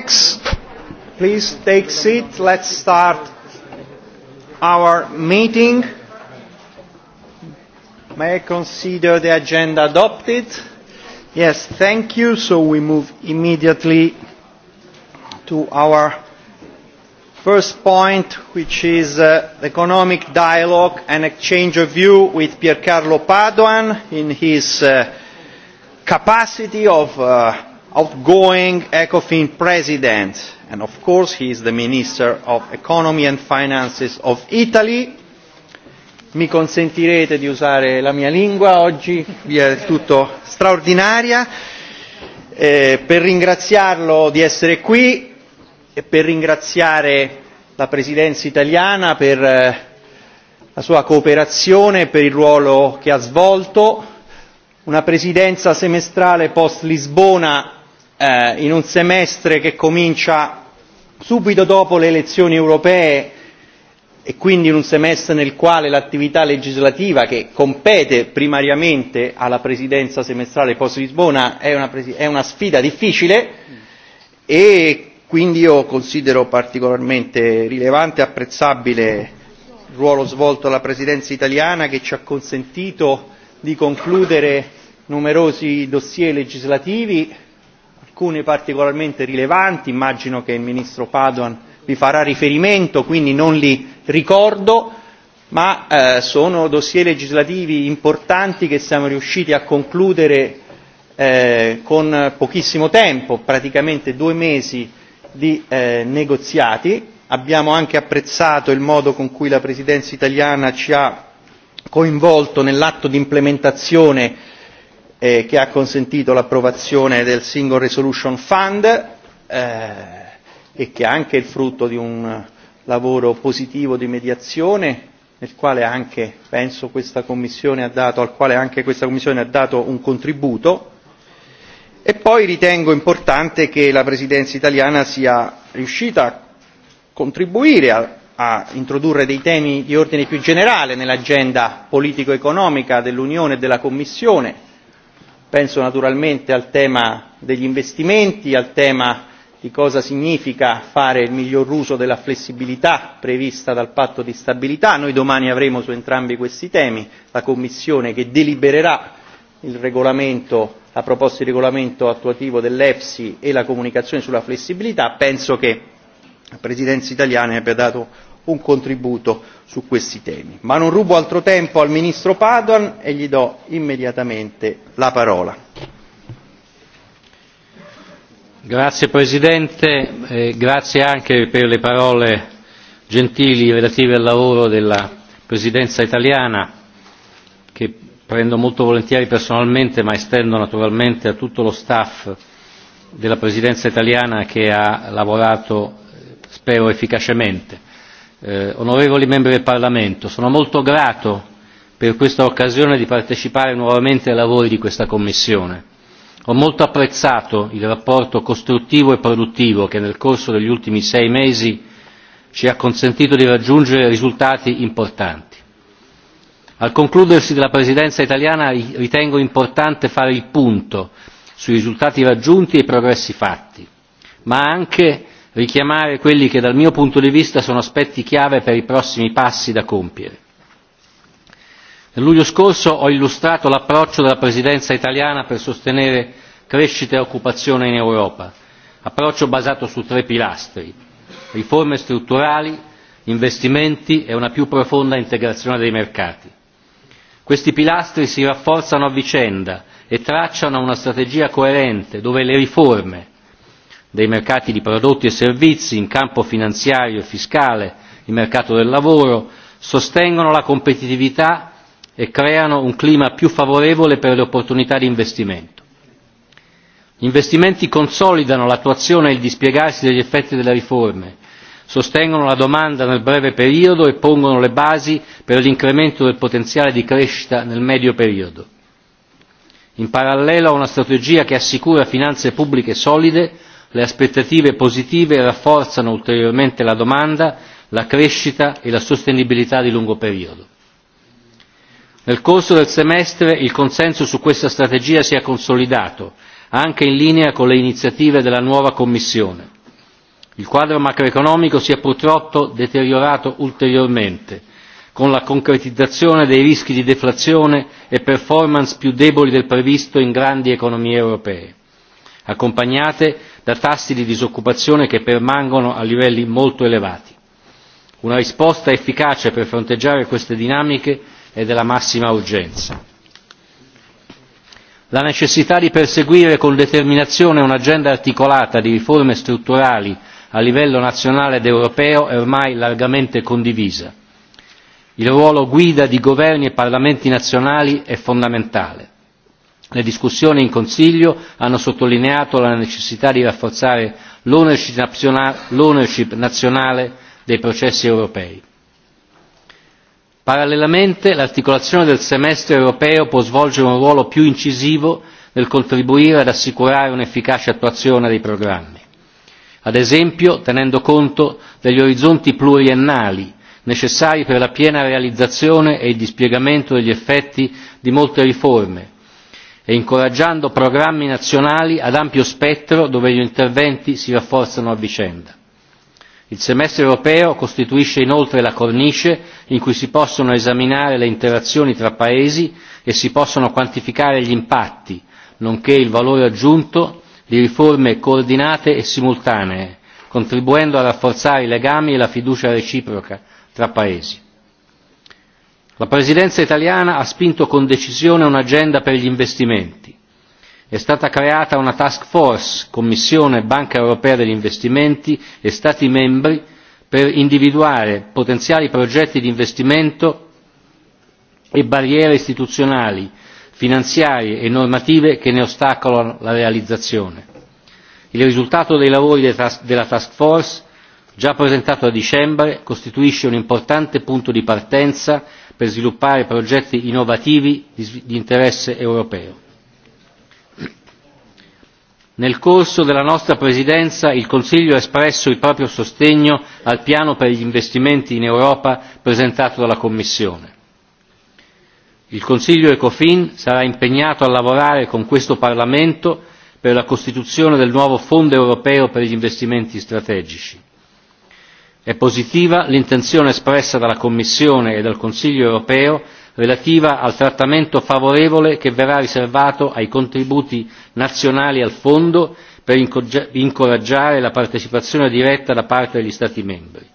colleagues, please take seat. Let's start our meeting. May I consider the agenda adopted? Yes, thank you. So we move immediately to our first point, which is uh, economic dialogue and exchange of view with Piercarlo Padoan in his uh, capacity of uh, outgoing ecofin president and of course he is the minister of economy and finances of italy mi consentirete di usare la mia lingua oggi via del tutto straordinaria eh, per ringraziarlo di essere qui e per ringraziare la presidenza italiana per eh, la sua cooperazione e per il ruolo che ha svolto una presidenza semestrale post lisbona eh, in un semestre che comincia subito dopo le elezioni europee e quindi in un semestre nel quale l'attività legislativa che compete primariamente alla presidenza semestrale post Lisbona è una, è una sfida difficile e quindi io considero particolarmente rilevante e apprezzabile il ruolo svolto dalla presidenza italiana che ci ha consentito di concludere numerosi dossier legislativi alcune particolarmente rilevanti immagino che il ministro padoan vi farà riferimento quindi non li ricordo ma eh, sono dossier legislativi importanti che siamo riusciti a concludere eh, con pochissimo tempo praticamente due mesi di eh, negoziati abbiamo anche apprezzato il modo con cui la presidenza italiana ci ha coinvolto nell'atto di implementazione eh, che ha consentito l'approvazione del Single Resolution Fund eh, e che è anche il frutto di un lavoro positivo di mediazione nel quale anche, penso, questa Commissione ha dato, al quale anche questa Commissione ha dato un contributo. E poi ritengo importante che la Presidenza italiana sia riuscita a contribuire a, a introdurre dei temi di ordine più generale nell'agenda politico-economica dell'Unione e della Commissione, penso naturalmente al tema degli investimenti al tema di cosa significa fare il miglior uso della flessibilità prevista dal patto di stabilità noi domani avremo su entrambi questi temi la commissione che delibererà il regolamento la proposta di regolamento attuativo dell'efsi e la comunicazione sulla flessibilità penso che la presidenza italiana abbia dato un contributo su questi temi. ma non rubo altro tempo al ministro padoan e gli do immediatamente la parola. grazie presidente e grazie anche per le parole gentili relative al lavoro della presidenza italiana che prendo molto volentieri personalmente ma estendo naturalmente a tutto lo staff della presidenza italiana che ha lavorato spero efficacemente eh, onorevoli membri del Parlamento, sono molto grato per questa occasione di partecipare nuovamente ai lavori di questa Commissione. Ho molto apprezzato il rapporto costruttivo e produttivo che nel corso degli ultimi sei mesi ci ha consentito di raggiungere risultati importanti. Al concludersi della Presidenza italiana ritengo importante fare il punto sui risultati raggiunti e i progressi fatti, ma anche richiamare quelli che dal mio punto di vista sono aspetti chiave per i prossimi passi da compiere. Nel luglio scorso ho illustrato l'approccio della Presidenza italiana per sostenere crescita e occupazione in Europa, approccio basato su tre pilastri riforme strutturali, investimenti e una più profonda integrazione dei mercati. Questi pilastri si rafforzano a vicenda e tracciano una strategia coerente dove le riforme, dei mercati di prodotti e servizi in campo finanziario e fiscale, il mercato del lavoro, sostengono la competitività e creano un clima più favorevole per le opportunità di investimento. Gli investimenti consolidano l'attuazione e il dispiegarsi degli effetti delle riforme, sostengono la domanda nel breve periodo e pongono le basi per l'incremento del potenziale di crescita nel medio periodo. In parallelo a una strategia che assicura finanze pubbliche solide, le aspettative positive rafforzano ulteriormente la domanda la crescita e la sostenibilità di lungo periodo. nel corso del semestre il consenso su questa strategia si è consolidato anche in linea con le iniziative della nuova commissione. il quadro macroeconomico si è purtroppo deteriorato ulteriormente con la concretizzazione dei rischi di deflazione e performance più deboli del previsto in grandi economie europee accompagnate da tassi di disoccupazione che permangono a livelli molto elevati. una risposta efficace per fronteggiare queste dinamiche è della massima urgenza. la necessità di perseguire con determinazione un'agenda articolata di riforme strutturali a livello nazionale ed europeo è ormai largamente condivisa. il ruolo guida di governi e parlamenti nazionali è fondamentale Le discussioni in Consiglio hanno sottolineato la necessità di rafforzare l'ownership nazionale, l'ownership nazionale dei processi europei. Parallelamente l'articolazione del semestre europeo può svolgere un ruolo più incisivo nel contribuire ad assicurare un'efficace attuazione dei programmi, ad esempio tenendo conto degli orizzonti pluriennali necessari per la piena realizzazione e il dispiegamento degli effetti di molte riforme e incoraggiando programmi nazionali ad ampio spettro dove gli interventi si rafforzano a vicenda. Il semestre europeo costituisce inoltre la cornice in cui si possono esaminare le interazioni tra Paesi e si possono quantificare gli impatti, nonché il valore aggiunto di riforme coordinate e simultanee, contribuendo a rafforzare i legami e la fiducia reciproca tra Paesi la presidenza italiana ha spinto con decisione un'agenda per gli investimenti è stata creata una task force commissione banca europea degli investimenti e stati membri per individuare potenziali progetti di investimento e barriere istituzionali finanziarie e normative che ne ostacolano la realizzazione. il risultato dei lavori della task force già presentato a dicembre costituisce un importante punto di partenza per sviluppare progetti innovativi di, di interesse europeo. Nel corso della nostra Presidenza il Consiglio ha espresso il proprio sostegno al piano per gli investimenti in Europa presentato dalla Commissione. Il Consiglio Ecofin sarà impegnato a lavorare con questo Parlamento per la costituzione del nuovo Fondo europeo per gli investimenti strategici è positiva l'intenzione espressa dalla commissione e dal consiglio europeo relativa al trattamento favorevole che verrà riservato ai contributi nazionali al fondo per incoraggiare la partecipazione diretta da parte degli stati membri.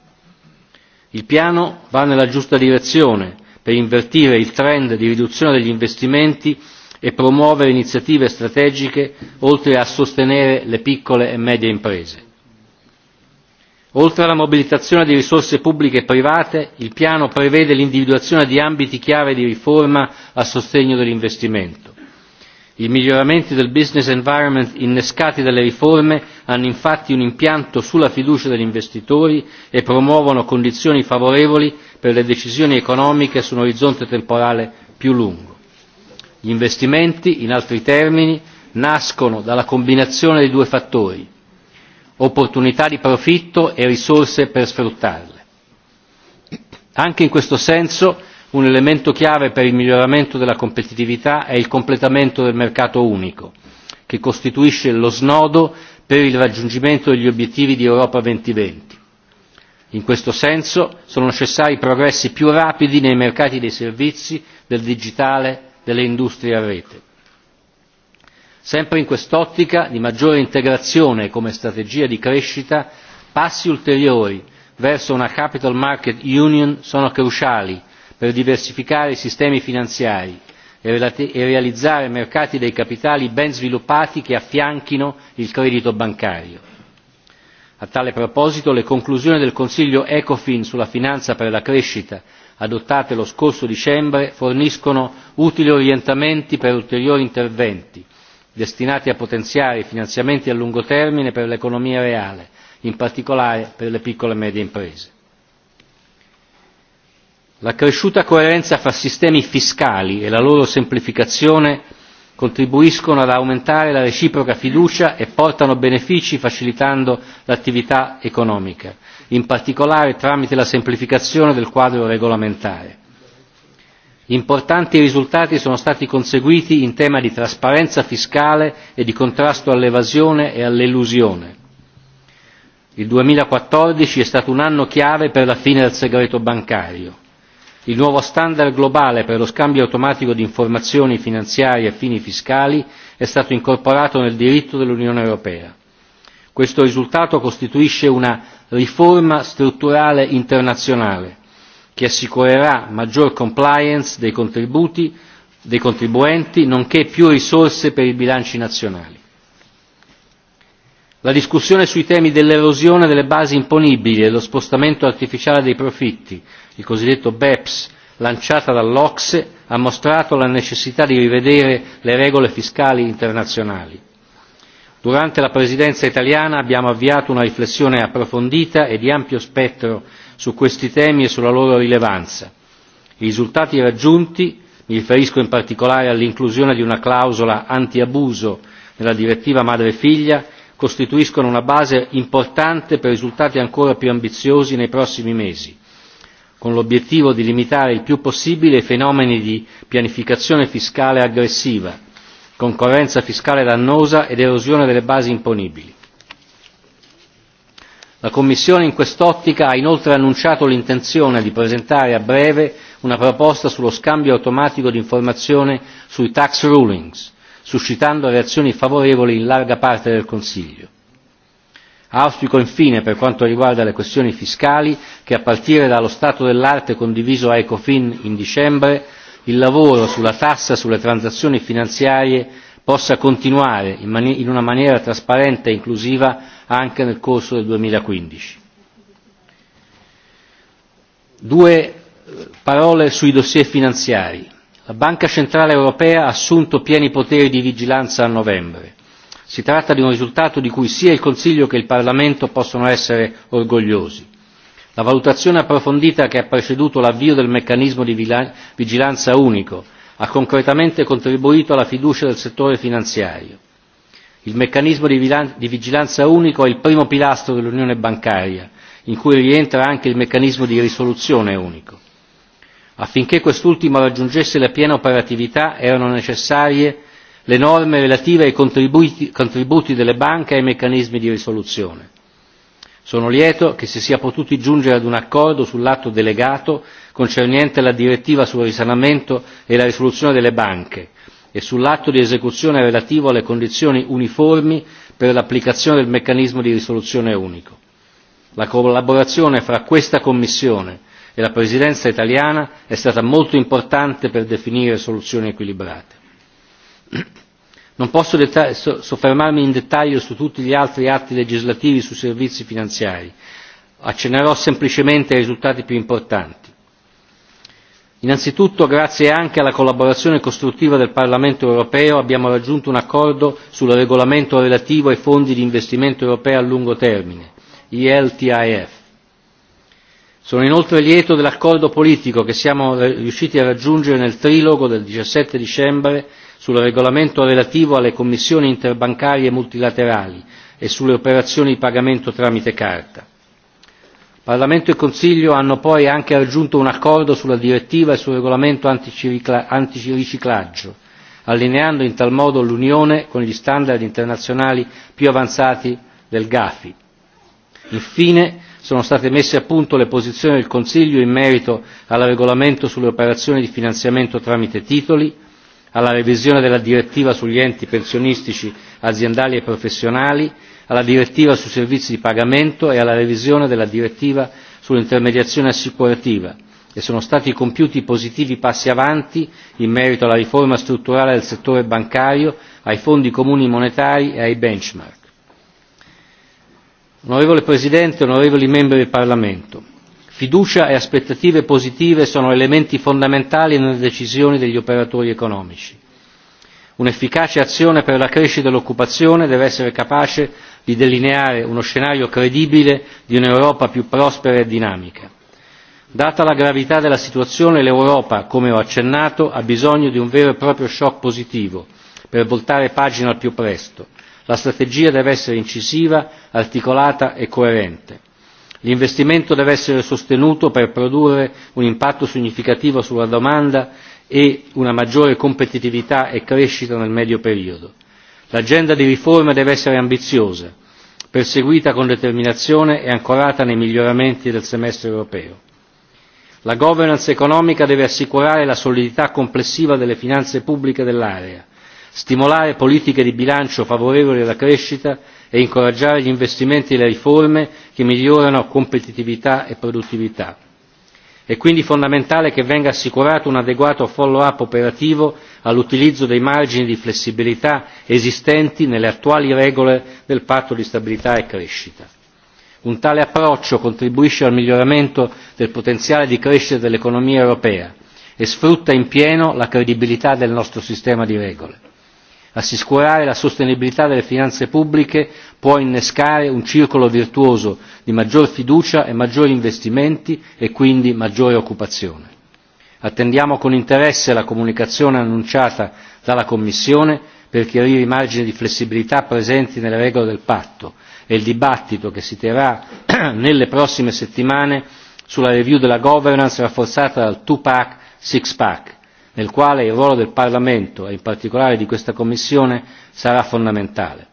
il piano va nella giusta direzione per invertire il trend di riduzione degli investimenti e promuovere iniziative strategiche oltre a sostenere le piccole e medie imprese oltre alla mobilitazione di risorse pubbliche e private il piano prevede l'individuazione di ambiti chiave di riforma a sostegno dell'investimento. i miglioramenti del business environment innescati dalle riforme hanno infatti un impatto sulla fiducia degli investitori e promuovono condizioni favorevoli per le decisioni economiche su un orizzonte temporale più lungo. gli investimenti in altri termini nascono dalla combinazione di due fattori opportunità di profitto e risorse per sfruttarle. Anche in questo senso un elemento chiave per il miglioramento della competitività è il completamento del mercato unico, che costituisce lo snodo per il raggiungimento degli obiettivi di Europa 2020. In questo senso sono necessari progressi più rapidi nei mercati dei servizi, del digitale, delle industrie a rete sempre in quest'ottica di maggiore integrazione come strategia di crescita passi ulteriori verso una capital market union sono cruciali per diversificare i sistemi finanziari e, e realizzare mercati dei capitali ben sviluppati che affianchino il credito bancario. a tale proposito le conclusioni del consiglio ecofin sulla finanza per la crescita adottate lo scorso dicembre forniscono utili orientamenti per ulteriori interventi destinati a potenziare i finanziamenti a lungo termine per l'economia reale in particolare per le piccole e medie imprese. l'accresciuta coerenza fra sistemi fiscali e la loro semplificazione contribuiscono ad aumentare la reciproca fiducia e portano benefici facilitando l'attività economica in particolare tramite la semplificazione del quadro regolamentare importanti risultati sono stati conseguiti in tema di trasparenza fiscale e di contrasto all'evasione e all'elusione. il duemilaquattordici è stato un anno chiave per la fine del segreto bancario. il nuovo standard globale per lo scambio automatico di informazioni finanziarie a e fini fiscali è stato incorporato nel diritto dell'unione europea. questo risultato costituisce una riforma strutturale internazionale che assicurerà maggior compliance dei contributi dei contribuenti nonché più risorse per i bilanci nazionali. La discussione sui temi dell'erosione delle basi imponibili e lo spostamento artificiale dei profitti, il cosiddetto BEPS, lanciata dall'Ocse, ha mostrato la necessità di rivedere le regole fiscali internazionali. Durante la presidenza italiana abbiamo avviato una riflessione approfondita e di ampio spettro su questi temi e sulla loro rilevanza. I risultati raggiunti mi riferisco in particolare all'inclusione di una clausola antiabuso nella direttiva madre figlia costituiscono una base importante per risultati ancora più ambiziosi nei prossimi mesi con l'obiettivo di limitare il più possibile i fenomeni di pianificazione fiscale aggressiva concorrenza fiscale dannosa ed erosione delle basi imponibili la commissione in quest'ottica ha inoltre annunciato l'intenzione di presentare a breve una proposta sullo scambio automatico di informazioni sui tax rulings suscitando reazioni favorevoli in larga parte del consiglio. auspico infine per quanto riguarda le questioni fiscali che a partire dallo stato dell'arte condiviso a ecofin in dicembre il lavoro sulla tassa sulle transazioni finanziarie possa continuare in, mani- in una maniera trasparente e inclusiva anche nel corso del 2015. Due eh, parole sui dossier finanziari. La Banca Centrale Europea ha assunto pieni poteri di vigilanza a novembre. Si tratta di un risultato di cui sia il Consiglio che il Parlamento possono essere orgogliosi. La valutazione approfondita che ha preceduto l'avvio del meccanismo di vigilanza unico ha concretamente contribuito alla fiducia del settore finanziario. il meccanismo di vigilanza unico è il primo pilastro dell'unione bancaria in cui rientra anche il meccanismo di risoluzione unico. affinché quest'ultimo raggiungesse la piena operatività erano necessarie le norme relative ai contributi delle banche ai meccanismi di risoluzione sono lieto che si sia potuti giungere ad un accordo sull'atto delegato concernente la direttiva sul risanamento e la risoluzione delle banche e sull'atto di esecuzione relativo alle condizioni uniformi per l'applicazione del meccanismo di risoluzione unico. la collaborazione fra questa commissione e la presidenza italiana è stata molto importante per definire soluzioni equilibrate non posso soffermarmi in dettaglio su tutti gli altri atti legislativi sui servizi finanziari accennerò semplicemente ai risultati più importanti. innanzitutto grazie anche alla collaborazione costruttiva del parlamento europeo abbiamo raggiunto un accordo sul regolamento relativo ai fondi di investimento europei a lungo termine eltif. sono inoltre lieto dell'accordo politico che siamo riusciti a raggiungere nel trilogo del diciassette dicembre sul regolamento relativo alle commissioni interbancarie multilaterali e sulle operazioni di pagamento tramite carta. Parlamento e Consiglio hanno poi anche raggiunto un accordo sulla direttiva e sul regolamento antiriciclaggio, allineando in tal modo l'Unione con gli standard internazionali più avanzati del GAFI. Infine, sono state messe a punto le posizioni del Consiglio in merito al regolamento sulle operazioni di finanziamento tramite titoli, alla revisione della direttiva sugli enti pensionistici aziendali e professionali alla direttiva sui servizi di pagamento e alla revisione della direttiva sull'intermediazione assicurativa e sono stati compiuti positivi passi avanti in merito alla riforma strutturale del settore bancario ai fondi comuni monetari e ai benchmark. onorevole presidente onorevoli membri del parlamento Fiducia e aspettative positive sono elementi fondamentali nelle decisioni degli operatori economici. Un'efficace azione per la crescita e l'occupazione deve essere capace di delineare uno scenario credibile di un'Europa più prospera e dinamica. Data la gravità della situazione, l'Europa, come ho accennato, ha bisogno di un vero e proprio shock positivo per voltare pagina al più presto. La strategia deve essere incisiva, articolata e coerente l'investimento deve essere sostenuto per produrre un impatto significativo sulla domanda e una maggiore competitività e crescita nel medio periodo. l'agenda di riforme deve essere ambiziosa perseguita con determinazione e ancorata nei miglioramenti del semestre europeo. la governance economica deve assicurare la solidità complessiva delle finanze pubbliche dell'area stimolare politiche di bilancio favorevoli alla crescita e incoraggiare gli investimenti e le riforme che migliorano competitività e produttività. È quindi fondamentale che venga assicurato un adeguato follow-up operativo all'utilizzo dei margini di flessibilità esistenti nelle attuali regole del patto di stabilità e crescita. Un tale approccio contribuisce al miglioramento del potenziale di crescita dell'economia europea e sfrutta in pieno la credibilità del nostro sistema di regole assicurare la sostenibilità delle finanze pubbliche può innescare un circolo virtuoso di maggior fiducia e maggiori investimenti e quindi maggiore occupazione. attendiamo con interesse la comunicazione annunciata dalla commissione per chiarire i margini di flessibilità presenti nelle regole del patto e il dibattito che si terrà nelle prossime settimane sulla review della governance rafforzata dal two pack six pack nel quale il ruolo del Parlamento e in particolare di questa Commissione sarà fondamentale.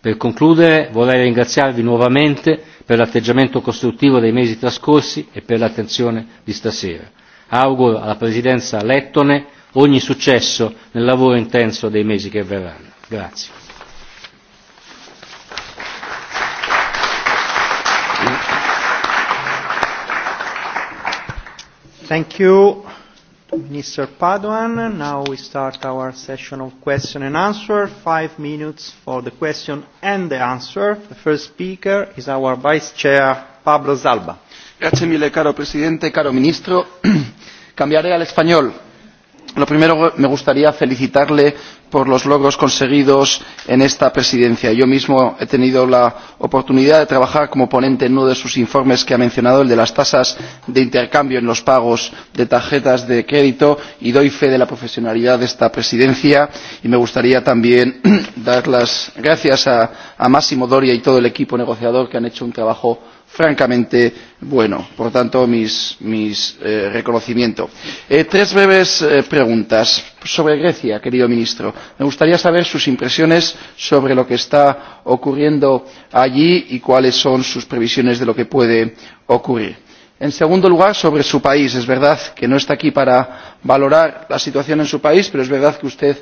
Per concludere vorrei ringraziarvi nuovamente per l'atteggiamento costruttivo dei mesi trascorsi e per l'attenzione di stasera. Auguro alla Presidenza lettone ogni successo nel lavoro intenso dei mesi che verranno. Grazie. Thank you. Mr. Paduan. Now we start our session of question and answer. Five minutes for the question and the answer. The first speaker is our Vice Chair, Pablo Zalba. Gracias, mille, caro presidente, caro ministro. Cambiaré al español lo primero me gustaría felicitarle por los logros conseguidos en esta presidencia. yo mismo he tenido la oportunidad de trabajar como ponente en uno de sus informes que ha mencionado el de las tasas de intercambio en los pagos de tarjetas de crédito y doy fe de la profesionalidad de esta presidencia y me gustaría también dar las gracias a, a massimo doria y todo el equipo negociador que han hecho un trabajo francamente bueno. Por tanto, mis, mis eh, reconocimiento. Eh, tres breves eh, preguntas sobre Grecia, querido ministro. Me gustaría saber sus impresiones sobre lo que está ocurriendo allí y cuáles son sus previsiones de lo que puede ocurrir. En segundo lugar, sobre su país. Es verdad que no está aquí para valorar la situación en su país, pero es verdad que usted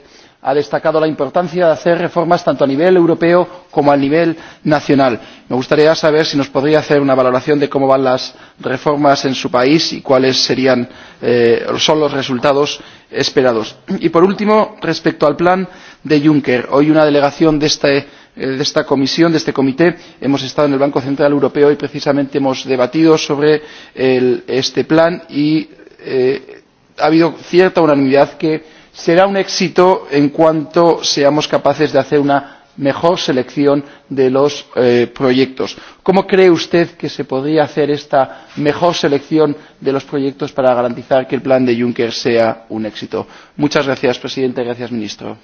ha destacado la importancia de hacer reformas tanto a nivel europeo como a nivel nacional. me gustaría saber si nos podría hacer una valoración de cómo van las reformas en su país y cuáles serían, eh, son los resultados esperados. y por último respecto al plan de juncker hoy una delegación de este eh, de esta comisión de este comité hemos estado en el banco central europeo y precisamente hemos debatido sobre el, este plan y eh, ha habido cierta unanimidad en que será un éxito en cuanto seamos capaces de hacer una mejor selección de los eh, proyectos. cómo cree usted que se podría hacer esta mejor selección de los proyectos para garantizar que el plan de juncker sea un éxito? muchas gracias presidente gracias ministro.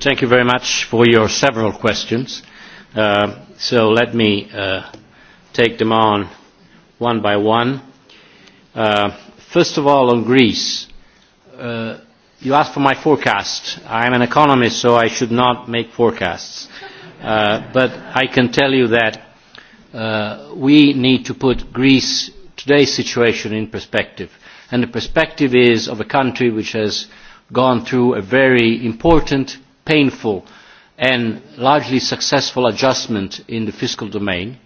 thank you very much for your several questions. Uh, so let me uh, take them on one by one. Uh, first of all, on Greece. Uh, you asked for my forecast. I'm an economist, so I should not make forecasts. Uh, but I can tell you that uh, we need to put Greece, today's situation, in perspective. And the perspective is of a country which has gone through a very important, painful, and largely successful adjustment in the fiscal domain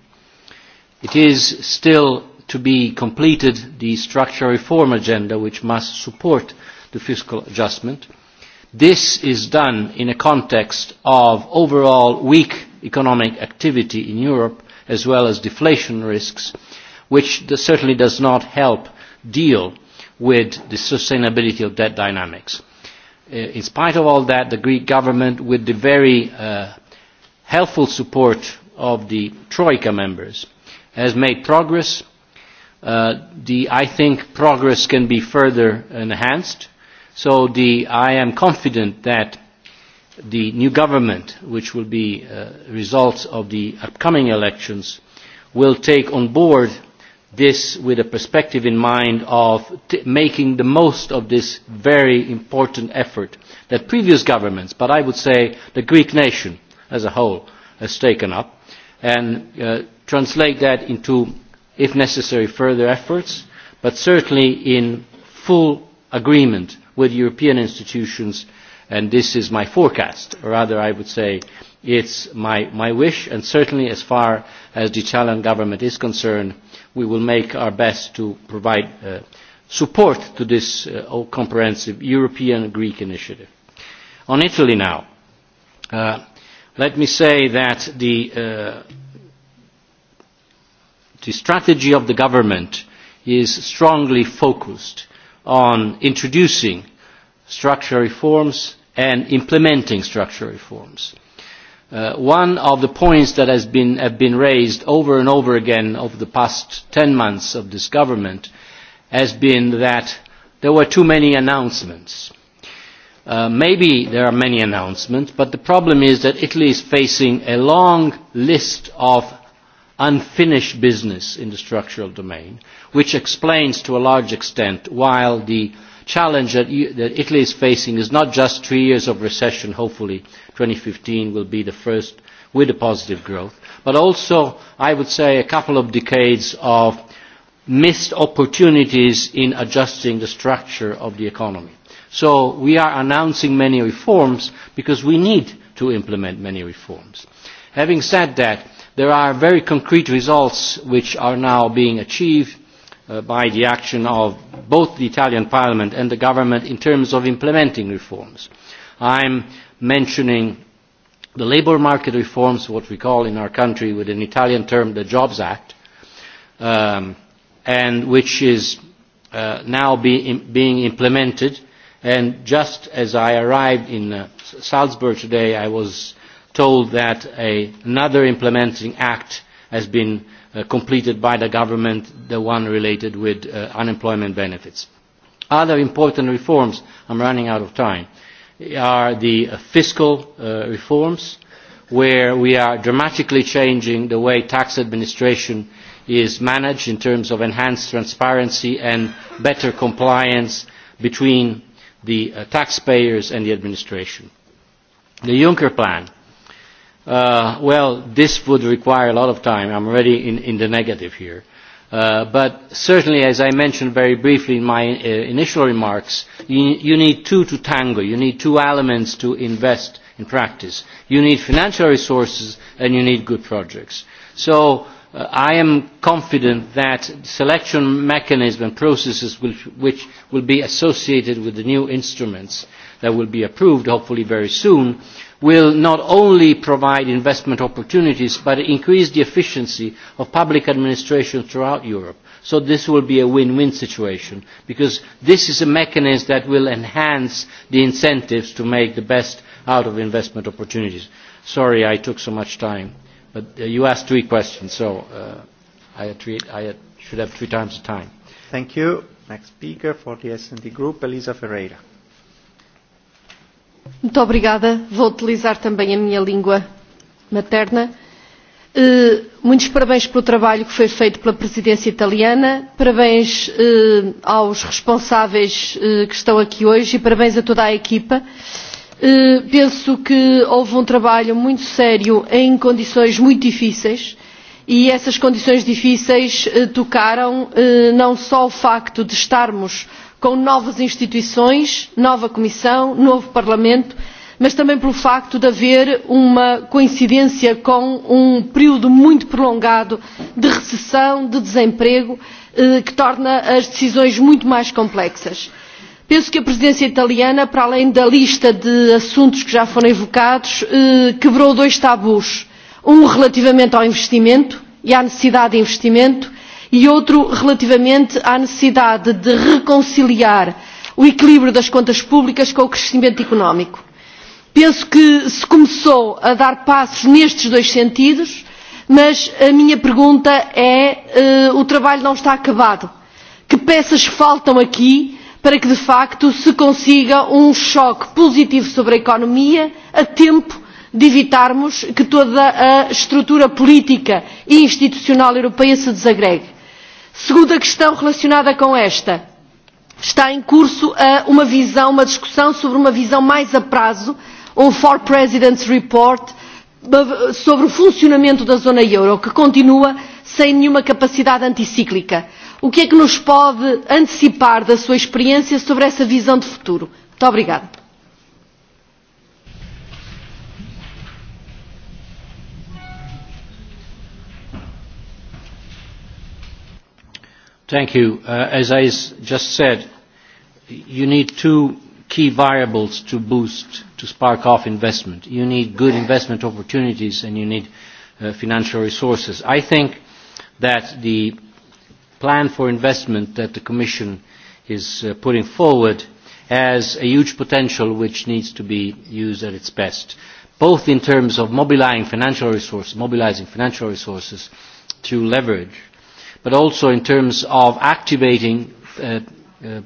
It is still to be completed the structural reform agenda which must support the fiscal adjustment. This is done in a context of overall weak economic activity in Europe as well as deflation risks, which certainly does not help deal with the sustainability of that dynamics. Uh, in spite of all that, the Greek government, with the very uh, helpful support of the Troika members, has made progress. Uh, the, I think progress can be further enhanced. So the, I am confident that the new government, which will be uh, results of the upcoming elections, will take on board this with a perspective in mind of t making the most of this very important effort that previous governments, but I would say the Greek nation as a whole, has taken up. And uh, translate that into, if necessary, further efforts, but certainly in full agreement with European institutions, and this is my forecast, or rather I would say it's my, my wish, and certainly as far as the Italian government is concerned, we will make our best to provide uh, support to this uh, comprehensive European Greek initiative. On Italy now, uh, let me say that the uh, the strategy of the government is strongly focused on introducing structural reforms and implementing structural reforms. Uh, one of the points that has been, have been raised over and over again over the past 10 months of this government has been that there were too many announcements. Uh, maybe there are many announcements, but the problem is that Italy is facing a long list of unfinished business in the structural domain, which explains to a large extent why the challenge that, that Italy is facing is not just three years of recession, hopefully 2015 will be the first with a positive growth, but also, I would say, a couple of decades of missed opportunities in adjusting the structure of the economy. So we are announcing many reforms because we need to implement many reforms. Having said that, There are very concrete results which are now being achieved uh, by the action of both the Italian Parliament and the government in terms of implementing reforms. I'm mentioning the labour market reforms, what we call in our country with an Italian term the Jobs Act, um, and which is uh, now be, Im, being implemented. And just as I arrived in uh, Salzburg today, I was told that a, another implementing act has been uh, completed by the government, the one related with uh, unemployment benefits. Other important reforms, I'm running out of time, are the uh, fiscal uh, reforms, where we are dramatically changing the way tax administration is managed in terms of enhanced transparency and better compliance between the uh, taxpayers and the administration. The Juncker plan, uh, uh, well, this would require a lot of time. I'm already in, in the negative here. Uh, but certainly, as I mentioned very briefly in my uh, initial remarks, you, you need two to tango. You need two elements to invest in practice. You need financial resources and you need good projects. So uh, I am confident that selection mechanism and processes which, which will be associated with the new instruments that will be approved hopefully very soon will not only provide investment opportunities but increase the efficiency of public administration throughout Europe. So this will be a win-win situation because this is a mechanism that will enhance the incentives to make the best out of investment opportunities. Sorry I took so much time, but uh, you asked three questions, so uh, I, had three, I had, should have three times the time. Thank you. Next speaker for the S&D Group, Elisa Ferreira. Muito obrigada. Vou utilizar também a minha língua materna. Uh, muitos parabéns pelo trabalho que foi feito pela presidência italiana, parabéns uh, aos responsáveis uh, que estão aqui hoje e parabéns a toda a equipa. Uh, penso que houve um trabalho muito sério em condições muito difíceis e essas condições difíceis uh, tocaram uh, não só o facto de estarmos uh, com novas instituições nova comissão novo parlamento mas também pelo facto de haver uma coincidência com um período muito prolongado de recessão de desemprego eh, que torna as decisões muito mais complexas. penso que a presidência italiana para além da lista de assuntos que já foram evocados eh, quebrou dois tabus um relativamente ao investimento e à necessidade de investimento e outro relativamente à necessidade de reconciliar o equilíbrio das contas públicas com o crescimento económico. Penso que se começou a dar passos nestes dois sentidos, mas a minha pergunta é uh, o trabalho não está acabado. Que peças faltam aqui para que, de facto, se consiga um choque positivo sobre a economia a tempo de evitarmos que toda a estrutura política e institucional europeia se desagregue? Segunda questão relacionada com esta. Está em curso uh, uma visão, uma discussão sobre uma visão mais a prazo, um For President's Report, sobre o funcionamento da zona euro, que continua sem nenhuma capacidade anticíclica. O que é que nos pode antecipar da sua experiência sobre essa visão de futuro? Muito obrigada. Thank you. Uh, as I just said, you need two key variables to boost, to spark off investment. You need good investment opportunities and you need uh, financial resources. I think that the plan for investment that the Commission is uh, putting forward has a huge potential which needs to be used at its best, both in terms of mobilizing financial resources, mobilizing financial resources to leverage but also in terms of activating uh, uh,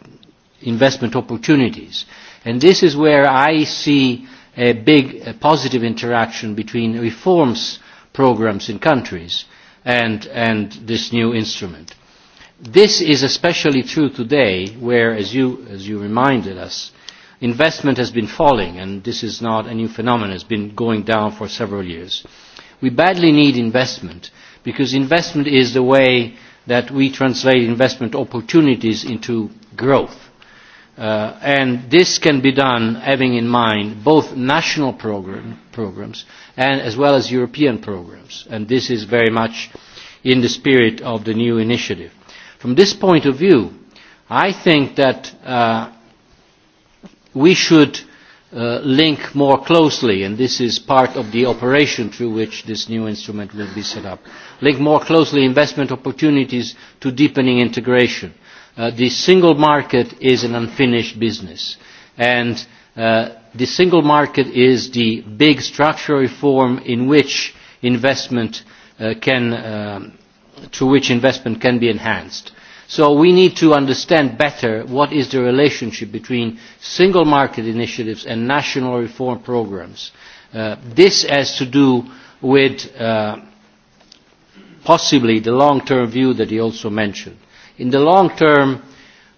investment opportunities. And this is where I see a big uh, positive interaction between reforms programs in countries and, and this new instrument. This is especially true today where, as you, as you reminded us, investment has been falling and this is not a new phenomenon, it's been going down for several years. We badly need investment because investment is the way that we translate investment opportunities into growth. Uh, and this can be done having in mind both national program, programs and as well as European programs. And this is very much in the spirit of the new initiative. From this point of view, I think that uh, we should uh, uh, link more closely, and this is part of the operation through which this new instrument will be set up, link more closely investment opportunities to deepening integration. Uh, the single market is an unfinished business, and uh, the single market is the big structural reform in which investment uh, can, um, through which investment can be enhanced So we need to understand better what is the relationship between single market initiatives and national reform programs. Uh, this has to do with uh, possibly the long-term view that he also mentioned. In the long term,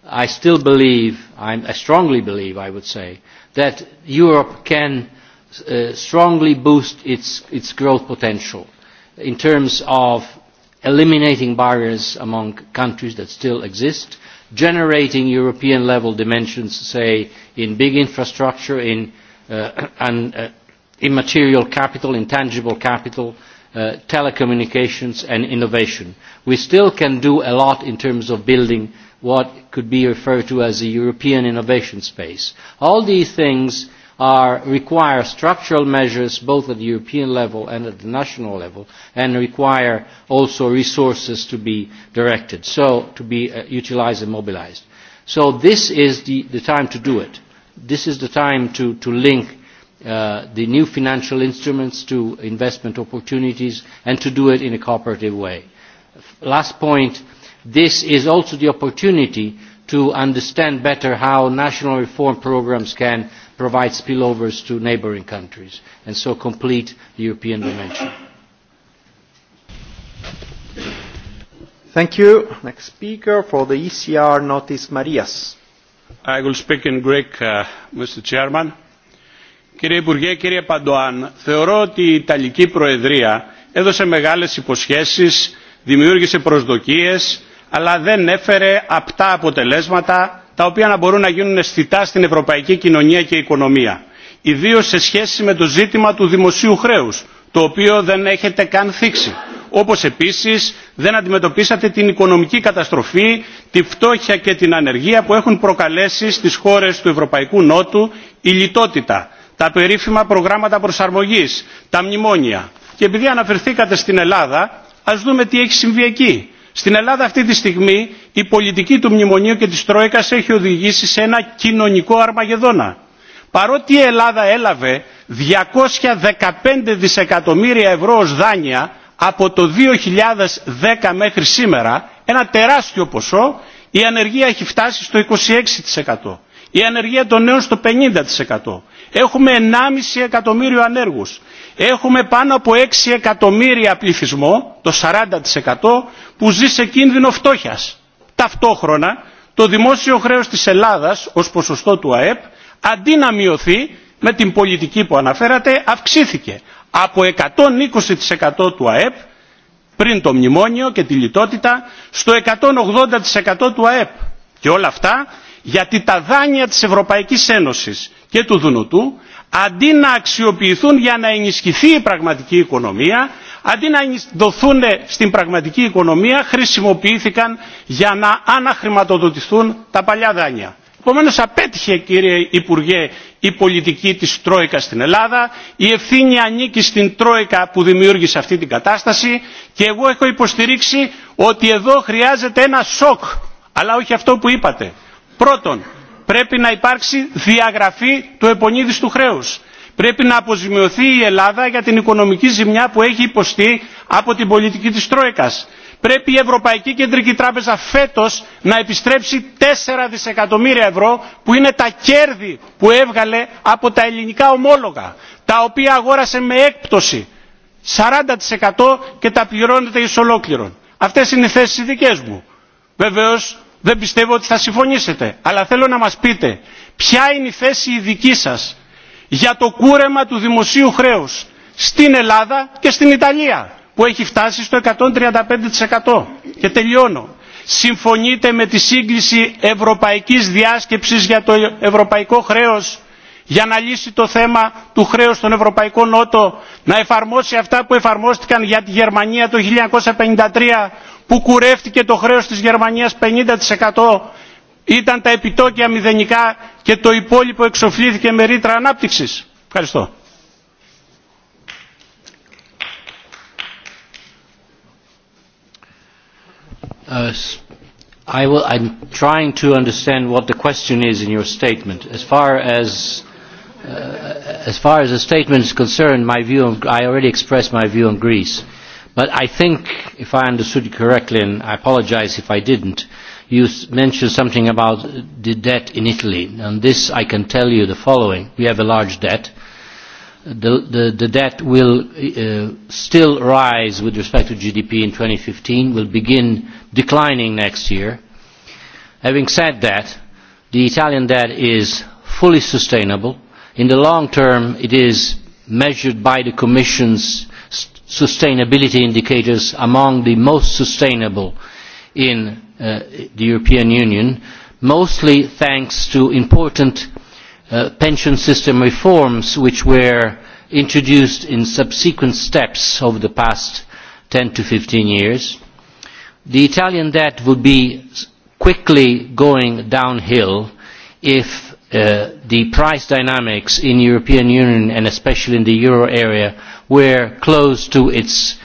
I still believe, I'm, I strongly believe, I would say, that Europe can uh, strongly boost its, its growth potential in terms of eliminating barriers among countries that still exist, generating European level dimensions, say, in big infrastructure, in uh, and, uh, immaterial capital, intangible capital, uh, telecommunications and innovation. We still can do a lot in terms of building what could be referred to as a European innovation space. All these things are, require structural measures both at the European level and at the national level and require also resources to be directed, so to be uh, utilized and mobilized. So this is the, the time to do it. This is the time to, to link uh, the new financial instruments to investment opportunities and to do it in a cooperative way. Last point, this is also the opportunity to understand better how national reform programs can provide spillovers to neighbouring countries and so complete the European dimension. Thank you. Next speaker for the ECR, Notis Marias. I will speak in Greek, uh, Mr. Chairman. Κύριε Υπουργέ, κύριε Παντοάν, θεωρώ ότι η Ιταλική Προεδρία έδωσε μεγάλες υποσχέσεις, δημιούργησε προσδοκίες, αλλά δεν έφερε απτά αποτελέσματα τα οποία να μπορούν να γίνουν αισθητά στην ευρωπαϊκή κοινωνία και οικονομία. Ιδίως σε σχέση με το ζήτημα του δημοσίου χρέους, το οποίο δεν έχετε καν θίξει. Όπως επίσης δεν αντιμετωπίσατε την οικονομική καταστροφή, τη φτώχεια και την ανεργία που έχουν προκαλέσει στις χώρες του Ευρωπαϊκού Νότου η λιτότητα, τα περίφημα προγράμματα προσαρμογής, τα μνημόνια. Και επειδή αναφερθήκατε στην Ελλάδα, ας δούμε τι έχει συμβεί εκεί Στην Ελλάδα αυτή τη στιγμή η πολιτική του μνημονίου και της Τρόικας έχει οδηγήσει σε ένα κοινωνικό αρμαγεδόνα. Παρότι η Ελλάδα έλαβε 215 δισεκατομμύρια ευρώ ως δάνεια από το 2010 μέχρι σήμερα, ένα τεράστιο ποσό, η ανεργία έχει φτάσει στο 26%. Η ανεργία των νέων στο 50%. Έχουμε 1,5 εκατομμύριο ανέργους. Έχουμε πάνω από 6 εκατομμύρια πληθυσμό, το 40% που ζει σε κίνδυνο φτώχειας. Ταυτόχρονα το δημόσιο χρέος της Ελλάδας ως ποσοστό του ΑΕΠ αντί να μειωθεί με την πολιτική που αναφέρατε αυξήθηκε από 120% του ΑΕΠ πριν το μνημόνιο και τη λιτότητα στο 180% του ΑΕΠ. Και όλα αυτά γιατί τα δάνεια της Ευρωπαϊκής Ένωσης και του Δουνουτού αντί να αξιοποιηθούν για να ενισχυθεί η πραγματική οικονομία, αντί να δοθούν στην πραγματική οικονομία, χρησιμοποιήθηκαν για να αναχρηματοδοτηθούν τα παλιά δάνεια. Επομένως απέτυχε κύριε Υπουργέ η πολιτική της Τρόικας στην Ελλάδα, η ευθύνη ανήκει στην Τρόικα που δημιούργησε αυτή την κατάσταση και εγώ έχω υποστηρίξει ότι εδώ χρειάζεται ένα σοκ, αλλά όχι αυτό που είπατε. Πρώτον, πρέπει να υπάρξει διαγραφή του επονίδης του χρέους. Πρέπει να αποζημιωθεί η Ελλάδα για την οικονομική ζημιά που έχει υποστεί από την πολιτική της Τρόικας. Πρέπει η Ευρωπαϊκή Κεντρική Τράπεζα φέτος να επιστρέψει 4 δισεκατομμύρια ευρώ που είναι τα κέρδη που έβγαλε από τα ελληνικά ομόλογα, τα οποία αγόρασε με έκπτωση 40% και τα πληρώνεται εις ολόκληρον. Αυτές είναι οι θέσεις δικές μου. Βεβαίως δεν πιστεύω ότι θα συμφωνήσετε. Αλλά θέλω να μας πείτε ποια είναι η θέση η δική σας για το κούρεμα του δημοσίου χρέους στην Ελλάδα και στην Ιταλία που έχει φτάσει στο 135% και τελειώνω. Συμφωνείτε με τη σύγκληση ευρωπαϊκής διάσκεψης για το ευρωπαϊκό χρέος για να λύσει το θέμα του χρέους στον Ευρωπαϊκό Νότο, να εφαρμόσει αυτά που εφαρμόστηκαν για τη Γερμανία το 1953 που κουρεύτηκε το χρέος της Γερμανίας 50% ήταν τα επιτόκια μηδενικά και το υπόλοιπο εξοφλήθηκε με ρήτρα ανάπτυξης. Ευχαριστώ. Uh, I will, I'm trying to understand what the question is in your statement. As far as, uh, as far as the statement is concerned, my view on, I already expressed my view on Greece. Uh, But I think, if I understood you correctly, and I apologize if I didn't, you mentioned something about the debt in Italy. On this, I can tell you the following. We have a large debt. The, the, the debt will uh, still rise with respect to GDP in 2015, will begin declining next year. Having said that, the Italian debt is fully sustainable. In the long term, it is measured by the Commission's sustainability indicators among the most sustainable in uh, the European Union, mostly thanks to important uh, pension system reforms which were introduced in subsequent steps over the past 10 to 15 years. The Italian debt would be quickly going downhill if uh, the price dynamics in European Union and especially in the euro area where close to its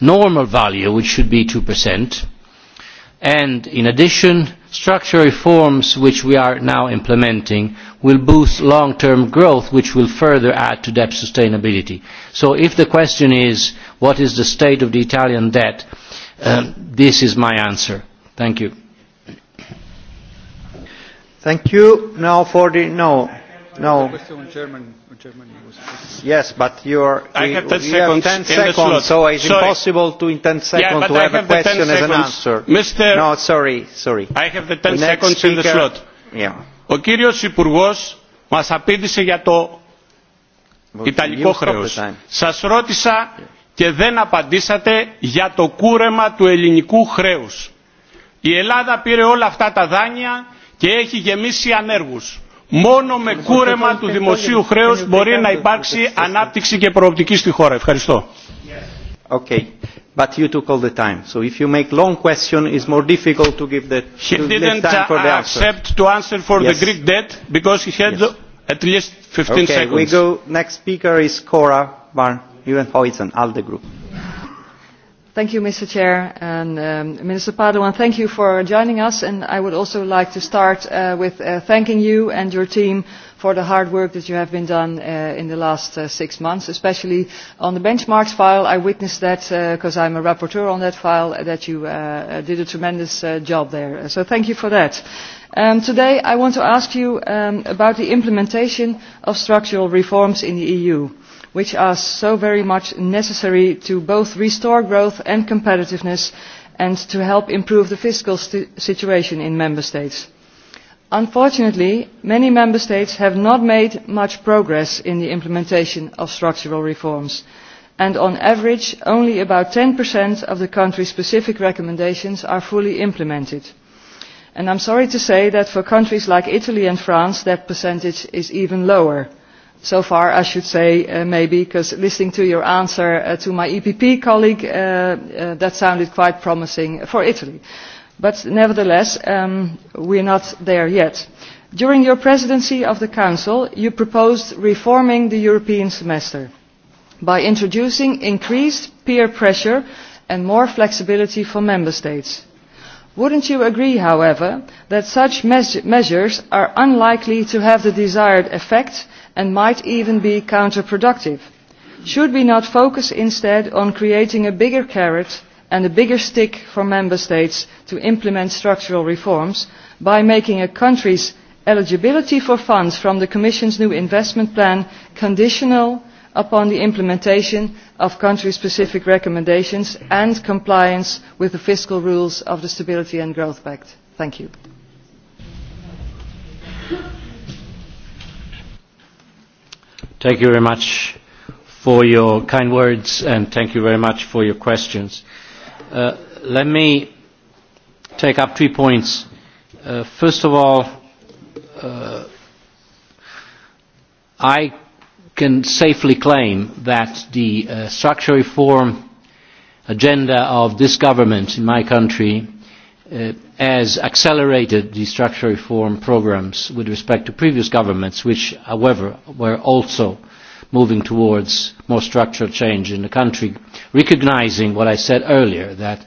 normal value, which should be 2%. And in addition, structural reforms which we are now implementing will boost long-term growth, which will further add to debt sustainability. So if the question is, what is the state of the Italian debt, um, this is my answer. Thank you. Thank you. Now for the no. No. Yes, but you're, I have 10 you seconds have 10 seconds, slot. so it's sorry. impossible to in 10 seconds yeah, to have, have a question as an answer. Mr. No, sorry, sorry. I have the 10 the seconds speaker, in the slot. Yeah. Ο κύριος Υπουργός μας απήντησε για το But Ιταλικό χρέος. Σας ρώτησα και δεν απαντήσατε για το κούρεμα του ελληνικού χρέους. Η Ελλάδα πήρε όλα αυτά τα δάνεια και έχει γεμίσει ανέργους Μόνο με κούρεμα του δημοσίου χρέους μπορεί να υπάρξει ανάπτυξη και προοπτική στη χώρα. Ευχαριστώ. Okay. But you took all the time. So if you make long question, it's more difficult to give the he to didn't time for the uh, answer. accept to answer for yes. the Greek debt because he had yes. at least 15 okay, seconds. We go. Next speaker is Cora Van Nieuwenhuizen, ALDE Group. Thank you, Mr. Chair and um, Minister Paduan. Thank you for joining us, and I would also like to start uh, with uh, thanking you and your team for the hard work that you have been done uh, in the last uh, six months, especially on the benchmarks file. I witnessed that because uh, I'm a rapporteur on that file, uh, that you uh, uh, did a tremendous uh, job there. So thank you for that. Um, today, I want to ask you um, about the implementation of structural reforms in the EU. Uh, which are so very much necessary to both restore growth and competitiveness and to help improve the fiscal situation in member states. unfortunately many member states have not made much progress in the implementation of structural reforms and on average only about ten of the country specific recommendations are fully implemented. i am sorry to say that for countries like italy and france that percentage is even lower so far, I should say, uh, maybe, because listening to your answer uh, to my EPP colleague, uh, uh, that sounded quite promising for Italy. But nevertheless, um, we're not there yet. During your presidency of the Council, you proposed reforming the European semester by introducing increased peer pressure and more flexibility for Member States. Wouldn't you agree, however, that such me measures are unlikely to have the desired effect – and might even be counterproductive. Should we not focus instead on creating a bigger carrot and a bigger stick for member states to implement structural reforms by making a country's eligibility for funds from the Commission's new investment plan conditional upon the implementation of country specific recommendations and compliance with the fiscal rules of the Stability and Growth Pact. Thank you. Thank you very much for your kind words and thank you very much for your questions. Uh, let me take up three points. Uh, first of all, uh, I can safely claim that the uh, structural reform agenda of this government in my country uh, as accelerated the structural reform programs with respect to previous governments, which, however, were also moving towards more structural change in the country, recognizing what I said earlier, that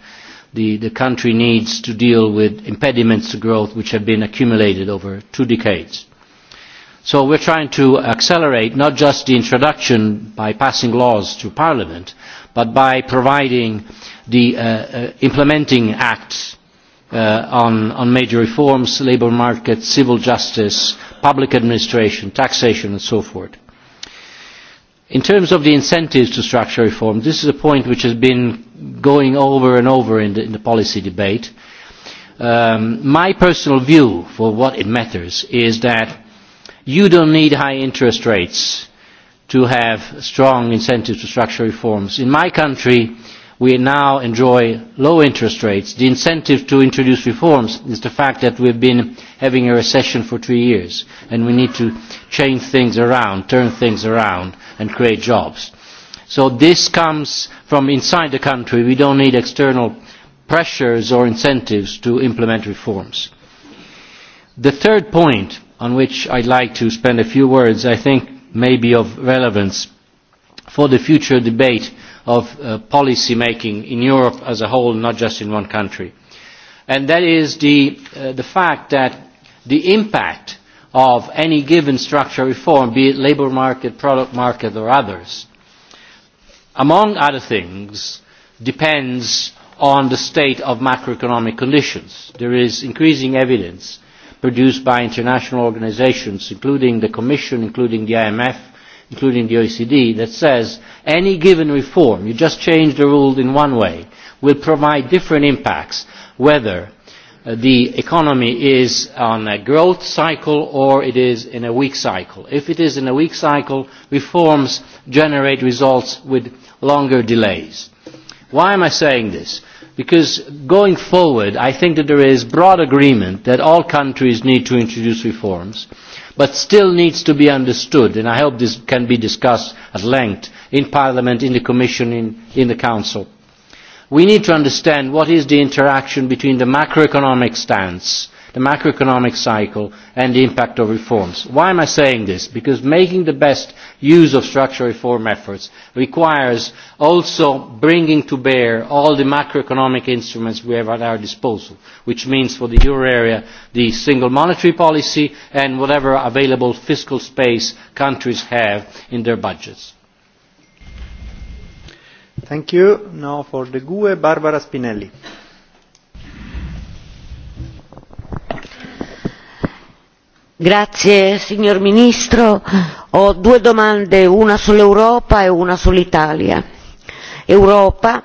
the, the country needs to deal with impediments to growth which have been accumulated over two decades. So we're trying to accelerate not just the introduction by passing laws to Parliament, but by providing the uh, uh, implementing acts uh, on, on major reforms, labour market, civil justice, public administration, taxation and so forth. In terms of the incentives to structural reform, this is a point which has been going over and over in the, in the policy debate. Um, my personal view for what it matters is that you don't need high interest rates to have strong incentives to structural reforms. In my country, we now enjoy low interest rates. The incentive to introduce reforms is the fact that we've been having a recession for three years and we need to change things around, turn things around and create jobs. So this comes from inside the country. We don't need external pressures or incentives to implement reforms. The third point on which I'd like to spend a few words, I think may be of relevance for the future debate of uh, policy making in Europe as a whole, not just in one country. And that is the, uh, the fact that the impact of any given structural reform, be it labour market, product market or others, among other things, depends on the state of macroeconomic conditions. There is increasing evidence produced by international organisations, including the Commission, including the IMF, including the OECD, that says any given reform, you just change the rule in one way, will provide different impacts, whether uh, the economy is on a growth cycle or it is in a weak cycle. If it is in a weak cycle, reforms generate results with longer delays. Why am I saying this? Because going forward, I think that there is broad agreement that all countries need to introduce reforms. Uh, but still needs to be understood and i hope this can be discussed at length in parliament in the commission in, in the council we need to understand what is the interaction between the macroeconomic stance the macroeconomic cycle and the impact of reforms. Why am I saying this? Because making the best use of structural reform efforts requires also bringing to bear all the macroeconomic instruments we have at our disposal, which means for the euro area the single monetary policy and whatever available fiscal space countries have in their budgets. Thank you. Now for the GUE, Barbara Spinelli. Grazie signor Ministro, ho due domande, una sull'Europa e una sull'Italia. Europa,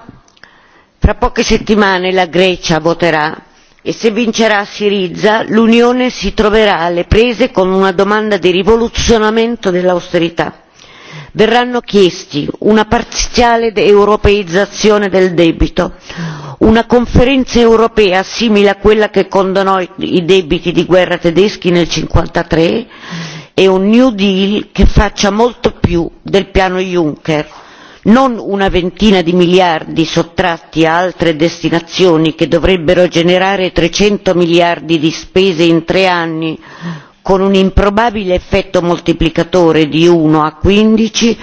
fra poche settimane la Grecia voterà e se vincerà Siriza l'Unione si troverà alle prese con una domanda di rivoluzionamento dell'austerità. Verranno chiesti una parziale europeizzazione del debito, una conferenza europea simile a quella che condonò i debiti di guerra tedeschi nel millenovecentocinquantatré e un new deal che faccia molto più del piano juncker non una ventina di miliardi sottratti a altre destinazioni che dovrebbero generare trecento miliardi di spese in tre anni con un improbabile effetto moltiplicatore di uno a quindici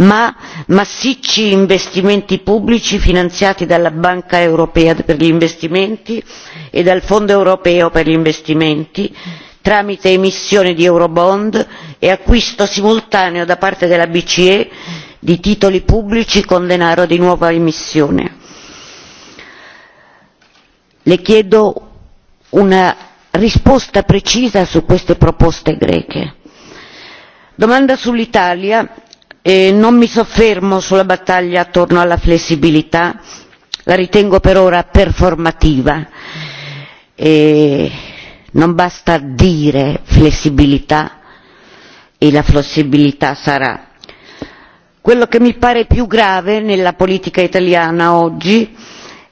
ma massicci investimenti pubblici finanziati dalla banca europea per gli investimenti e dal fondo europeo per gli investimenti tramite emissione di eurobond e acquisto simultaneo da parte della bce di titoli pubblici con denaro di nuova emissione. le chiedo una risposta precisa su queste proposte greche. domanda sull'italia Eh, non mi soffermo sulla battaglia attorno alla flessibilità la ritengo per ora performativa e non basta dire flessibilità e la flessibilità sarà. Quello che mi pare più grave nella politica italiana oggi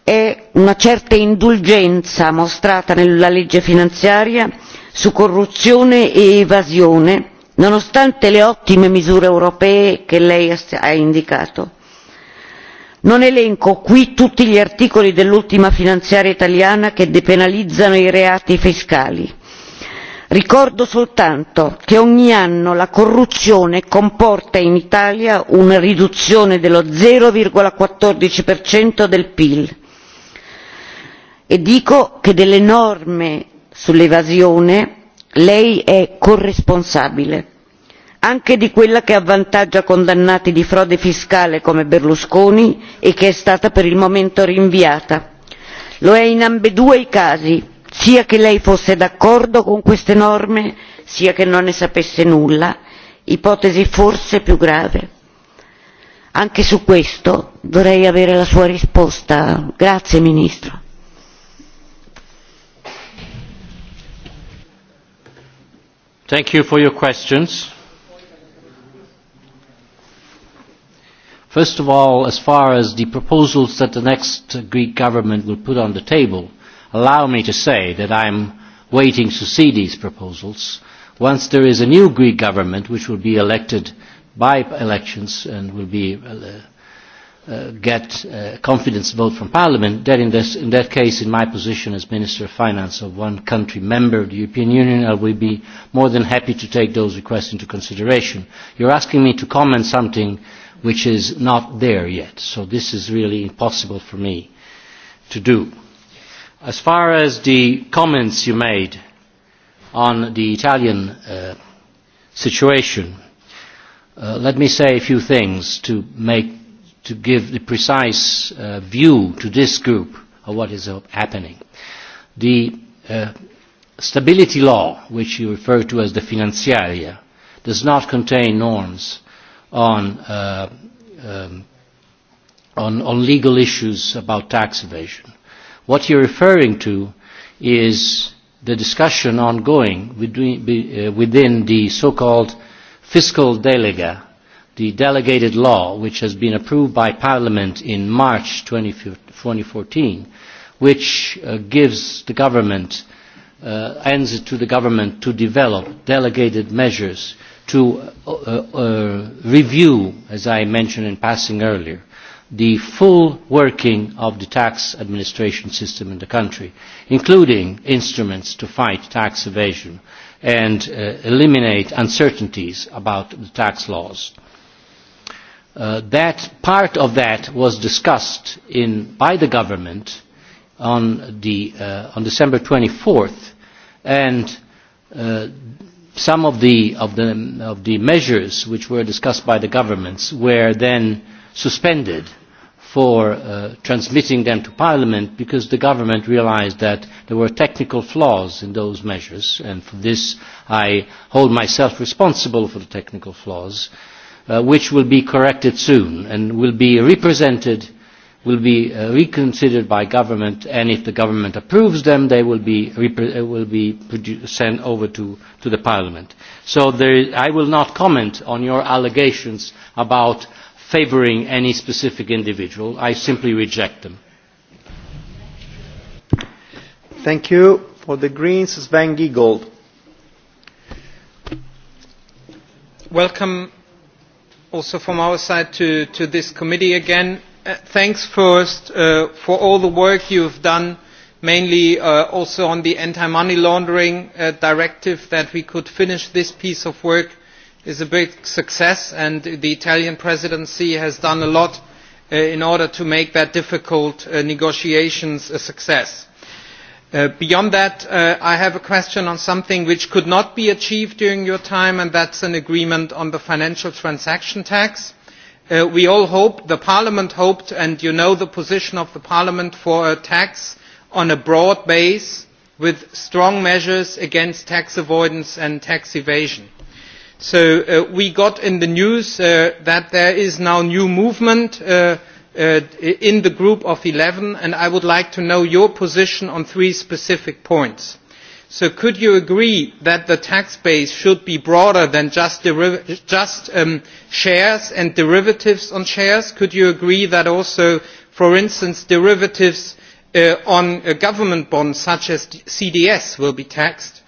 è una certa indulgenza mostrata nella legge finanziaria su corruzione e evasione nonostante le ottime misure europee che lei ha indicato. non elenco qui tutti gli articoli dell'ultima finanziaria italiana che depenalizzano i reati fiscali ricordo soltanto che ogni anno la corruzione comporta in italia una riduzione dello zero quattordici del pil e dico che delle norme sull'evasione lei è corresponsabile anche di quella che avvantaggia condannati di frode fiscale come berlusconi e che è stata per il momento rinviata. lo è in ambedue i casi sia che lei fosse d'accordo con queste norme sia che non ne sapesse nulla ipotesi forse più grave. anche su questo vorrei avere la sua risposta grazie ministro. Thank you for your questions. First of all, as far as the proposals that the next Greek government will put on the table, allow me to say that I am waiting to see these proposals. Once there is a new Greek government, which will be elected by elections and will be uh, uh, get a uh, confidence vote from Parliament, then in, this, in that case, in my position as Minister of Finance of one country member of the European Union, I will be more than happy to take those requests into consideration. You're asking me to comment something which is not there yet, so this is really impossible for me to do. As far as the comments you made on the Italian uh, situation, uh, let me say a few things to make to give the precise uh, view to this group of what is happening. The uh, stability law, which you refer to as the financiaria, does not contain norms on, uh, um, on, on legal issues about tax evasion. What you're referring to is the discussion ongoing between, be, uh, within the so-called fiscal delega the delegated law, which has been approved by Parliament in March 2014, which uh, gives the government, uh, ends it to the government to develop delegated measures to uh, uh, uh, review, as I mentioned in passing earlier, the full working of the tax administration system in the country, including instruments to fight tax evasion and uh, eliminate uncertainties about the tax laws. Uh, Uh, that part of that was discussed in, by the government on, the, uh, on December 24th, and uh, some of the, of, the, of the measures which were discussed by the governments were then suspended for uh, transmitting them to Parliament because the government realized that there were technical flaws in those measures, and for this I hold myself responsible for the technical flaws. Uh, uh, which will be corrected soon and will be represented, will be uh, reconsidered by government, and if the government approves them, they will be, uh, will be sent over to, to the parliament. So there is, I will not comment on your allegations about favouring any specific individual. I simply reject them. Thank you. For the Greens, Sven Giegold. Welcome also from our side to, to this committee again. Uh, thanks first uh, for all the work you've done, mainly uh, also on the anti-money laundering uh, directive that we could finish this piece of work is a big success and the Italian presidency has done a lot uh, in order to make that difficult uh, negotiations a success Uh, beyond that, uh, I have a question on something which could not be achieved during your time, and that's an agreement on the financial transaction tax. Uh, we all hoped, the Parliament hoped, and you know the position of the Parliament for a tax on a broad base with strong measures against tax avoidance and tax evasion. So uh, we got in the news uh, that there is now new movement uh, uh, in the group of 11, and I would like to know your position on three specific points. So could you agree that the tax base should be broader than just, just um, shares and derivatives on shares? Could you agree that also, for instance, derivatives uh, on uh, government bonds such as CDS will be taxed?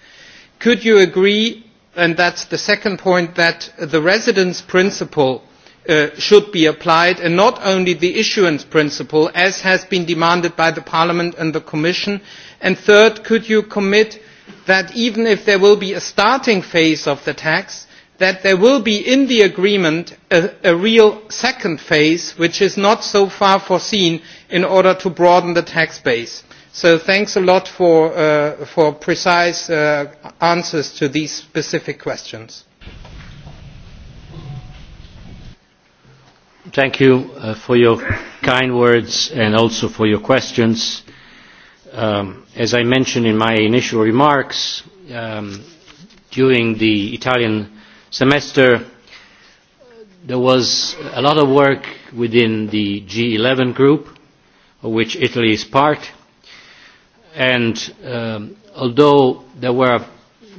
Could you agree, and that's the second point, that the residence principle uh, should be applied and not only the issuance principle as has been demanded by parliament and the commission and third could you commit that even if there will be a starting phase of the tax that there will be in the agreement a, a real second phase which is not so far foreseen in order to broaden the tax base. So thanks a lot for, uh, for precise uh, answers to these specific questions. thank you uh, for your kind words and also for your questions. Um, as I mentioned in my initial remarks, um, during the Italian semester, there was a lot of work within the G11 group, of which Italy is part. And um, although there were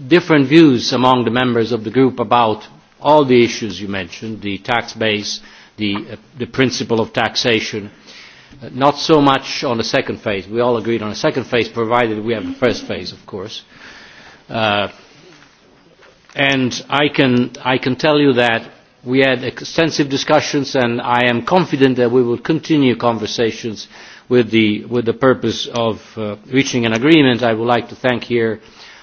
different views among the members of the group about all the issues you mentioned, the tax base, uh, the, uh, the principle of taxation. Uh, not so much on the second phase. We all agreed on the second phase, provided we have the first phase, of course. Uh, and I can, I can tell you that we had extensive discussions, and I am confident that we will continue conversations with the, with the purpose of uh, reaching an agreement. I would like to thank here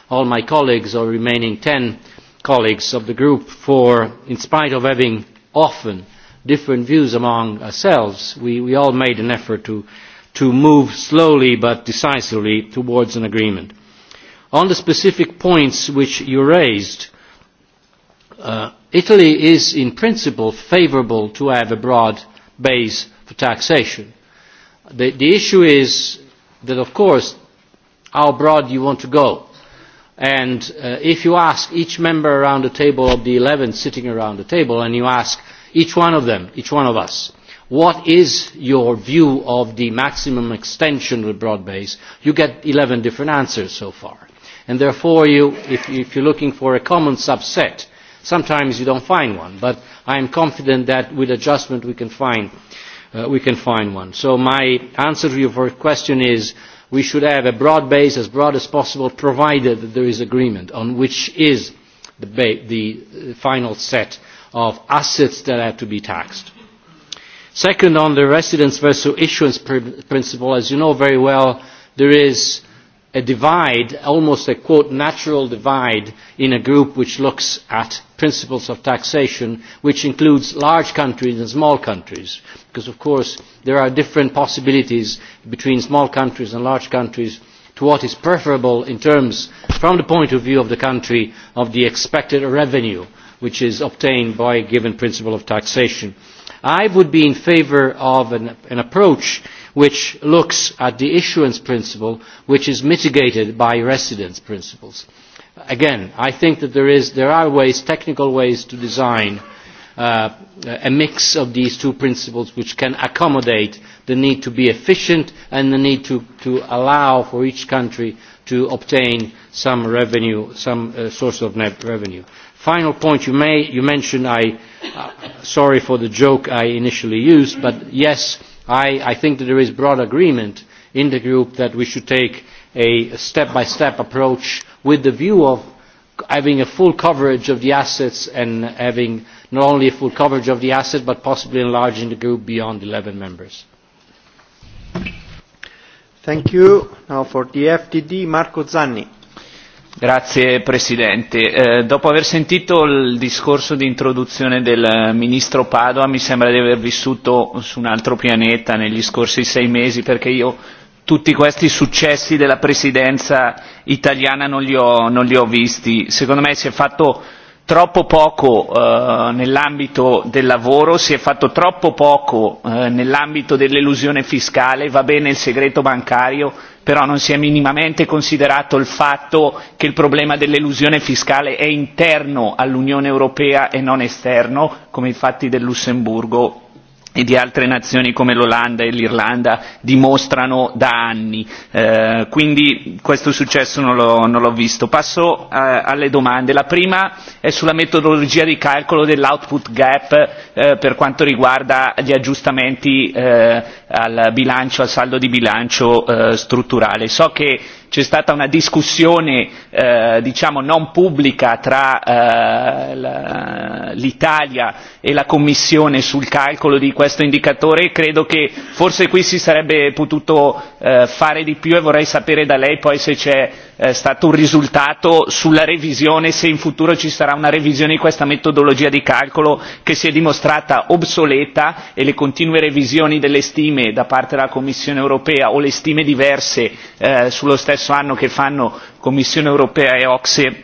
all my colleagues, or remaining 10 colleagues of the group, for, in spite of having often uh, different views among ourselves, we, we all made an effort to, to move slowly but decisively towards an agreement. On the specific points which you raised, uh, Italy is in principle favourable to have a broad base for taxation. The, the issue is that, of course, how broad you want to go. And uh, if you ask each member around the table of the 11 sitting around the table and you ask each one of them, each one of us. What is your view of the maximum extension of the broad base? You get 11 different answers so far. And therefore, you, if, if you're looking for a common subset, sometimes you don't find one. But I am confident that with adjustment we can find, uh, we can find one. So my answer to your question is we should have a broad base as broad as possible provided that there is agreement on which is the, ba- the uh, final set of assets that have to be taxed. Second, on the residence versus issuance pr principle, as you know very well, there is a divide, almost a quote natural divide in a group which looks at principles of taxation, which includes large countries and small countries, because of course there are different possibilities between small countries and large countries to what is preferable in terms, from the point of view of the country, of the expected revenue which is obtained by a given principle of taxation. I would be in favour of an, an approach which looks at the issuance principle, which is mitigated by residence principles. Again, I think that there, is, there are ways, technical ways to design uh, a mix of these two principles which can accommodate the need to be efficient and the need to, to allow for each country to obtain some revenue, some uh, source of net revenue final point you, may, you mentioned, I, uh, sorry for the joke I initially used, but yes, I, I think that there is broad agreement in the group that we should take a step-by-step -step approach with the view of having a full coverage of the assets and having not only a full coverage of the asset but possibly enlarging the group beyond 11 members. Thank you. Now for the FDD, Marco Zanni. Grazie Presidente. Eh, dopo aver sentito il discorso di introduzione del Ministro Padova mi sembra di aver vissuto su un altro pianeta negli scorsi sei mesi perché io tutti questi successi della Presidenza italiana non li ho, non li ho visti. Secondo me si è fatto troppo poco eh, nell'ambito del lavoro, si è fatto troppo poco eh, nell'ambito dell'elusione fiscale, va bene il segreto bancario, però non si è minimamente considerato il fatto che il problema dell'elusione fiscale è interno all'Unione Europea e non esterno, come i fatti del Lussemburgo e di altre nazioni come l'Olanda e l'Irlanda dimostrano da anni. Eh, quindi questo successo non l'ho, non l'ho visto. Passo eh, alle domande. La prima è sulla metodologia di calcolo dell'output gap eh, per quanto riguarda gli aggiustamenti eh, al bilancio, al saldo di bilancio eh, strutturale. So che c'è stata una discussione eh, diciamo non pubblica tra eh, la, l'Italia e la Commissione sul calcolo di questo indicatore e credo che forse qui si sarebbe potuto eh, fare di più e vorrei sapere da lei poi se c'è è stato un risultato sulla revisione se in futuro ci sarà una revisione di questa metodologia di calcolo che si è dimostrata obsoleta e le continue revisioni delle stime da parte della commissione europea o le stime diverse eh, sullo stesso anno che fanno commissione europea e ocse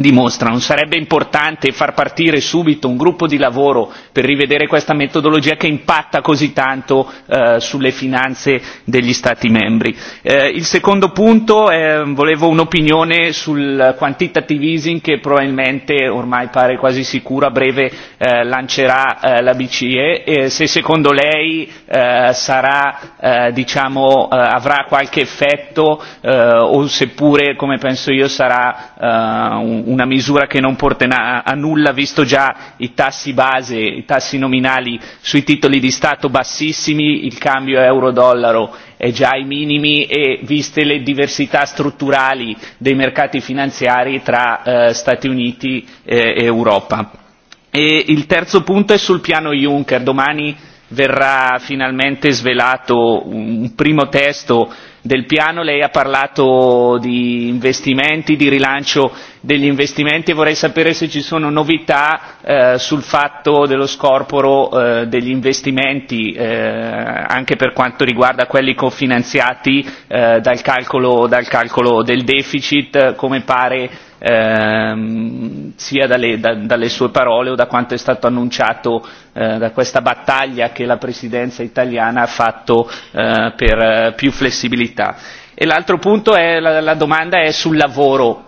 dimostrano. Sarebbe importante far partire subito un gruppo di lavoro per rivedere questa metodologia che impatta così tanto eh, sulle finanze degli Stati membri. Eh, il secondo punto, eh, volevo un'opinione sul quantitative easing che probabilmente, ormai pare quasi sicuro, a breve eh, lancerà eh, la BCE e se secondo lei eh, sarà, eh, diciamo, eh, avrà qualche effetto eh, o seppure, come penso io, sarà eh, un, una misura che non porterà a nulla visto già i tassi base i tassi nominali sui titoli di stato bassissimi il cambio euro dollaro è già ai minimi e viste le diversità strutturali dei mercati finanziari tra eh, stati uniti eh, e europa. E il terzo punto è sul piano juncker domani verrà finalmente svelato un primo testo del piano lei ha parlato di investimenti di rilancio degli investimenti e vorrei sapere se ci sono novità eh, sul fatto dello scorporo eh, degli investimenti eh, anche per quanto riguarda quelli cofinanziati eh, dal calcolo, dal calcolo del deficit come pare ehm, sia dalle, da, dalle sue parole o da quanto è stato annunciato eh, da questa battaglia che la presidenza italiana ha fatto eh, per eh, più flessibilità. E l'altro punto è la, la domanda è sul lavoro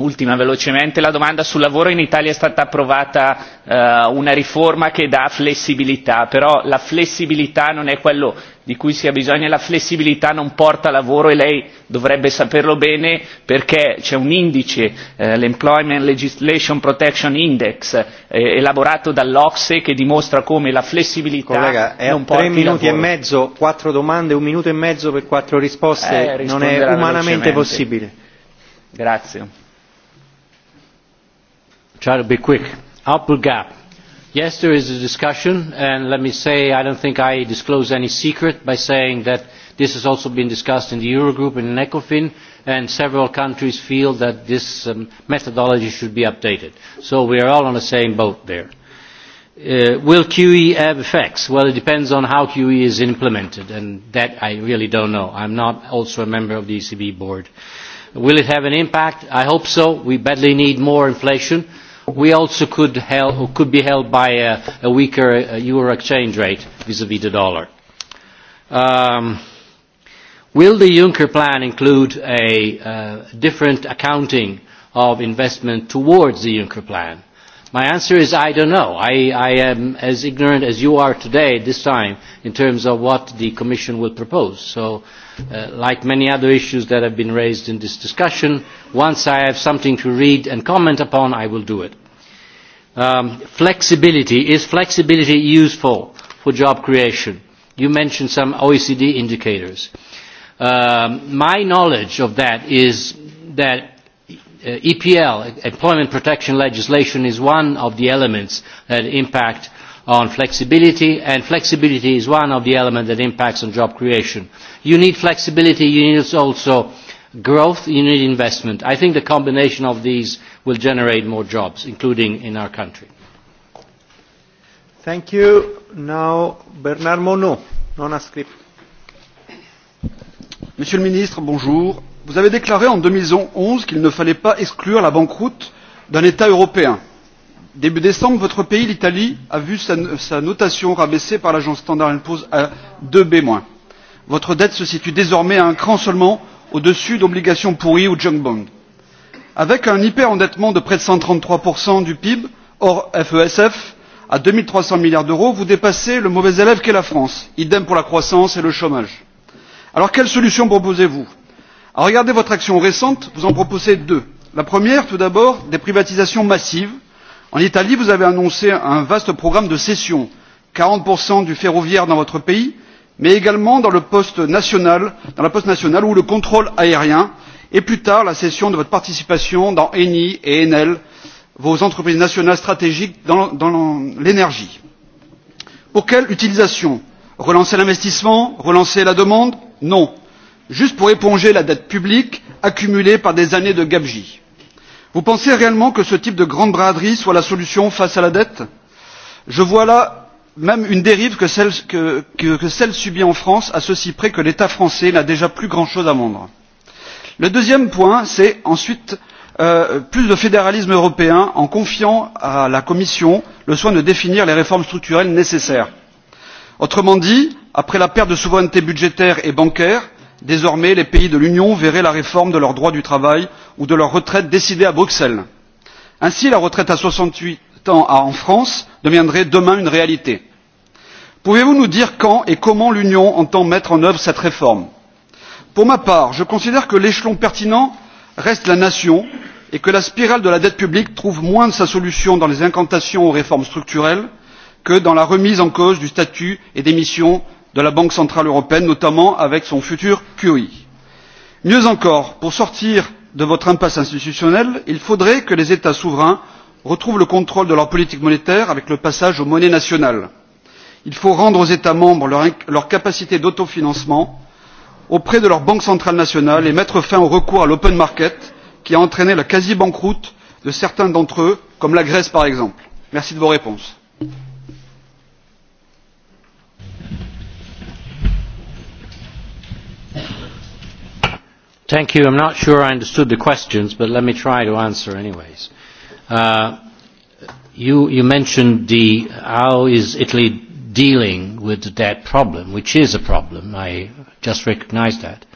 ultima velocemente la domanda sul lavoro in italia è stata approvata eh, una riforma che dà flessibilità però la flessibilità non è quello di cui si ha bisogno e la flessibilità non porta lavoro e lei dovrebbe saperlo bene perché c'è un indice eh, l'employment legislation protection index eh, elaborato dall'ocse che dimostra come la flessibilità Collega, non porti tre minuti e lavoro. e mezzo quattro domande un minuto e mezzo per quattro risposte eh, non è umanamente possibile grazie try to be quick. Output gap. Yes, there is a discussion, and let me say I don't think I disclose any secret by saying that this has also been discussed in the Eurogroup and in ECOFIN, and several countries feel that this um, methodology should be updated. So we are all on the same boat there. Uh, will QE have effects? Well, it depends on how QE is implemented, and that I really don't know. I'm not also a member of the ECB board. Will it have an impact? I hope so. We badly need more inflation we also could, help, could be helped by a, a weaker uh, euro exchange rate vis-à-vis -vis the dollar. Um, will the Juncker plan include a uh, different accounting of investment towards the Juncker plan? My answer is I don't know. I, I am as ignorant as you are today, this time, in terms of what the Commission will propose. So, uh, like many other issues that have been raised in this discussion, once I have something to read and comment upon, I will do it. Um, flexibility. Is flexibility useful for job creation? You mentioned some OECD indicators. Um, my knowledge of that is that Uh, e EPL, employment protection legislation, is one of the elements that impact on flexibility, and flexibility is one of the elements that impacts on job creation. You need flexibility, you need also growth, you need investment. I think the combination of these will generate more jobs, including in our country. Thank you. Now, Bernard Monod, non-script. Monsieur le ministre, bonjour. Vous avez déclaré en 2011 qu'il ne fallait pas exclure la banqueroute d'un État européen. Début décembre, votre pays, l'Italie, a vu sa, sa notation rabaissée par l'agence Standard Poor's à 2B-. Votre dette se situe désormais à un cran seulement au-dessus d'obligations pourries ou junk bonds avec un hyper endettement de près de cent trente trois du pib hors fesf e à deux trois cents milliards d'euros vous dépassez le mauvais élève qu'est la france idem pour la croissance et le chômage. alors quelles solutions proposez vous? à regarder votre action récente vous en proposez deux. la première tout d'abord des privatisations massives. en italie vous avez annoncé un vaste programme de cession quarante du ferroviaire dans votre pays mais également dans, le poste national, dans la poste nationale ou le contrôle aérien et plus tard la cession de votre participation dans eni et enel vos entreprises nationales stratégiques dans l'énergie. pour quelle utilisation? relancer l'investissement relancer la demande? non juste pour éponger la dette publique accumulée par des années de gabegie. vous pensez réellement que ce type de grande braderie soit la solution face à la dette? je vois là même une dérive que celle, que, que, que celle subie en france à ceci près que l'état français n'a déjà plus grand chose à vendre le deuxième point c'est ensuite euh, plus de fédéralisme européen en confiant à la commission le soin de définir les réformes structurelles nécessaires. autrement dit après la perte de souveraineté budgétaire et bancaire désormais les pays de l'union verraient la réforme de leur droit du travail ou de leur retraite décidée à bruxelles. ainsi la retraite à soixante huit ans en france deviendrait demain une réalité. pouvez vous nous dire quand et comment l'union entend mettre en œuvre cette réforme? pour ma part je considère que l'échelon pertinent reste la nation et que la spirale de la dette publique trouve moins sa solution dans les incantations aux réformes structurelles que dans la remise en cause du statut et des missions de la banque centrale européenne notamment avec son futur qe. mieux encore pour sortir de votre impasse institutionnelle il faudrait que les états souverains retrouvent le contrôle de leur politique monétaire avec le passage aux monnaies nationales. il faut rendre aux états membres leur, leur capacité d'autofinancement auprès de leurs banques centrales nationales et mettre fin au recours à l'open market qui a entraîné la quasi banqueroute de certains d'entre eux comme la grèce par exemple. merci de vos réponses. Thank you. I'm not sure I understood the questions, but let me try to answer anyways. Uh, you, you mentioned the, how is Italy dealing with that problem, which is a problem. I just recognize that.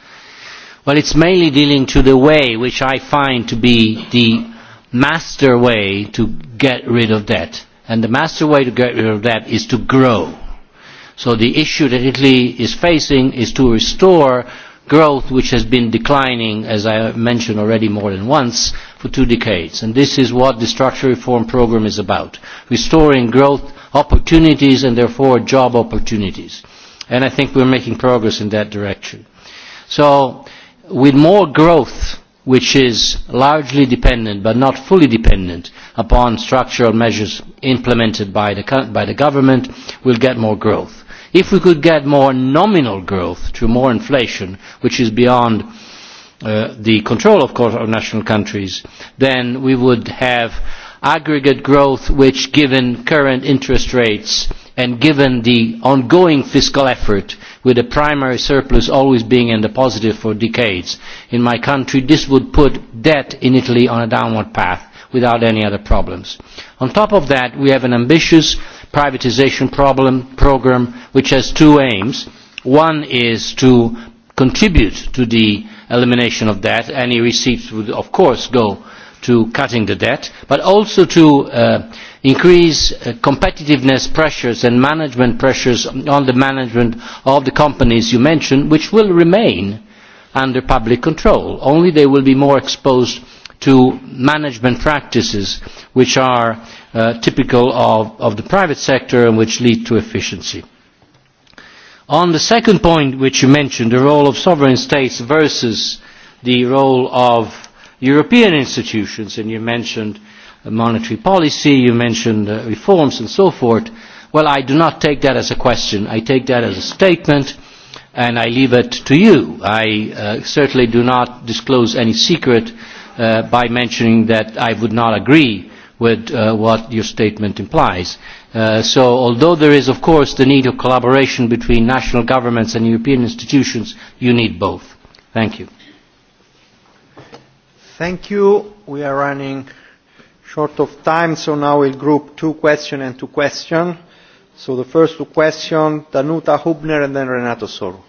Well, it's mainly dealing to the way which I find to be the master way to get rid of debt. And the master way to get rid of debt is to grow. So the issue that Italy is facing is to restore growth which has been declining, as I mentioned already more than once, for two decades. And this is what the structural reform program is about, restoring growth opportunities and therefore job opportunities. And I think we're making progress in that direction. So with more growth, which is largely dependent but not fully dependent upon structural measures implemented by the, by the government, we'll get more growth. If we could get more nominal growth through more inflation, which is beyond uh, the control, of course, of national countries, then we would have uh, aggregate growth which, given current interest rates and given the ongoing fiscal effort, with a primary surplus always being in the positive for decades, in my country this would put debt in Italy on a downward path without any other problems. On top of that, we have an ambitious privatization problem, program which has two aims. One is to contribute to the elimination of debt. Any receipts would, of course, go to cutting the debt, but also to uh, increase uh, competitiveness pressures and management pressures on the management of the companies you mentioned, which will remain under public control. Only they will be more exposed to management practices which are uh, typical of, of the private sector and which lead to efficiency. On the second point which you mentioned, the role of sovereign states versus the role of European institutions, and you mentioned uh, monetary policy, you mentioned uh, reforms and so forth. Well, I do not take that as a question. I take that as a statement, and I leave it to you. I uh, certainly do not disclose any secret uh, by mentioning that I would not agree with uh, what your statement implies. Uh, so although there is, of course, the need of collaboration between national governments and European institutions, you need both. Thank you. Thank you. We are running short of time, so now we'll group two questions and two questions. So the first two questions, Danuta Hubner and then Renato Soro.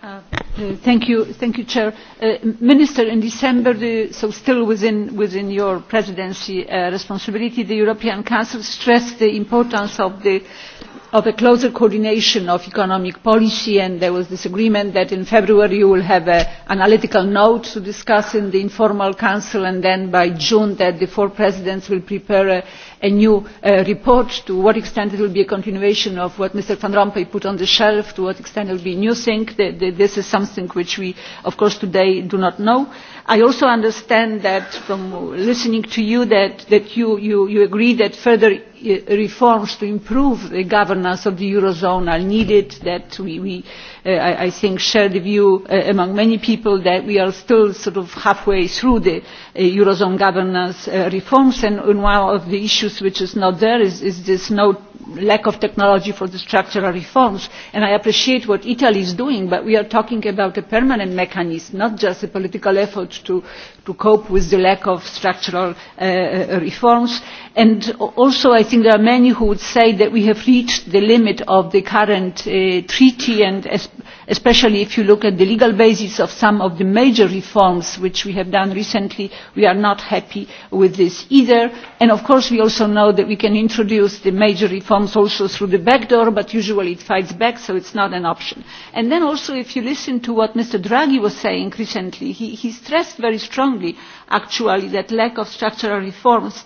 Uh, uh, thank you, thank you, Chair. Uh, Minister, in December, the, so still within, within your presidency uh, responsibility, the European Council stressed the importance of the uh, of a closer coordination of economic policy and there was this agreement that in february you will have an analytical note to discuss in the informal council and then by june that the four presidents will prepare a, a new uh, report to what extent it will be a continuation of what mr van rompuy put on the shelf to what extent it will be new thing the, the, this is something which we of course today do not know i also understand that from listening to you that, that you, you, you agree that further reforms to improve the governance of the eurozone are needed that we, we uh, I, I think share the view uh, among many people that we are still sort of halfway through the uh, eurozone governance uh, reforms and, and one of the issues which is not there is, is this no lack of technology for the structural reforms and I appreciate what Italy is doing but we are talking about a permanent mechanism not just a political effort to, to cope with the lack of structural uh, uh reforms And also I think there are many who would say that we have reached the limit of the current uh, treaty and es especially if you look at the legal basis of some of the major reforms which we have done recently, we are not happy with this either. And of course we also know that we can introduce the major reforms also through the back door, but usually it fights back, so it's not an option. And then also if you listen to what Mr. Draghi was saying recently, he, he stressed very strongly actually that lack of structural reforms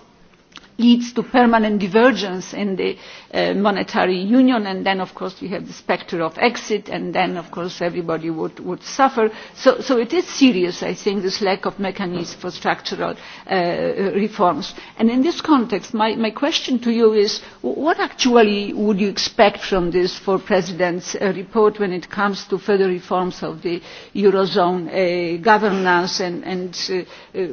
leads to permanent divergence in the uh, monetary union and then of course we have the spectre of exit and then of course everybody would, would suffer. So, so it is serious I think this lack of mechanism for structural uh, reforms. And in this context my, my question to you is what actually would you expect from this for President's uh, report when it comes to further reforms of the Eurozone uh, governance and, and uh, uh,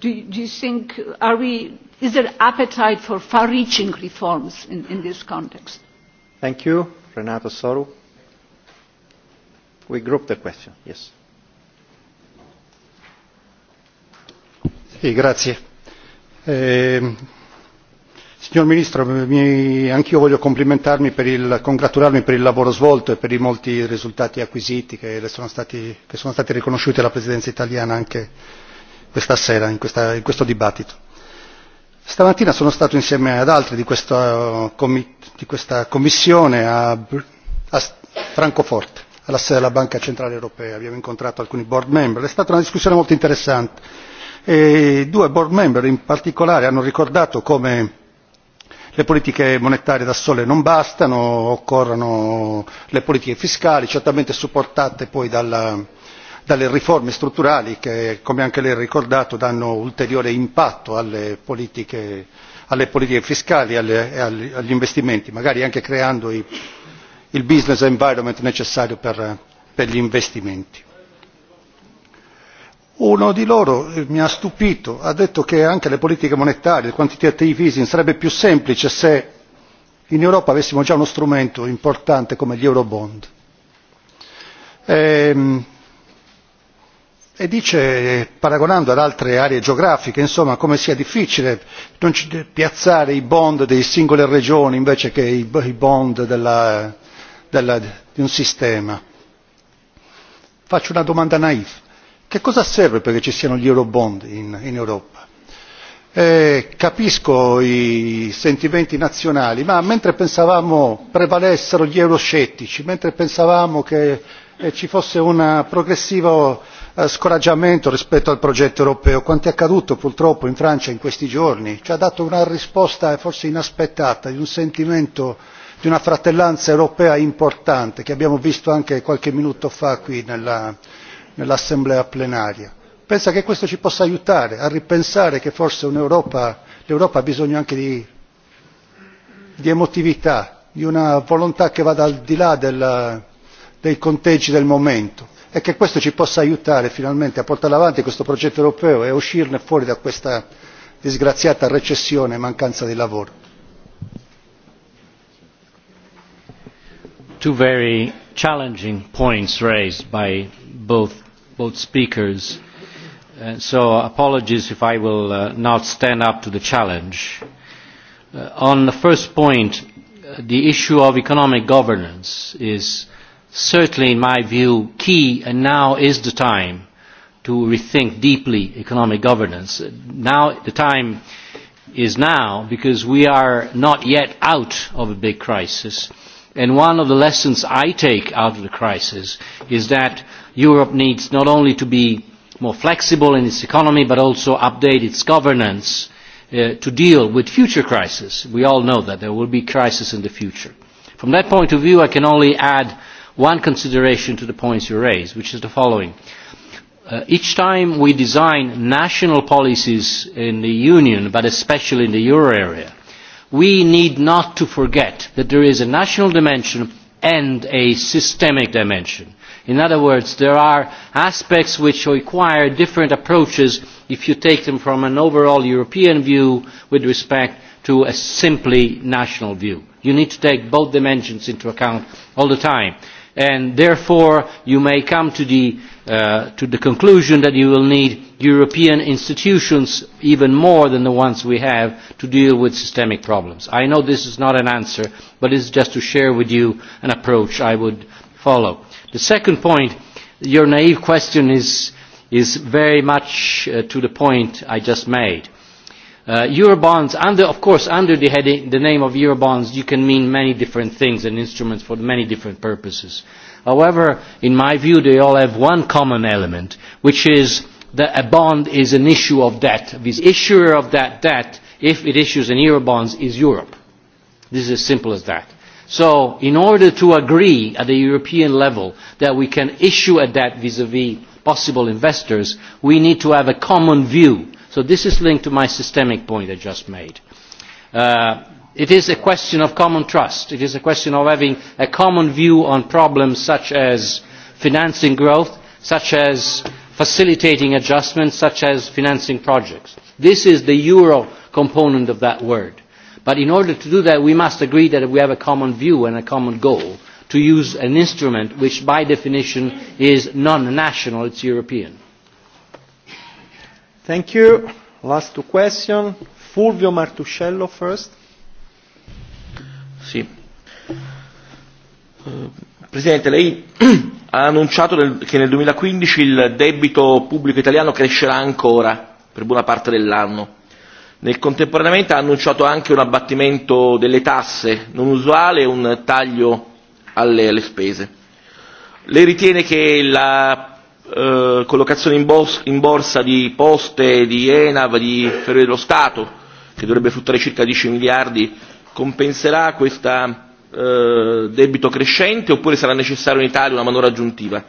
do, do you think are we is there appetite for far reaching reforms in, in this context? Thank you. Renato Soru. We group the question, yes. Sì, grazie. Eh, signor Ministro, anch'io voglio complimentarmi per il, congratularmi per il lavoro svolto e per i molti risultati acquisiti che sono stati, che sono stati riconosciuti alla Presidenza italiana anche questa sera, in, questa, in questo dibattito stamattina sono stato insieme ad altri di questa, eh, di questa commissione a, a francoforte alla sede della banca centrale europea abbiamo incontrato alcuni board member è stata una discussione molto interessante e due board member in particolare hanno ricordato come le politiche monetarie da sole non bastano occorrono le politiche fiscali certamente supportate poi dalla dalle riforme strutturali che come anche lei ha ricordato danno ulteriore impatto alle politiche, alle politiche fiscali e, e agli investimenti magari anche creando i, il business environment necessario per, per gli investimenti. Uno di loro eh, mi ha stupito, ha detto che anche le politiche monetarie, il quantitative easing sarebbe più semplice se in Europa avessimo già uno strumento importante come gli eurobond. Ehm, e dice eh, paragonando ad altre aree geografiche insomma come sia difficile piazzare i bond delle singole regioni invece che i bond di un sistema. faccio una domanda naïf che cosa serve perché ci siano gli eurobond in europa? Eh, capisco i sentimenti nazionali ma mentre pensavamo prevalessero gli euroscettici mentre pensavamo che eh, ci fosse un progressivo Eh, scoraggiamento rispetto al progetto europeo quanto è accaduto purtroppo in francia in questi giorni ci ha dato una risposta forse inaspettata di un sentimento di una fratellanza europea importante che abbiamo visto anche qualche minuto fa qui nell'assemblea plenaria. penso che questo ci possa aiutare a ripensare che forse l'europa ha bisogno anche di emotività di una volontà che vada al di là dei conteggi del momento e che questo ci possa aiutare finalmente a portare avanti questo progetto europeo e a uscirne fuori da questa disgraziata recessione e mancanza di lavoro. two very challenging points raised by both, both speakers uh, so apologies if i will uh, not stand up to the challenge. Uh, on the first point uh, the issue of economic governance is certainly in my view key and now is the time to rethink deeply economic governance. Now the time is now because we are not yet out of a big crisis and one of the lessons I take out of the crisis is that Europe needs not only to be more flexible in its economy but also update its governance uh, to deal with future crises. We all know that there will be crises in the future. From that point of view I can only add one consideration to the points you raised, which is the following. Uh, each time we design national policies in the Union, but especially in the euro area, we need not to forget that there is a national dimension and a systemic dimension. In other words, there are aspects which require different approaches if you take them from an overall European view with respect to a simply national view. You need to take both dimensions into account all the time and therefore you may come to the, uh, to the conclusion that you will need European institutions even more than the ones we have to deal with systemic problems. I know this is not an answer, but it's just to share with you an approach I would follow. The second point, your naive question is, is very much uh, to the point I just made Uh, Eurobonds, under, of course, under the, heading, the name of Eurobonds, you can mean many different things and instruments for many different purposes. However, in my view, they all have one common element, which is that a bond is an issue of debt. The issuer of that debt, if it issues an Eurobonds, is Europe. This is as simple as that. So, in order to agree at the European level that we can issue a debt vis-à-vis -vis possible investors, we need to have a common view So this is linked to my systemic point I just made. Uh, it is a question of common trust. It is a question of having a common view on problems such as financing growth, such as facilitating adjustments, such as financing projects. This is the euro component of that word. But in order to do that, we must agree that we have a common view and a common goal to use an instrument which by definition is non-national, it's European Thank you. Last two question. Fulvio Martuscello first. Sì. Eh, Presidente, lei ha annunciato nel, che nel 2015 il debito pubblico italiano crescerà ancora per buona parte dell'anno. Nel contemporaneamente ha annunciato anche un abbattimento delle tasse non usuale e un taglio alle, alle spese. Lei ritiene che la eh, collocazione in, bos- in borsa di poste, di ENAV, di Ferrovie dello Stato, che dovrebbe fruttare circa 10 miliardi, compenserà questo eh, debito crescente oppure sarà necessaria in Italia una manovra aggiuntiva?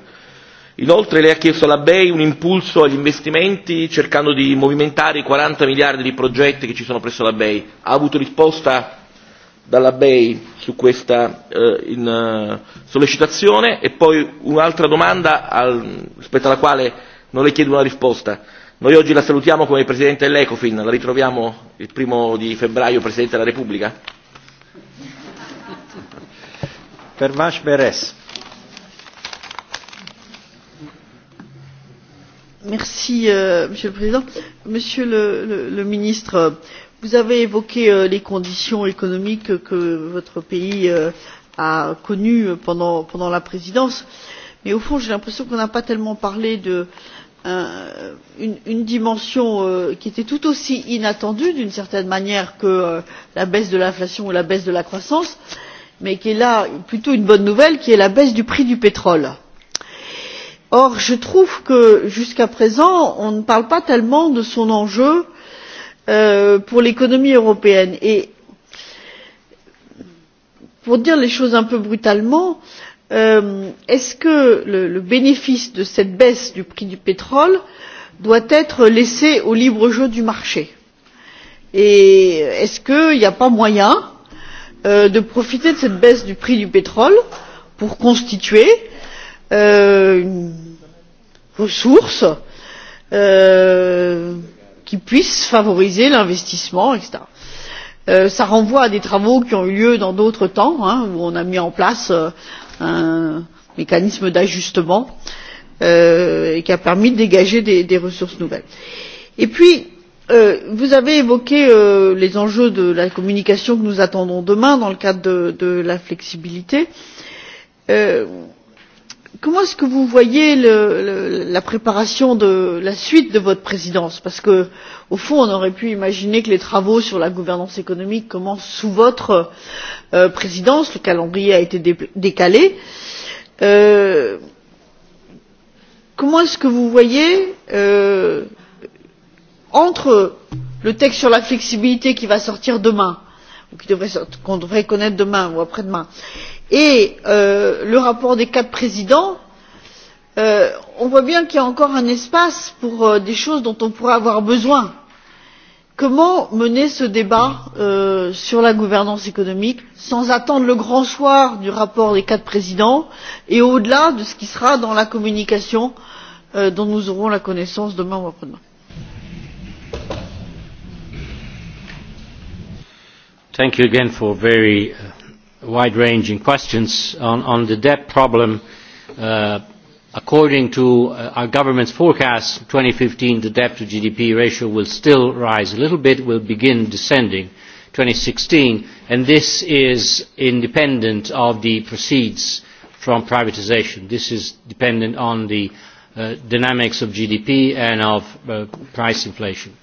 Inoltre lei ha chiesto alla BEI un impulso agli investimenti cercando di movimentare i 40 miliardi di progetti che ci sono presso la BEI. Ha avuto risposta dalla BEI su questa eh, in, uh, sollecitazione e poi un'altra domanda al, rispetto alla quale non le chiedo una risposta. Noi oggi la salutiamo come Presidente dell'Ecofin, la ritroviamo il primo di febbraio Presidente della Repubblica? Pervash Beres. Merci, euh, Monsieur le Président. Monsieur le, le, le Ministre, euh, vous avez évoqué euh, les conditions économiques que votre pays euh, a connues euh, pendant la présidence mais au fond j'ai l'impression qu'on n'a pas tellement parlé d'une dimension qui était tout aussi inattendue d'une certaine manière que la baisse de l'inflation ou la baisse de la croissance mais qui est là plutôt une bonne nouvelle qui est la baisse du prix du pétrole. or je trouve que jusqu'à présent on ne parle pas tellement de son enjeu euh, pour l'économie européenne. Et pour dire les choses un peu brutalement euh, est ce que le, le bénéfice de cette baisse du prix du pétrole doit être laissé au libre jeu du marché et est ce qu'il n'y a pas moyen euh, de profiter de cette baisse du prix du pétrole pour constituer euh, une ressource euh, qui puisse favoriser l'investissement etc. Cela euh, renvoie à des travaux qui ont eu lieu dans d'autres temps hein, où on a mis en place euh, un mécanisme d'ajustement euh, et qui a permis de dégager des, des ressources nouvelles. Et puis, euh, vous avez évoqué euh, les enjeux de la communication que nous attendons demain dans le cadre de, de la flexibilité. Euh, comment est ce que vous voyez le, le, la préparation de la suite de votre présidence parce que au fond on aurait pu imaginer que les travaux sur la gouvernance économique commencent sous votre euh, présidence le calendrier a été dé décalé euh, comment est ce que vous voyez euh, entre le texte sur la flexibilité qui va sortir demain ou qu'on devrait, qu devrait connaître demain ou après demain et et euh, le rapport des quatre présidents euh, on voit bien qu'il y a encore un espace pour euh, des choses dont on pourrait avoir besoin. comment mener ce débat euh, sur la gouvernance économique sans attendre le grand soir du rapport des quatre présidents et au delà de ce qui sera dans la communication euh, dont nous aurons la connaissance demain ou après demain? Thank you again for very uh, wide-ranging questions on, on the debt problem. Uh, according to uh, our government's forecast, 2015, the debt to GDP ratio will still rise a little bit, will begin descending 2016, and this is independent of the proceeds from privatization. This is dependent on the uh, dynamics of GDP and of uh, price inflation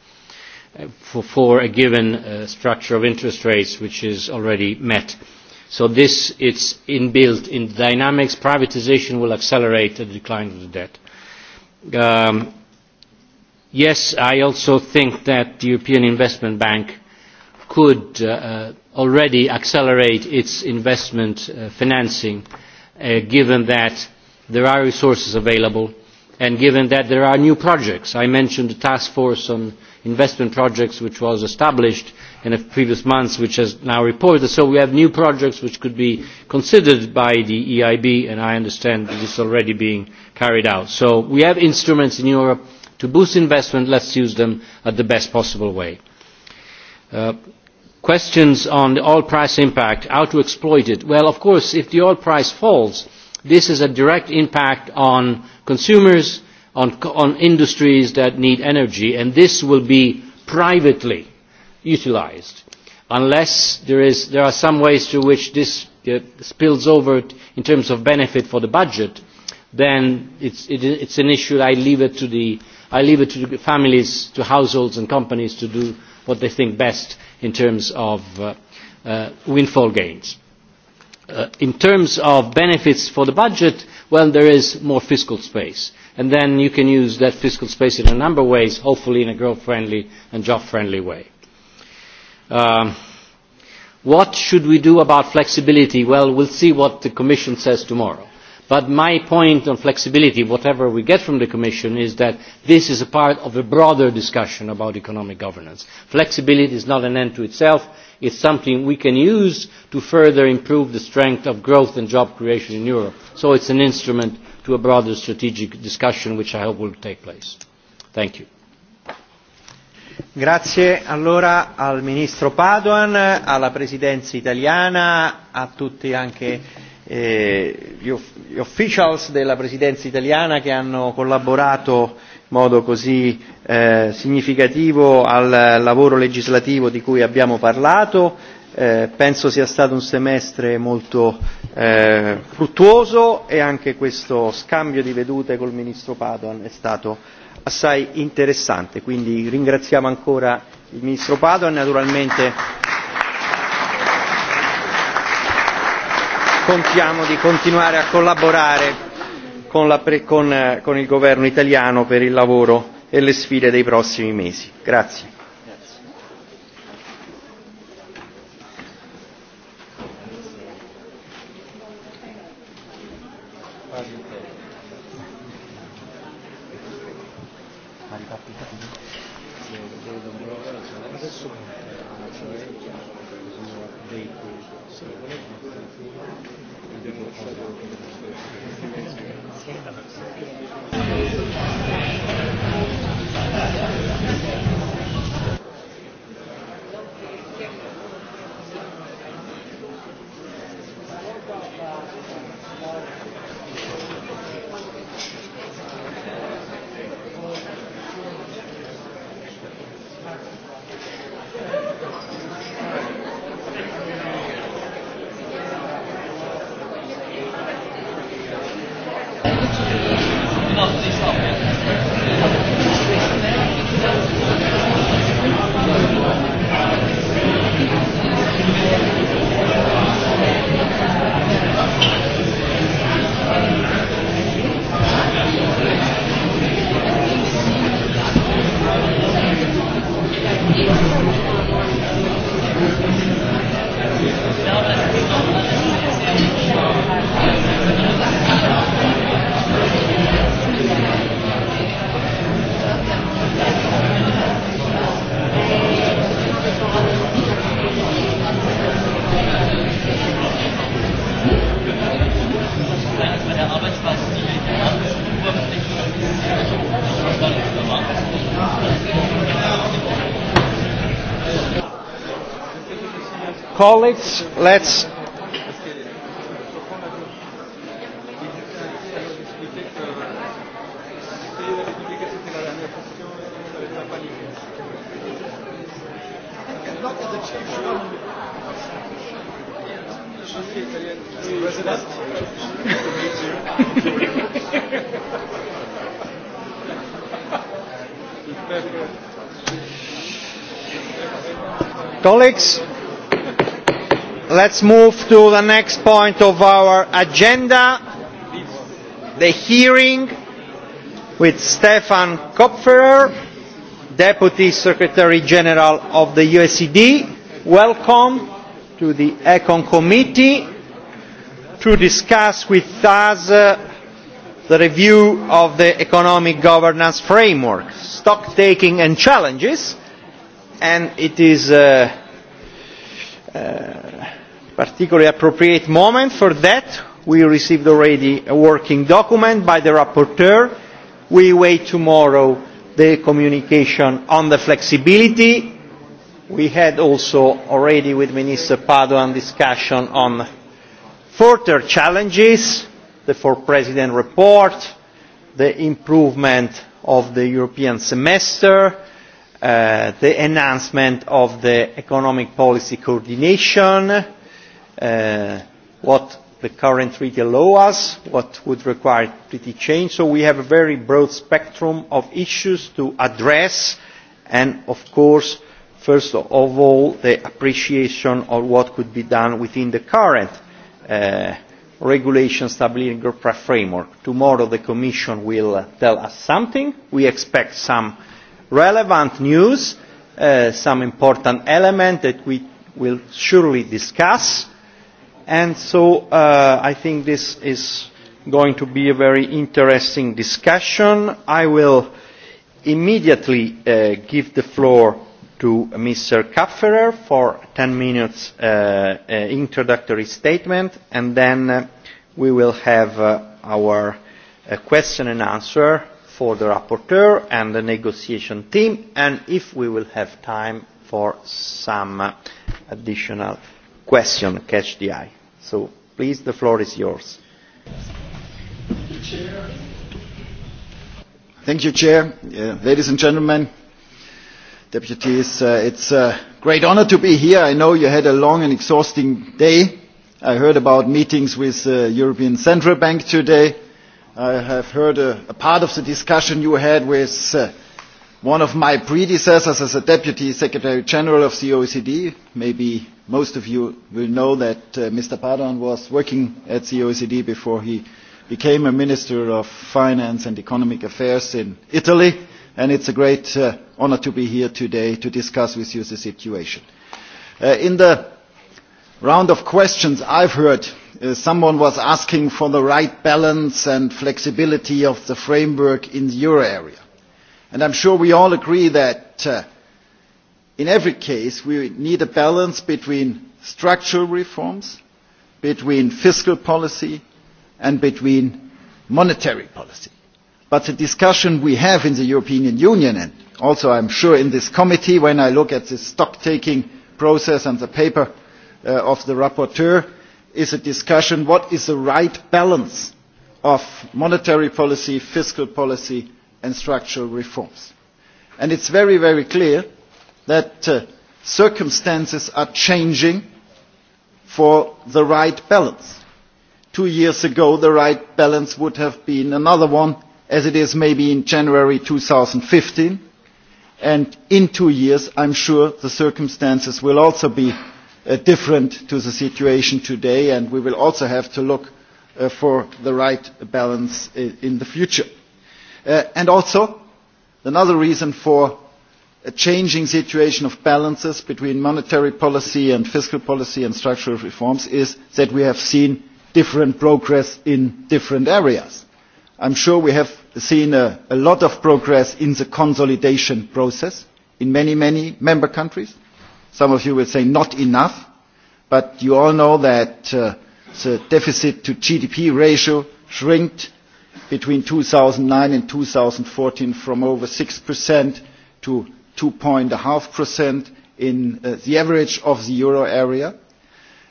uh, for, for a given uh, structure of interest rates which is already met. Uh, So this, it's inbuilt in dynamics. Privatization will accelerate the decline of the debt. Um, yes, I also think that the European Investment Bank could uh, already accelerate its investment uh, financing, uh, given that there are resources available and given that there are new projects. I mentioned the task force on investment projects which was established uh, in the previous months which has now reported. So we have new projects which could be considered by the EIB and I understand this is already being carried out. So we have instruments in Europe to boost investment, let's use them at the best possible way. Uh, questions on the oil price impact, how to exploit it. Well, of course, if the oil price falls, this is a direct impact on consumers, on, on industries that need energy, and this will be privately utilised unless there, is, there are some ways through which this uh, spills over in terms of benefit for the budget then it's, it, it's an issue I leave it to the I leave it to the families, to households and companies to do what they think best in terms of uh, uh, windfall gains. Uh, in terms of benefits for the budget, well, there is more fiscal space. And then you can use that fiscal space in a number of ways, hopefully in a growth-friendly and job-friendly way Um, what should we do about flexibility? Well, we'll see what the Commission says tomorrow. But my point on flexibility, whatever we get from the Commission, is that this is a part of a broader discussion about economic governance. Flexibility is not an end to itself. It's something we can use to further improve the strength of growth and job creation in Europe. So it's an instrument to a broader strategic discussion, which I hope will take place. Thank you. Grazie allora al Ministro Padoan, alla Presidenza italiana, a tutti anche eh, gli, off- gli officials della Presidenza italiana che hanno collaborato in modo così eh, significativo al lavoro legislativo di cui abbiamo parlato. Eh, penso sia stato un semestre molto eh, fruttuoso e anche questo scambio di vedute col Ministro Padoan è stato assai interessante quindi ringraziamo ancora il ministro padoan e naturalmente contiamo di continuare a collaborare con, la, con, eh, con il governo italiano per il lavoro e le sfide dei prossimi mesi. Grazie. colleagues, let's. Colleagues, let's move to the next point of our agenda, the hearing with Stefan Kopferer, Deputy Secretary General of the USED. Welcome to the ECON Committee to discuss with us uh, the review of the economic governance framework, stock taking and challenges. And it is uh, particularly appropriate moment for that. We received already a working document by the rapporteur. We wait tomorrow the communication on the flexibility. We had also already with Minister Padoan discussion on further challenges, the four president report, the improvement of the European semester, uh, the enhancement of the economic policy coordination, uh, what the current treaty allows us, what would require treaty change. So we have a very broad spectrum of issues to address and, of course, first of all, the appreciation of what could be done within the current uh, regulation stability and growth framework. Tomorrow the Commission will uh, tell us something. We expect some relevant news, uh, some important element that we will surely discuss and so uh, I think this is going to be a very interesting discussion. I will immediately uh, give the floor to Mr. Kafferer for 10 minutes uh, uh, introductory statement and then uh, we will have uh, our uh, question and answer for the rapporteur and the negotiation team and if we will have time for some uh, additional question catch the eye. So please, the floor is yours. Thank you, Chair. Uh, ladies and gentlemen, deputies, uh, it's a great honor to be here. I know you had a long and exhausting day. I heard about meetings with the uh, European Central Bank today. I have heard a, a part of the discussion you had with uh, One of my predecessors as a Deputy Secretary General of the OECD, maybe most of you will know that uh, Mr. Padan was working at the OECD before he became a Minister of Finance and Economic Affairs in Italy, and it's a great uh, honor to be here today to discuss with you the situation. Uh, in the round of questions I've heard, uh, someone was asking for the right balance and flexibility of the framework in the euro area. And I'm sure we all agree that uh, in every case we need a balance between structural reforms, between fiscal policy, and between monetary policy. But the discussion we have in the European Union, and also I'm sure in this committee, when I look at the stock-taking process and the paper uh, of the rapporteur, is a discussion what is the right balance of monetary policy, fiscal policy, and structural reforms. And it's very, very clear that uh, circumstances are changing for the right balance. Two years ago, the right balance would have been another one, as it is maybe in January 2015. And in two years, I'm sure the circumstances will also be uh, different to the situation today, and we will also have to look uh, for the right balance in, uh, in the future. Uh, and also, another reason for a changing situation of balances between monetary policy and fiscal policy and structural reforms is that we have seen different progress in different areas. I'm sure we have seen a, a lot of progress in the consolidation process in many, many member countries. Some of you will say not enough, but you all know that uh, the deficit to GDP ratio shrinked between 2009 and 2014 from over 6% to 2.5% in uh, the average of the euro area.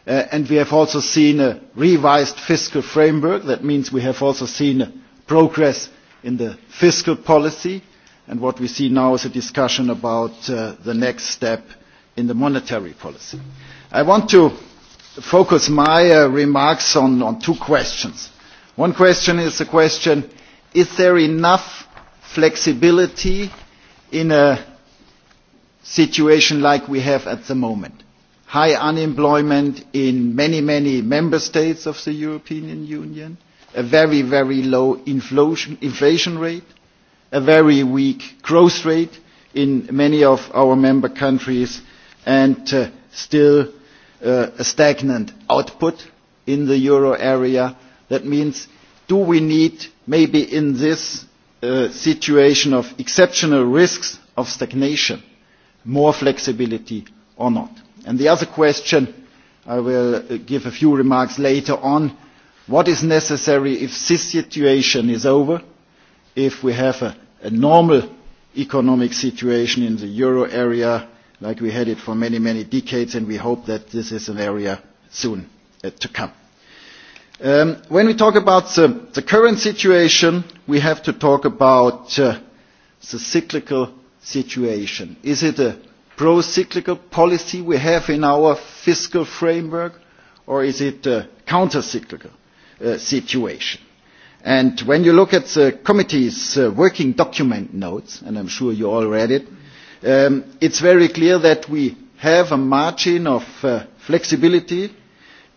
Uh, and we have also seen a revised fiscal framework. That means we have also seen progress in the fiscal policy. And what we see now is a discussion about uh, the next step in the monetary policy. I want to focus my uh, remarks on, on two questions. One question is the question, is there enough flexibility in a situation like we have at the moment? High unemployment in many, many member states of the European Union, a very, very low inflation, inflation rate, a very weak growth rate in many of our member countries, and uh, still uh, a stagnant output in the euro area that means do we need maybe in this uh, situation of exceptional risks of stagnation more flexibility or not? And the other question, I will uh, give a few remarks later on, what is necessary if this situation is over, if we have a, a normal economic situation in the euro area like we had it for many, many decades, and we hope that this is an area soon uh, to come. Um, when we talk about the, uh, the current situation, we have to talk about uh, the cyclical situation. Is it a pro-cyclical policy we have in our fiscal framework, or is it a counter-cyclical uh, situation? And when you look at the committee's uh, working document notes, and I'm sure you all read it, um, it's very clear that we have a margin of uh, flexibility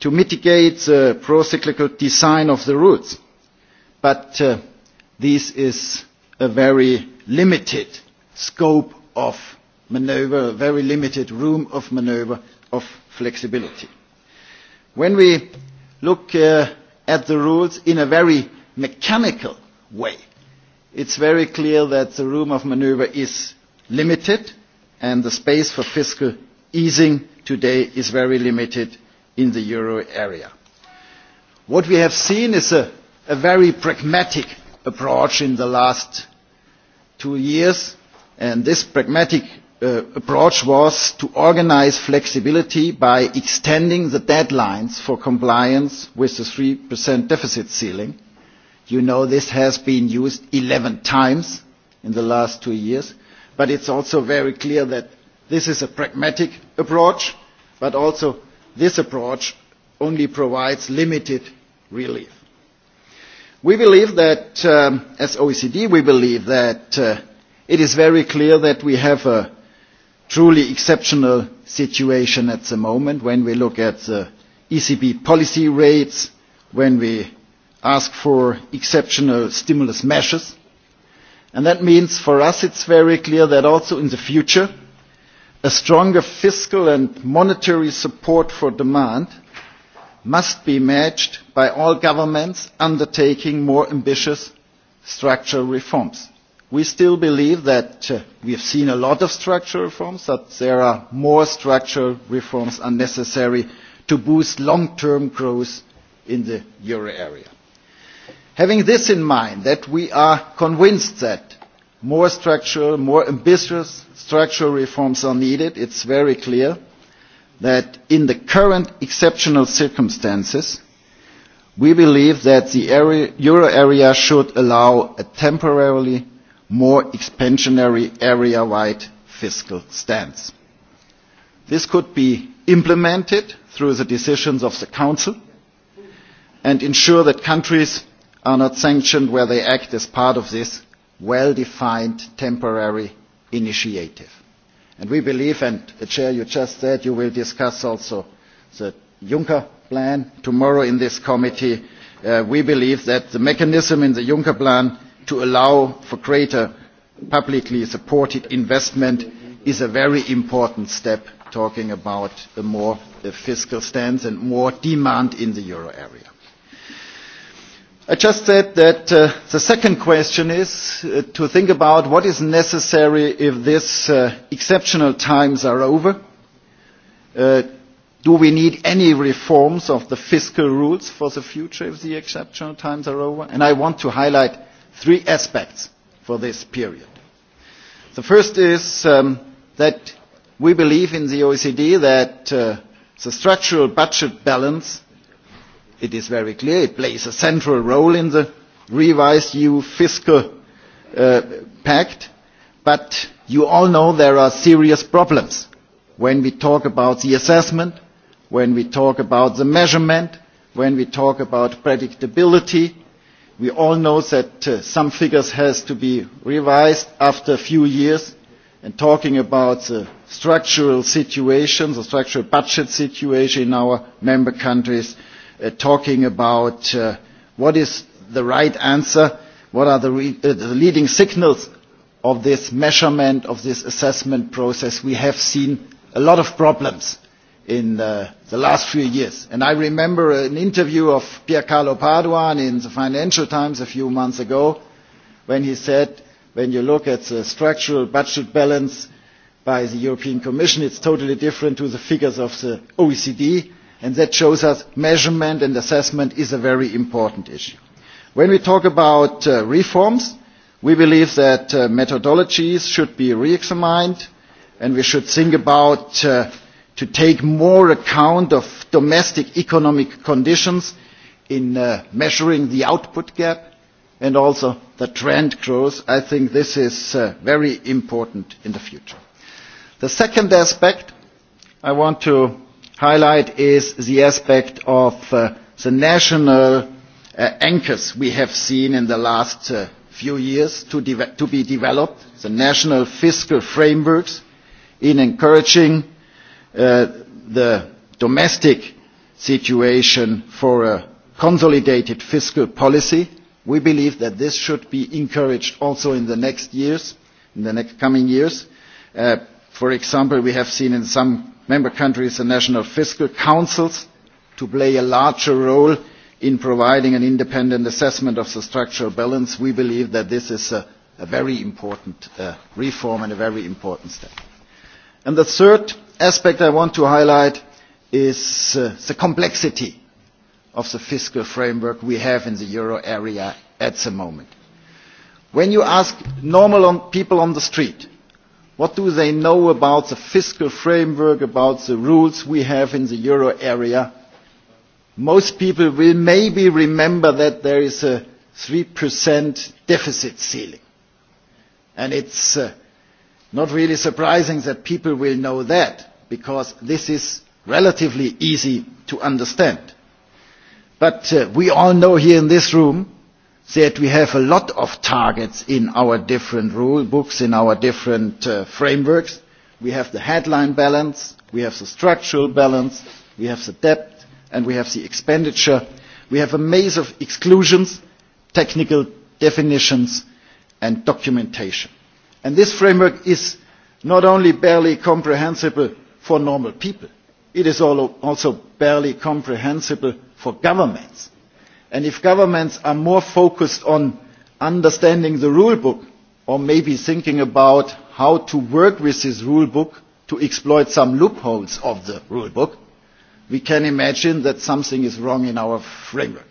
to mitigate the pro-cyclical design of the routes. But uh, this is a very limited scope of maneuver, very limited room of maneuver of flexibility. When we look uh, at the rules in a very mechanical way, it's very clear that the room of maneuver is limited and the space for fiscal easing today is very limited in the euro area. What we have seen is a, a very pragmatic approach in the last two years, and this pragmatic uh, approach was to organize flexibility by extending the deadlines for compliance with the 3% deficit ceiling. You know this has been used 11 times in the last two years, but it's also very clear that this is a pragmatic approach, but also this approach only provides limited relief. We believe that, um, as OECD, we believe that uh, it is very clear that we have a truly exceptional situation at the moment when we look at the ECB policy rates, when we ask for exceptional stimulus measures. And that means for us it's very clear that also in the future a stronger fiscal and monetary support for demand must be matched by all governments undertaking more ambitious structural reforms. We still believe that uh, we have seen a lot of structural reforms, that there are more structural reforms are necessary to boost long-term growth in the euro area. Having this in mind, that we are convinced that more structural, more ambitious structural reforms are needed. It's very clear that in the current exceptional circumstances, we believe that the area, euro area should allow a temporarily more expansionary area-wide fiscal stance. This could be implemented through the decisions of the Council and ensure that countries are not sanctioned where they act as part of this well-defined temporary initiative. And we believe, and Chair, you just said you will discuss also the Juncker plan tomorrow in this committee. Uh, we believe that the mechanism in the Juncker plan to allow for greater publicly supported investment is a very important step talking about a more a fiscal stance and more demand in the euro area. I just said that uh, the second question is uh, to think about what is necessary if these uh, exceptional times are over. Uh, do we need any reforms of the fiscal rules for the future if the exceptional times are over? And I want to highlight three aspects for this period. The first is um, that we believe in the OECD that uh, the structural budget balance it is very clear it plays a central role in the revised EU fiscal uh, pact, but you all know there are serious problems when we talk about the assessment, when we talk about the measurement, when we talk about predictability. We all know that uh, some figures has to be revised after a few years, and talking about the structural situation, the structural budget situation in our member countries uh, talking about uh, what is the right answer, what are the, re- uh, the leading signals of this measurement, of this assessment process, we have seen a lot of problems in uh, the last few years. And I remember an interview of Piercarlo Paduan in the Financial Times a few months ago when he said, when you look at the structural budget balance by the European Commission, it's totally different to the figures of the OECD and that shows us measurement and assessment is a very important issue. When we talk about uh, reforms, we believe that uh, methodologies should be re-examined and we should think about uh, to take more account of domestic economic conditions in uh, measuring the output gap and also the trend growth. I think this is uh, very important in the future. The second aspect I want to highlight is the aspect of uh, the national uh, anchors we have seen in the last uh, few years to, to be developed, the national fiscal frameworks, in encouraging uh, the domestic situation for a consolidated fiscal policy. We believe that this should be encouraged also in the next years, in the next coming years. Uh, for example, we have seen in some member countries and national fiscal councils to play a larger role in providing an independent assessment of the structural balance. we believe that this is a, a very important uh, reform and a very important step. And the third aspect i want to highlight is uh, the complexity of the fiscal framework we have in the euro area at the moment. when you ask normal on people on the street What do they know about the fiscal framework, about the rules we have in the euro area? Most people will maybe remember that there is a 3% deficit ceiling. And it's uh, not really surprising that people will know that, because this is relatively easy to understand. But uh, we all know here in this room that we have a lot of targets in our different rule books, in our different uh, frameworks. We have the headline balance, we have the structural balance, we have the debt, and we have the expenditure. We have a maze of exclusions, technical definitions, and documentation. And this framework is not only barely comprehensible for normal people, it is also barely comprehensible for governments and if governments are more focused on understanding the rule book or maybe thinking about how to work with this rule book to exploit some loopholes of the rule book, we can imagine that something is wrong in our framework.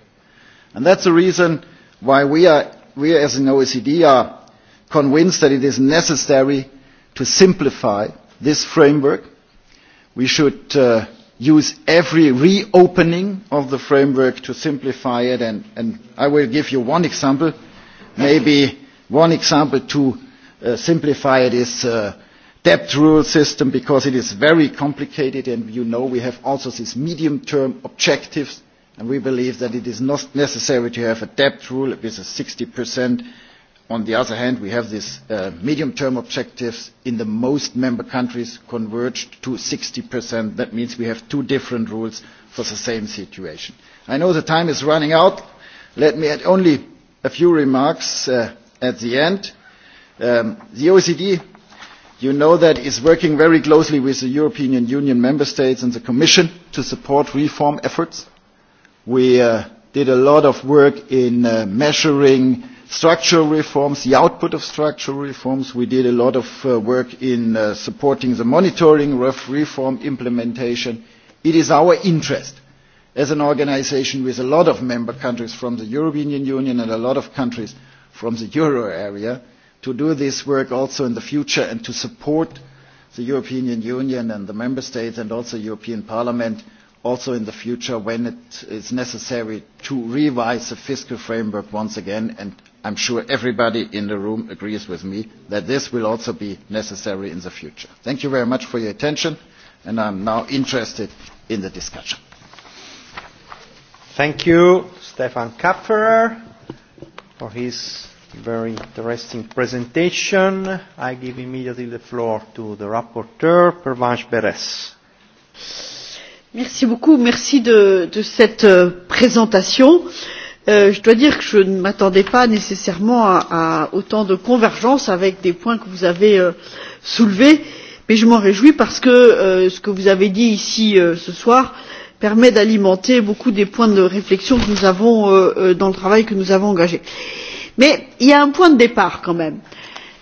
And that's the reason why we, are, we as an OECD are convinced that it is necessary to simplify this framework. We should uh, use every reopening of the framework to simplify it. And, and I will give you one example. Maybe one example to uh, simplify it is uh, debt rule system because it is very complicated and you know we have also these medium term objectives and we believe that it is not necessary to have a debt rule with a 60 percent uh, on the other hand, we have these uh, medium-term objectives in the most member countries converged to 60%. That means we have two different rules for the same situation. I know the time is running out. Let me add only a few remarks uh, at the end. Um, the OECD, you know that is working very closely with the European Union member states and the Commission to support reform efforts. We uh, did a lot of work in uh, measuring uh, Structural reforms, the output of structural reforms, we did a lot of uh, work in uh, supporting the monitoring of reform implementation. It is our interest as an organization with a lot of member countries from the European Union and a lot of countries from the euro area to do this work also in the future and to support the European Union and the member states and also European Parliament also in the future when it is necessary to revise the fiscal framework once again and i am sure everybody in the room agrees with me that this will also be necessary in the future. thank you very much for your attention and i am now interested in the discussion. thank you stefan kapferer for his very interesting presentation. i give immediately the floor to the rapporteur pervenche berès. merci beaucoup merci de, de cette euh, présentation. Euh, Euh, je dois dire que je ne m'attendais pas nécessairement à, à autant de convergence avec des points que vous avez euh, soulevés mais je m'en réjouis parce que euh, ce que vous avez dit ici euh, ce soir permet d'alimenter beaucoup des points de réflexion que nous avons euh, euh, dans le travail que nous avons engagé. mais il y a un point de départ quand même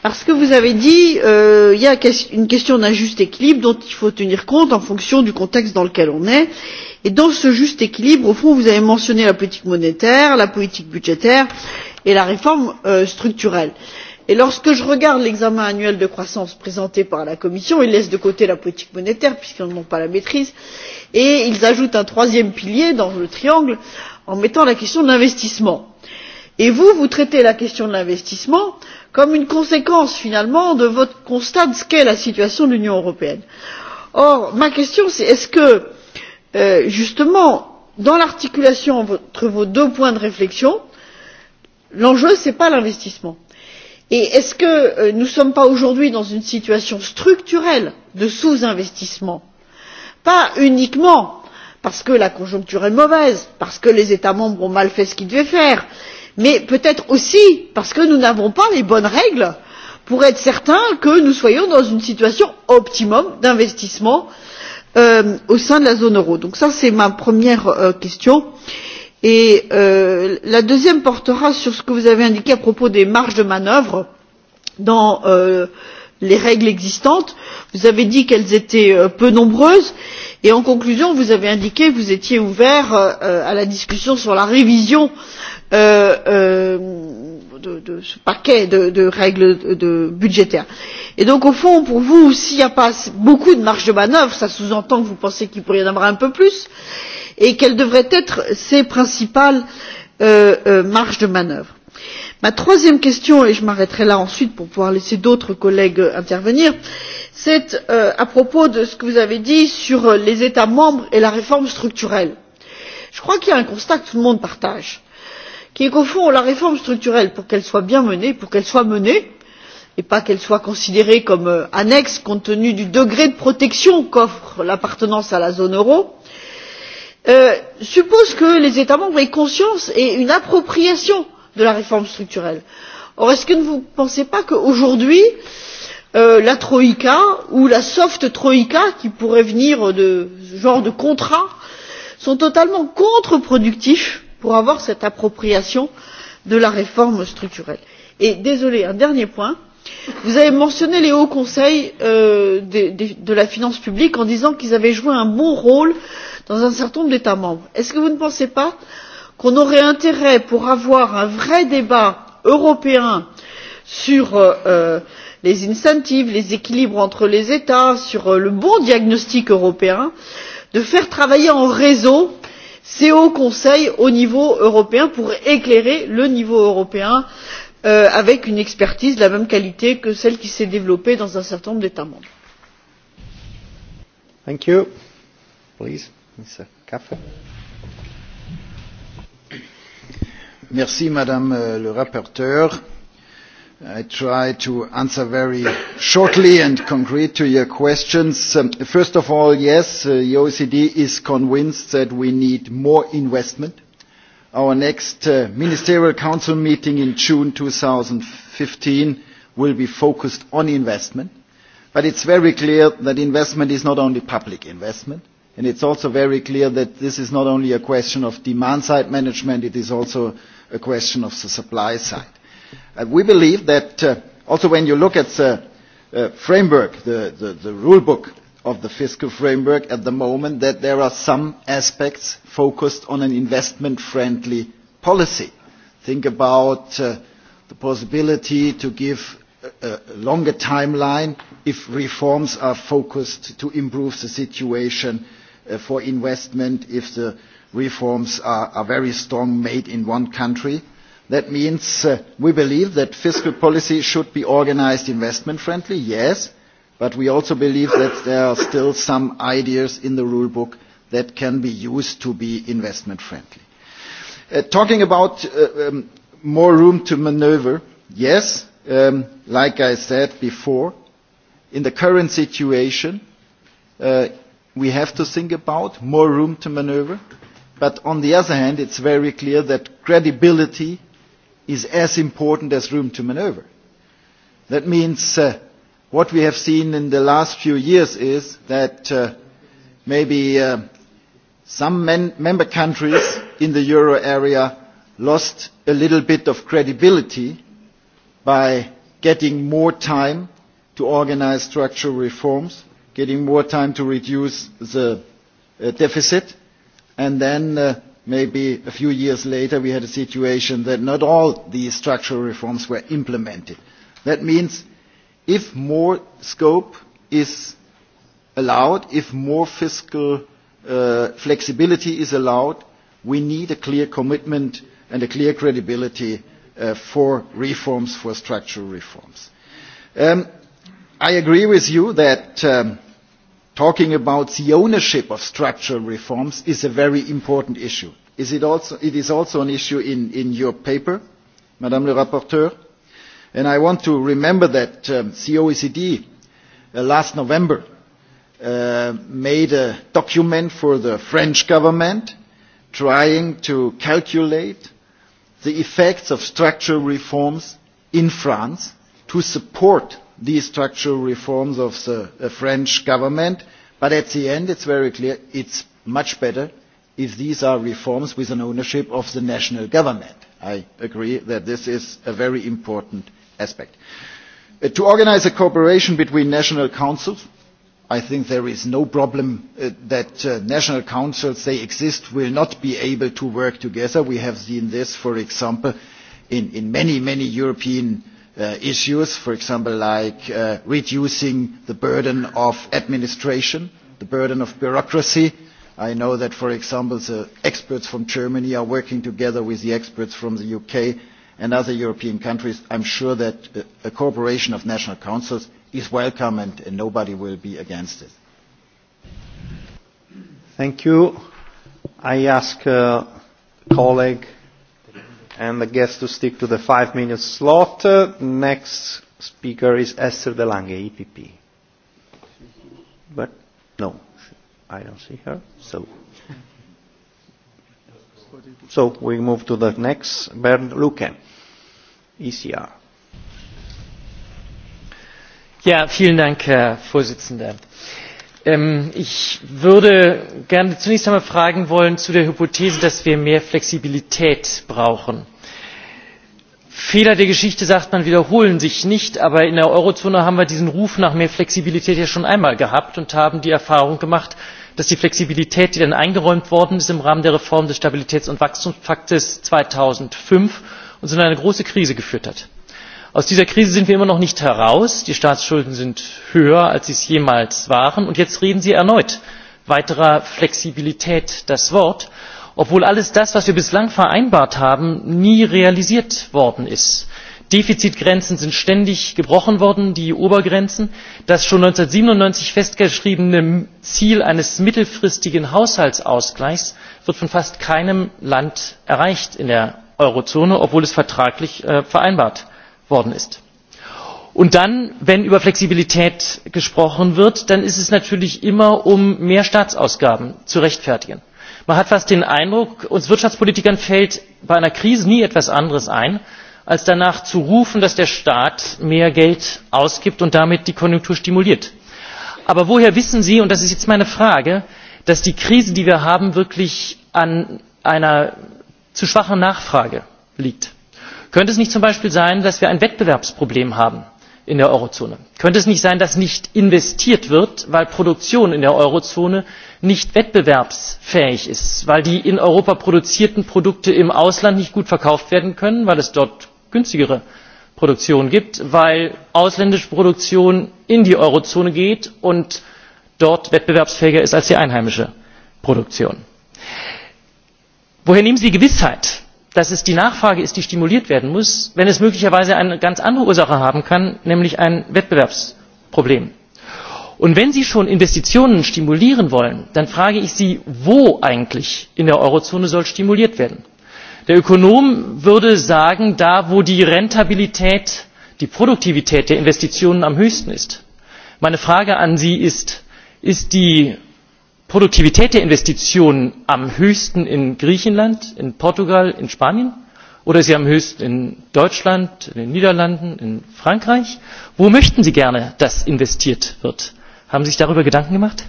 parce que vous avez dit qu'il y a une question d'un juste équilibre dont il faut tenir compte en fonction du contexte dans lequel on est et et dans ce juste équilibre au fond vous avez mentionné la politique monétaire la politique budgétaire et la réforme euh, structurelle et lorsque je regarde l'examen annuel de croissance présenté par la commission ils laissent de côté la politique monétaire puisqu'ils n'en ont pas la maîtrise et ils ajoutent un troisième pilier dans le triangle en mettant la question de l'investissement. et vous vous traitez la question de l'investissement comme une conséquence finalement de votre constat de ce qu'est la situation de l'union européenne. or ma question c'est est ce que Euh, justement dans l'articulation entre vos deux points de réflexion l'enjeu ce n'est pas l'investissement. est ce que euh, nous ne sommes pas aujourd'hui dans une situation structurelle de sous investissement pas uniquement parce que la conjoncture est mauvaise parce que les états membres ont mal fait ce qu'ils devaient faire mais peut être aussi parce que nous n'avons pas les bonnes règles pour être certains que nous soyons dans une situation optimum d'investissement et euh, au sein de la zone euro. donc ça c'est ma première euh, question. Et euh, la deuxième portera sur ce que vous avez indiqué à propos des marges de manœuvre dans euh, les règles existantes. vous avez dit qu'elles étaient euh, peu nombreuses et en conclusion vous avez indiqué que vous étiez ouvert euh, à la discussion sur la révision euh, euh, de, de ce paquet de, de règles de budgétaires et donc au fond pour vous s'il n'y a pas beaucoup de marge de manœuvre cela sous entend que vous pensez qu'il pourrait y en avoir un peu plus et quelles devraient être ses principales euh, euh, marges de manœuvre? ma troisième question et je m'arrêterai là ensuite pour pouvoir laisser d'autres collègues euh, intervenir c'est euh, à propos de ce que vous avez dit sur euh, les états membres et la réforme structurelle. je crois qu'il y a un constat que tout le monde partage qui est qu'au fond la réforme structurelle pour qu'elle soit bien menée pour qu'elle soit menée et pas qu'elle soit considérée comme euh, annexe compte tenu du degré de protection qu'offre l'appartenance à la zone euro euh, suppose que les états membres aient conscience et une appropriation de la réforme structurelle. or est ce que vous ne pensez pas qu'aujourd'hui euh, la troïka ou la soft troïka qui pourrait venir de ce genre de contrat sont totalement contreproductifs pour avoir cette appropriation de la réforme structurelle? et désolée un dernier point vous avez mentionné les hauts conseils euh, de, de, de la finance publique en disant qu'ils avaient joué un bon rôle dans un certain nombre d'états membres. est ce que vous ne pensez pas qu'on aurait intérêt pour avoir un vrai débat européen sur euh, euh, les incentives les équilibres entre les états sur euh, le bon diagnostic européen de faire travailler en réseau ces hauts conseils au niveau européen pour éclairer le niveau européen Euh, avec une expertise de la même qualité que celle qui s'est développée dans un certain nombre d'états membres. Thank you. Please, Mr. Kaffer. Merci, Madame uh, le rapporteur. I try to answer very shortly and concrete to your questions. Um, first of all, yes, uh, the OECD is convinced that we need more investment our next uh, ministerial council meeting in June 2015 will be focused on investment. But it's very clear that investment is not only public investment, and it's also very clear that this is not only a question of demand-side management, it is also a question of the supply side. Uh, we believe that uh, also when you look at the uh, framework, the, the, the rule book, of the fiscal framework at the moment that there are some aspects focused on an investment friendly policy. Think about uh, the possibility to give a, a longer timeline if reforms are focused to improve the situation uh, for investment if the reforms are, are very strong made in one country. That means uh, we believe that fiscal policy should be organized investment friendly, yes, But we also believe that there are still some ideas in the rule book that can be used to be investment friendly. Uh, talking about uh, um, more room to maneuver, yes, um, like I said before, in the current situation, uh, we have to think about more room to maneuver. But on the other hand, it's very clear that credibility is as important as room to maneuver. That means uh, what we have seen in the last few years is that uh, maybe uh, some men- member countries in the euro area lost a little bit of credibility by getting more time to organize structural reforms, getting more time to reduce the uh, deficit, and then uh, maybe a few years later we had a situation that not all these structural reforms were implemented. That means if more scope is allowed, if more fiscal uh, flexibility is allowed, we need a clear commitment and a clear credibility uh, for reforms, for structural reforms. Um, I agree with you that um, talking about the ownership of structural reforms is a very important issue. Is it, also, it is also an issue in, in your paper, Madame le Rapporteur. And I want to remember that um, the OECD uh, last November uh, made a document for the French government trying to calculate the effects of structural reforms in France to support these structural reforms of the uh, French government. But at the end, it's very clear it's much better if these are reforms with an ownership of the national government. I agree that this is a very important aspect. Uh, to organize a cooperation between national councils, I think there is no problem uh, that uh, national councils, they exist, will not be able to work together. We have seen this, for example, in, in many, many European uh, issues, for example, like uh, reducing the burden of administration, the burden of bureaucracy. I know that, for example, the experts from Germany are working together with the experts from the UK and other European countries, I'm sure that uh, a cooperation of national councils is welcome and, and nobody will be against it. Thank you. I ask uh, colleague and the guest to stick to the five minute slot. Uh, next speaker is Esther De Lange, EPP. But no, I don't see her. So. So we move to the next, Bernd Luke, ECR. Ja, vielen Dank, Herr Vorsitzender. Ähm, ich würde gerne zunächst einmal fragen wollen zu der Hypothese, dass wir mehr Flexibilität brauchen. Fehler der Geschichte, sagt man, wiederholen sich nicht, aber in der Eurozone haben wir diesen Ruf nach mehr Flexibilität ja schon einmal gehabt und haben die Erfahrung gemacht, dass die flexibilität die dann eingeräumt worden ist im rahmen der reform des stabilitäts und wachstumspakts zweitausendfünf uns in eine große krise geführt hat. aus dieser krise sind wir immer noch nicht heraus die staatsschulden sind höher als sie jemals waren und jetzt reden sie erneut weiterer flexibilität das wort obwohl alles das was wir bislang vereinbart haben nie realisiert worden ist defizitgrenzen sind ständig gebrochen worden die obergrenzen. das schon eintausendneunhundertsiebenundneunzig festgeschriebene ziel eines mittelfristigen haushaltsausgleichs wird von fast keinem land in der eurozone erreicht obwohl es vertraglich äh, vereinbart worden ist. und dann wenn über flexibilität gesprochen wird dann ist es natürlich immer um mehr staatsausgaben zu rechtfertigen. man hat fast den eindruck uns wirtschaftspolitikern fällt bei einer krise nie etwas anderes ein als danach zu rufen dass der staat mehr geld ausgibt und damit die konjunktur stimuliert. aber woher wissen sie und das ist jetzt meine frage dass die krise die wir haben wirklich an einer zu schwachen nachfrage liegt? könnte es nicht zum beispiel sein dass wir ein wettbewerbsproblem haben in der eurozone? könnte es nicht sein dass nicht investiert wird weil produktion in der eurozone nicht wettbewerbsfähig ist weil die in europa produzierten produkte im ausland nicht gut verkauft werden können weil es dort günstigere produktion gibt weil ausländische produktion in die eurozone geht und dort wettbewerbsfähiger ist als die einheimische produktion. woher nehmen sie die gewissheit dass es die nachfrage ist die stimuliert werden muss wenn es möglicherweise eine ganz andere ursache haben kann nämlich ein wettbewerbsproblem? und wenn sie schon investitionen stimulieren wollen dann frage ich sie wo eigentlich in der eurozone soll stimuliert werden? der ökonom würde sagen da wo die rentabilität die produktivität der investitionen am höchsten ist. meine frage an sie ist ist die produktivität der investitionen am höchsten in griechenland in portugal in spanien oder ist sie am höchsten in deutschland in den niederlanden in frankreich? wo möchten sie gerne dass investiert wird? haben sie sich darüber gedanken gemacht?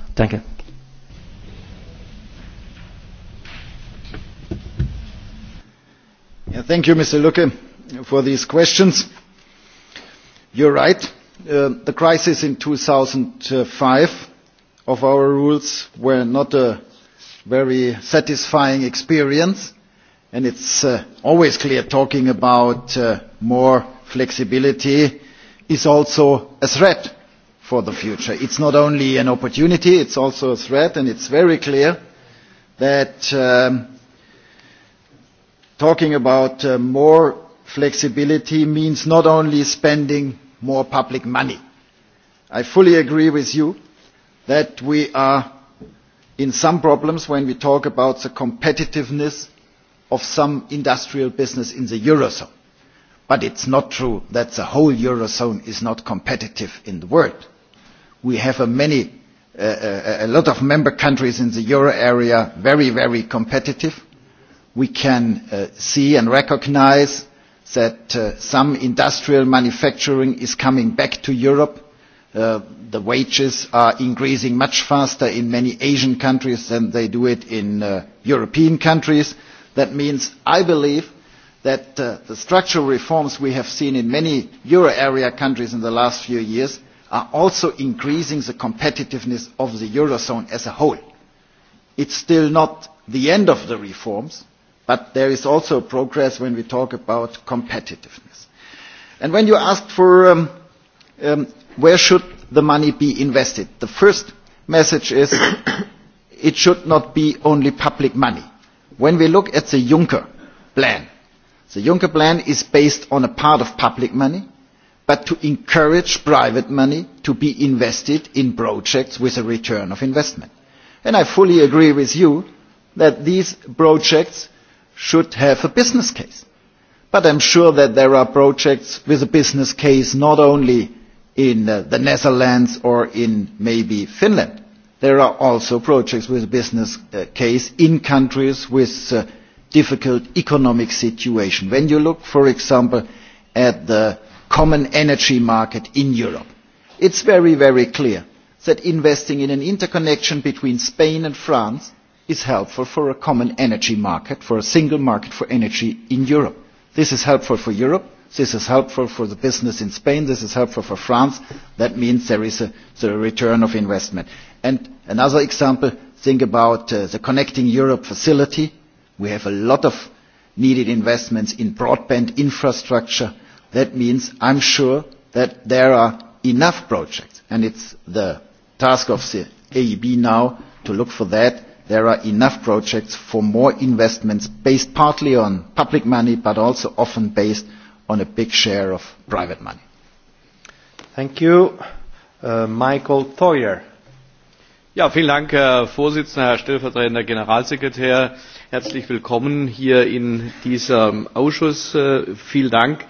Yeah, thank you, Mr. Lucke, for these questions. You're right. Uh, the crisis in 2005 of our rules were not a very satisfying experience, and it's uh, always clear talking about uh, more flexibility is also a threat for the future. It's not only an opportunity, it's also a threat, and it's very clear that um, talking about uh, more flexibility means not only spending more public money. I fully agree with you that we are in some problems when we talk about the competitiveness of some industrial business in the Eurozone. But it's not true that the whole Eurozone is not competitive in the world. We have a many, uh, a, uh, a lot of member countries in the Euro area very, very competitive we can uh, see and recognize that uh, some industrial manufacturing is coming back to Europe. Uh, the wages are increasing much faster in many Asian countries than they do it in uh, European countries. That means, I believe, that uh, the structural reforms we have seen in many euro area countries in the last few years are also increasing the competitiveness of the eurozone as a whole. It's still not the end of the reforms, But there is also progress when we talk about competitiveness. And when you ask for um, um, where should the money be invested, the first message is it should not be only public money. When we look at the Juncker plan, the Juncker plan is based on a part of public money, but to encourage private money to be invested in projects with a return of investment. And I fully agree with you that these projects should have a business case. But I'm sure that there are projects with a business case not only in uh, the Netherlands or in maybe Finland. There are also projects with a business uh, case in countries with uh, difficult economic situation. When you look, for example, at the common energy market in Europe, it's very, very clear that investing in an interconnection between Spain and France is helpful for a common energy market, for a single market for energy in Europe. This is helpful for Europe. This is helpful for the business in Spain. This is helpful for France. That means there is a the return of investment. And another example, think about uh, the Connecting Europe facility. We have a lot of needed investments in broadband infrastructure. That means I'm sure that there are enough projects, and it's the task of the AEB now to look for that there are enough projects for more investments based partly on public money but also often based on a big share of private money. Thank you. Uh, Michael Theuer. Ja, vielen Dank, Herr Vorsitzender, Herr stellvertretender Generalsekretär. Herzlich willkommen hier in diesem Ausschuss. Äh, vielen Dank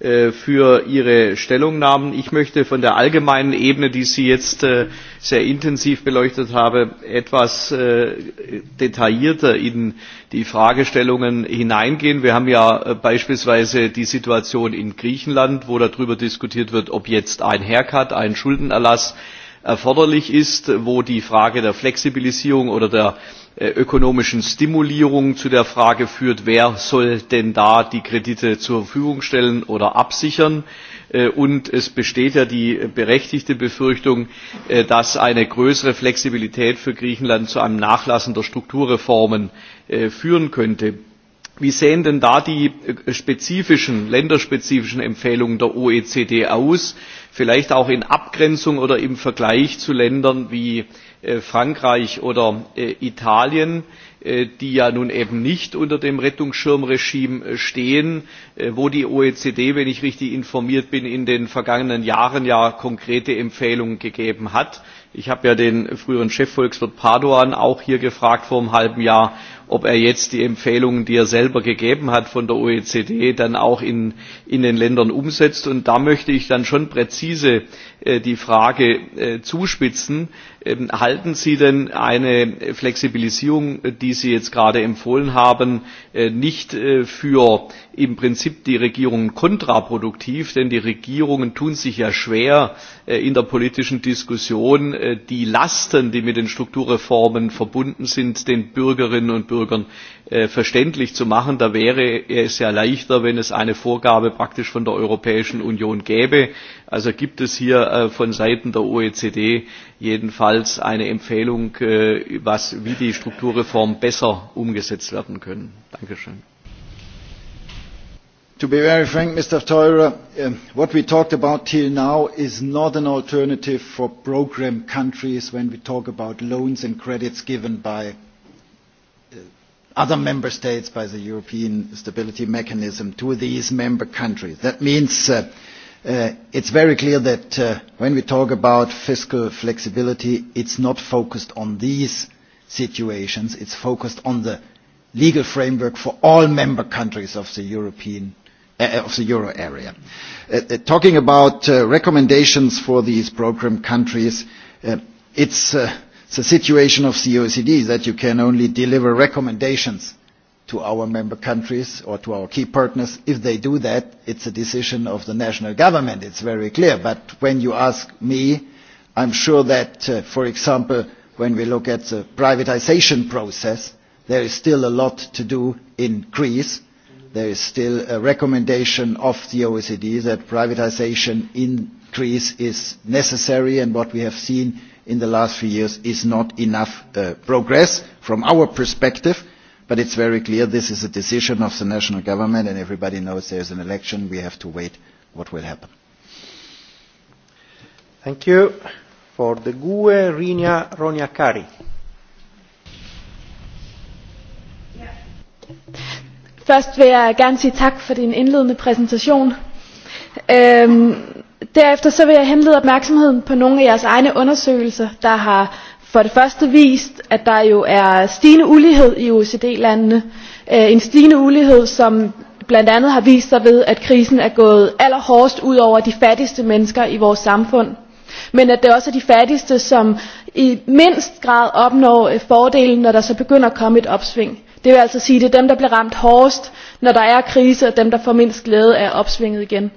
Äh, für Ihre Stellungnahmen. Ich möchte von der allgemeinen Ebene, die Sie jetzt äh, sehr intensiv beleuchtet haben, etwas äh, detaillierter in die Fragestellungen hineingehen. Wir haben ja beispielsweise die Situation in Griechenland, wo darüber diskutiert wird, ob jetzt ein Haircut, ein Schuldenerlass erforderlich ist wo die frage der flexibilisierung oder der äh, ökonomischen stimulierung zu der frage führt wer soll denn da die kredite zur verfügung stellen oder absichern äh, und es besteht ja die berechtigte befürchtung äh, dass eine größere flexibilität für griechenland zu einem nachlassen der strukturreformen führen könnte. Wie sehen denn da die spezifischen, länderspezifischen Empfehlungen der OECD aus? vielleicht auch in abgrenzung oder im vergleich zu ländern wie äh, frankreich oder äh, italien äh, die ja nun eben nicht unter dem rettungsschirmregime stehen wo die oecd wenn ich richtig informiert bin in den vergangenen jahren ja konkrete empfehlungen gegeben hat. Ich habe ja den früheren Chefvolkswirt Padoan auch hier gefragt vor einem halben Jahr, ob er jetzt die Empfehlungen, die er selber gegeben hat von der OECD, dann auch in, in den Ländern umsetzt. Und da möchte ich dann schon präzise äh, die Frage äh, zuspitzen Ähm, halten Sie denn eine Flexibilisierung, die Sie jetzt gerade empfohlen haben, äh, nicht äh, für im Prinzip die Regierungen kontraproduktiv, denn die Regierungen tun sich ja schwer äh, in der politischen Diskussion die Lasten, die mit den Strukturreformen verbunden sind, den Bürgerinnen und Bürgern Äh, verständlich zu machen. Da wäre es ja leichter, wenn es eine Vorgabe praktisch von der Europäischen Union gäbe. Also gibt es hier äh, von Seiten der OECD jedenfalls eine Empfehlung, äh, was, wie die Strukturreform besser umgesetzt werden können. Dankeschön. To be very frank, Mr. Teurer, um, what we talked about till now is not an alternative for program countries when we talk about loans and credits given by other member states by the European Stability Mechanism to these member countries. That means uh, uh, it's very clear that uh, when we talk about fiscal flexibility, it's not focused on these situations. It's focused on the legal framework for all member countries of the European uh, uh of the euro area. Uh, uh, talking about uh, recommendations for these program countries, uh, it's uh, the situation of the OECD is that you can only deliver recommendations to our member countries or to our key partners. If they do that, it's a decision of the national government. It's very clear. But when you ask me, I'm sure that, uh, for example, when we look at the privatization process, there is still a lot to do in Greece. There is still a recommendation of the OECD that privatization in Greece is necessary, and what we have seen in the last few years is not enough uh, progress from our perspective, but it's very clear this is a decision of the national government and everybody knows there's an election. We have to wait what will happen. Thank you. For the GUE, Rina Roniakari. Først vil jeg gerne sige tak for din indledende præsentation. Øhm, Derefter så vil jeg henlede opmærksomheden på nogle af jeres egne undersøgelser, der har for det første vist, at der jo er stigende ulighed i OECD-landene. Øh, en stigende ulighed, som blandt andet har vist sig ved, at krisen er gået allerhårdest ud over de fattigste mennesker i vores samfund. Men at det også er de fattigste, som i mindst grad opnår øh, fordelen, når der så begynder at komme et opsving. Det vil altså sige, at det er dem, der bliver ramt hårdest, når der er krise, og dem, der får mindst glæde af opsvinget igen.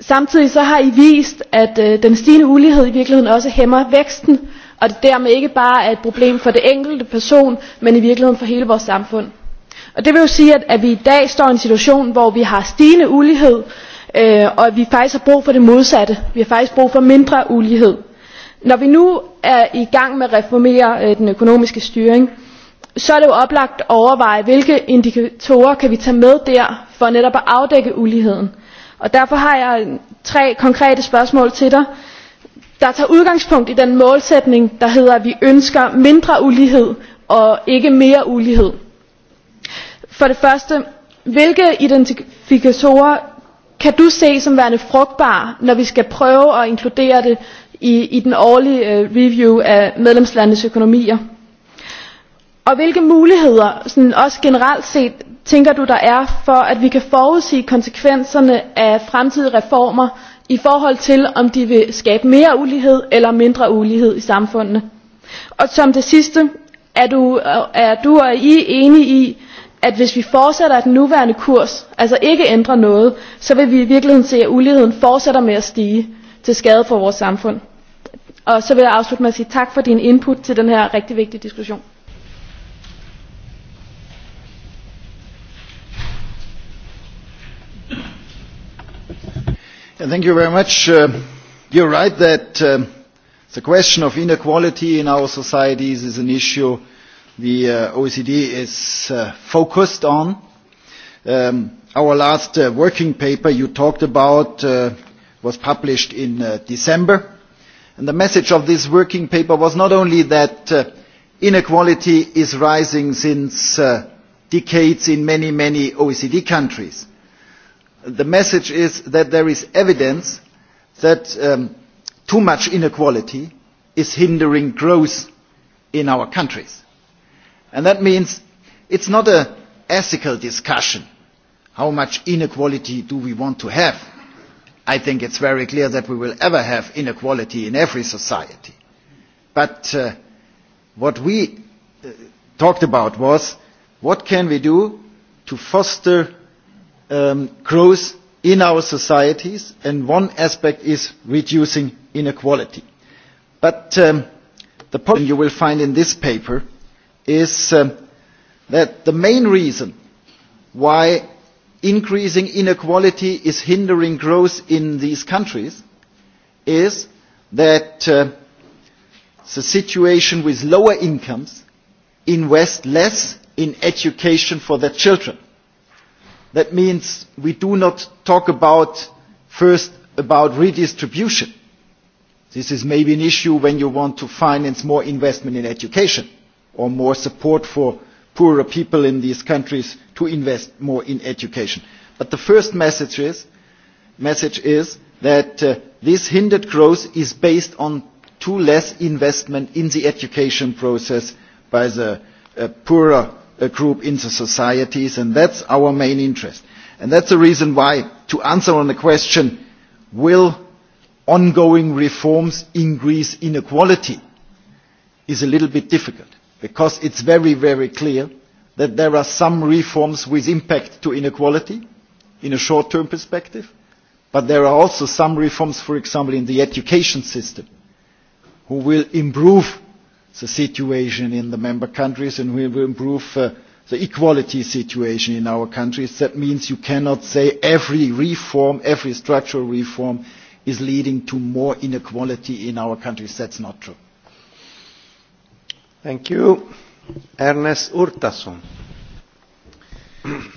Samtidig så har I vist, at øh, den stigende ulighed i virkeligheden også hæmmer væksten, og det er dermed ikke bare er et problem for det enkelte person, men i virkeligheden for hele vores samfund. Og det vil jo sige, at, at vi i dag står i en situation, hvor vi har stigende ulighed, øh, og at vi faktisk har brug for det modsatte. Vi har faktisk brug for mindre ulighed. Når vi nu er i gang med at reformere øh, den økonomiske styring, så er det jo oplagt at overveje, hvilke indikatorer kan vi tage med der, for netop at afdække uligheden og derfor har jeg tre konkrete spørgsmål til dig der tager udgangspunkt i den målsætning der hedder at vi ønsker mindre ulighed og ikke mere ulighed for det første hvilke identifikatorer kan du se som værende frugtbare når vi skal prøve at inkludere det i, i den årlige øh, review af medlemslandenes økonomier og hvilke muligheder sådan også generelt set tænker du der er for at vi kan forudsige konsekvenserne af fremtidige reformer i forhold til om de vil skabe mere ulighed eller mindre ulighed i samfundene og som det sidste er du, er du og I enige i at hvis vi fortsætter den nuværende kurs altså ikke ændrer noget så vil vi i virkeligheden se at uligheden fortsætter med at stige til skade for vores samfund og så vil jeg afslutte med at sige tak for din input til den her rigtig vigtige diskussion Yeah, thank you very much. Uh, you're right that um, the question of inequality in our societies is an issue the uh, OECD is uh, focused on. Um, our last uh, working paper you talked about uh, was published in uh, December. And the message of this working paper was not only that uh, inequality is rising since uh, decades in many, many OECD countries, the message is that there is evidence that um, too much inequality is hindering growth in our countries. And that means it's not an ethical discussion how much inequality do we want to have. I think it's very clear that we will ever have inequality in every society. But uh, what we uh, talked about was what can we do to foster um, growth in our societies, and one aspect is reducing inequality. But um, the problem you will find in this paper is um, that the main reason why increasing inequality is hindering growth in these countries is that uh, the situation with lower incomes invest less in education for their children that means we do not talk about first about redistribution. This is maybe an issue when you want to finance more investment in education or more support for poorer people in these countries to invest more in education. But the first message is, message is that uh, this hindered growth is based on too less investment in the education process by the uh, poorer uh, group into societies, and that's our main interest. And that's the reason why, to answer on the question, will ongoing reforms increase inequality, is a little bit difficult, because it's very, very clear that there are some reforms with impact to inequality in a short-term perspective, but there are also some reforms, for example, in the education system, who will improve the situation in the member countries and we will improve uh, the equality situation in our countries. That means you cannot say every reform, every structural reform is leading to more inequality in our countries. That's not true. Thank you. Ernest Urtasun.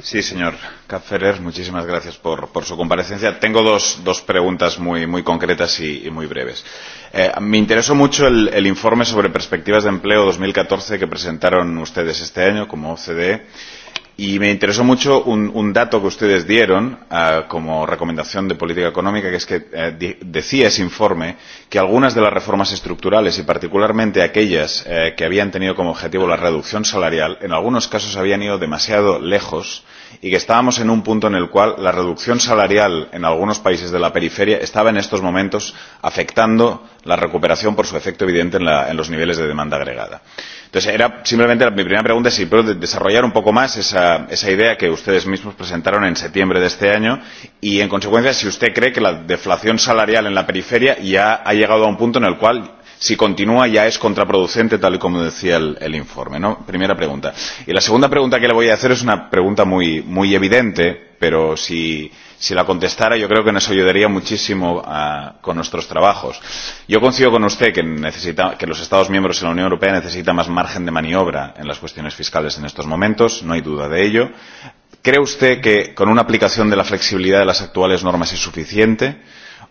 Sí, señor Capferer, muchísimas gracias por, por su comparecencia. Tengo dos, dos preguntas muy, muy concretas y, y muy breves. Eh, me interesó mucho el, el informe sobre perspectivas de empleo 2014 que presentaron ustedes este año como OCDE Y me interesó mucho un, un dato que ustedes dieron uh, como recomendación de política económica, que es que uh, eh, de, decía ese informe que algunas de las reformas estructurales y particularmente aquellas uh, que habían tenido como objetivo la reducción salarial, en algunos casos habían ido demasiado lejos uh, y que estábamos en un punto en el cual la reducción salarial en algunos países de la periferia estaba en estos momentos afectando la recuperación por su efecto evidente en, la, en los niveles de demanda agregada. Entonces, era simplemente la, mi primera pregunta es si puedo desarrollar un poco más esa, esa idea que ustedes mismos presentaron en septiembre de este año y, en consecuencia, si usted cree que la deflación salarial en la periferia ya ha llegado a un punto en el cual si continúa ya es contraproducente tal y como decía el, el informe. ¿no? Primera pregunta. Y la segunda pregunta que le voy a hacer es una pregunta muy, muy evidente, pero si, si la contestara yo creo que nos ayudaría muchísimo a, ah, con nuestros trabajos. Yo coincido con usted que, necesita, que los Estados miembros de la Unión Europea necesitan más margen de maniobra en las cuestiones fiscales en estos momentos, no hay duda de ello. ¿Cree usted que con una aplicación de la flexibilidad de las actuales normas es suficiente?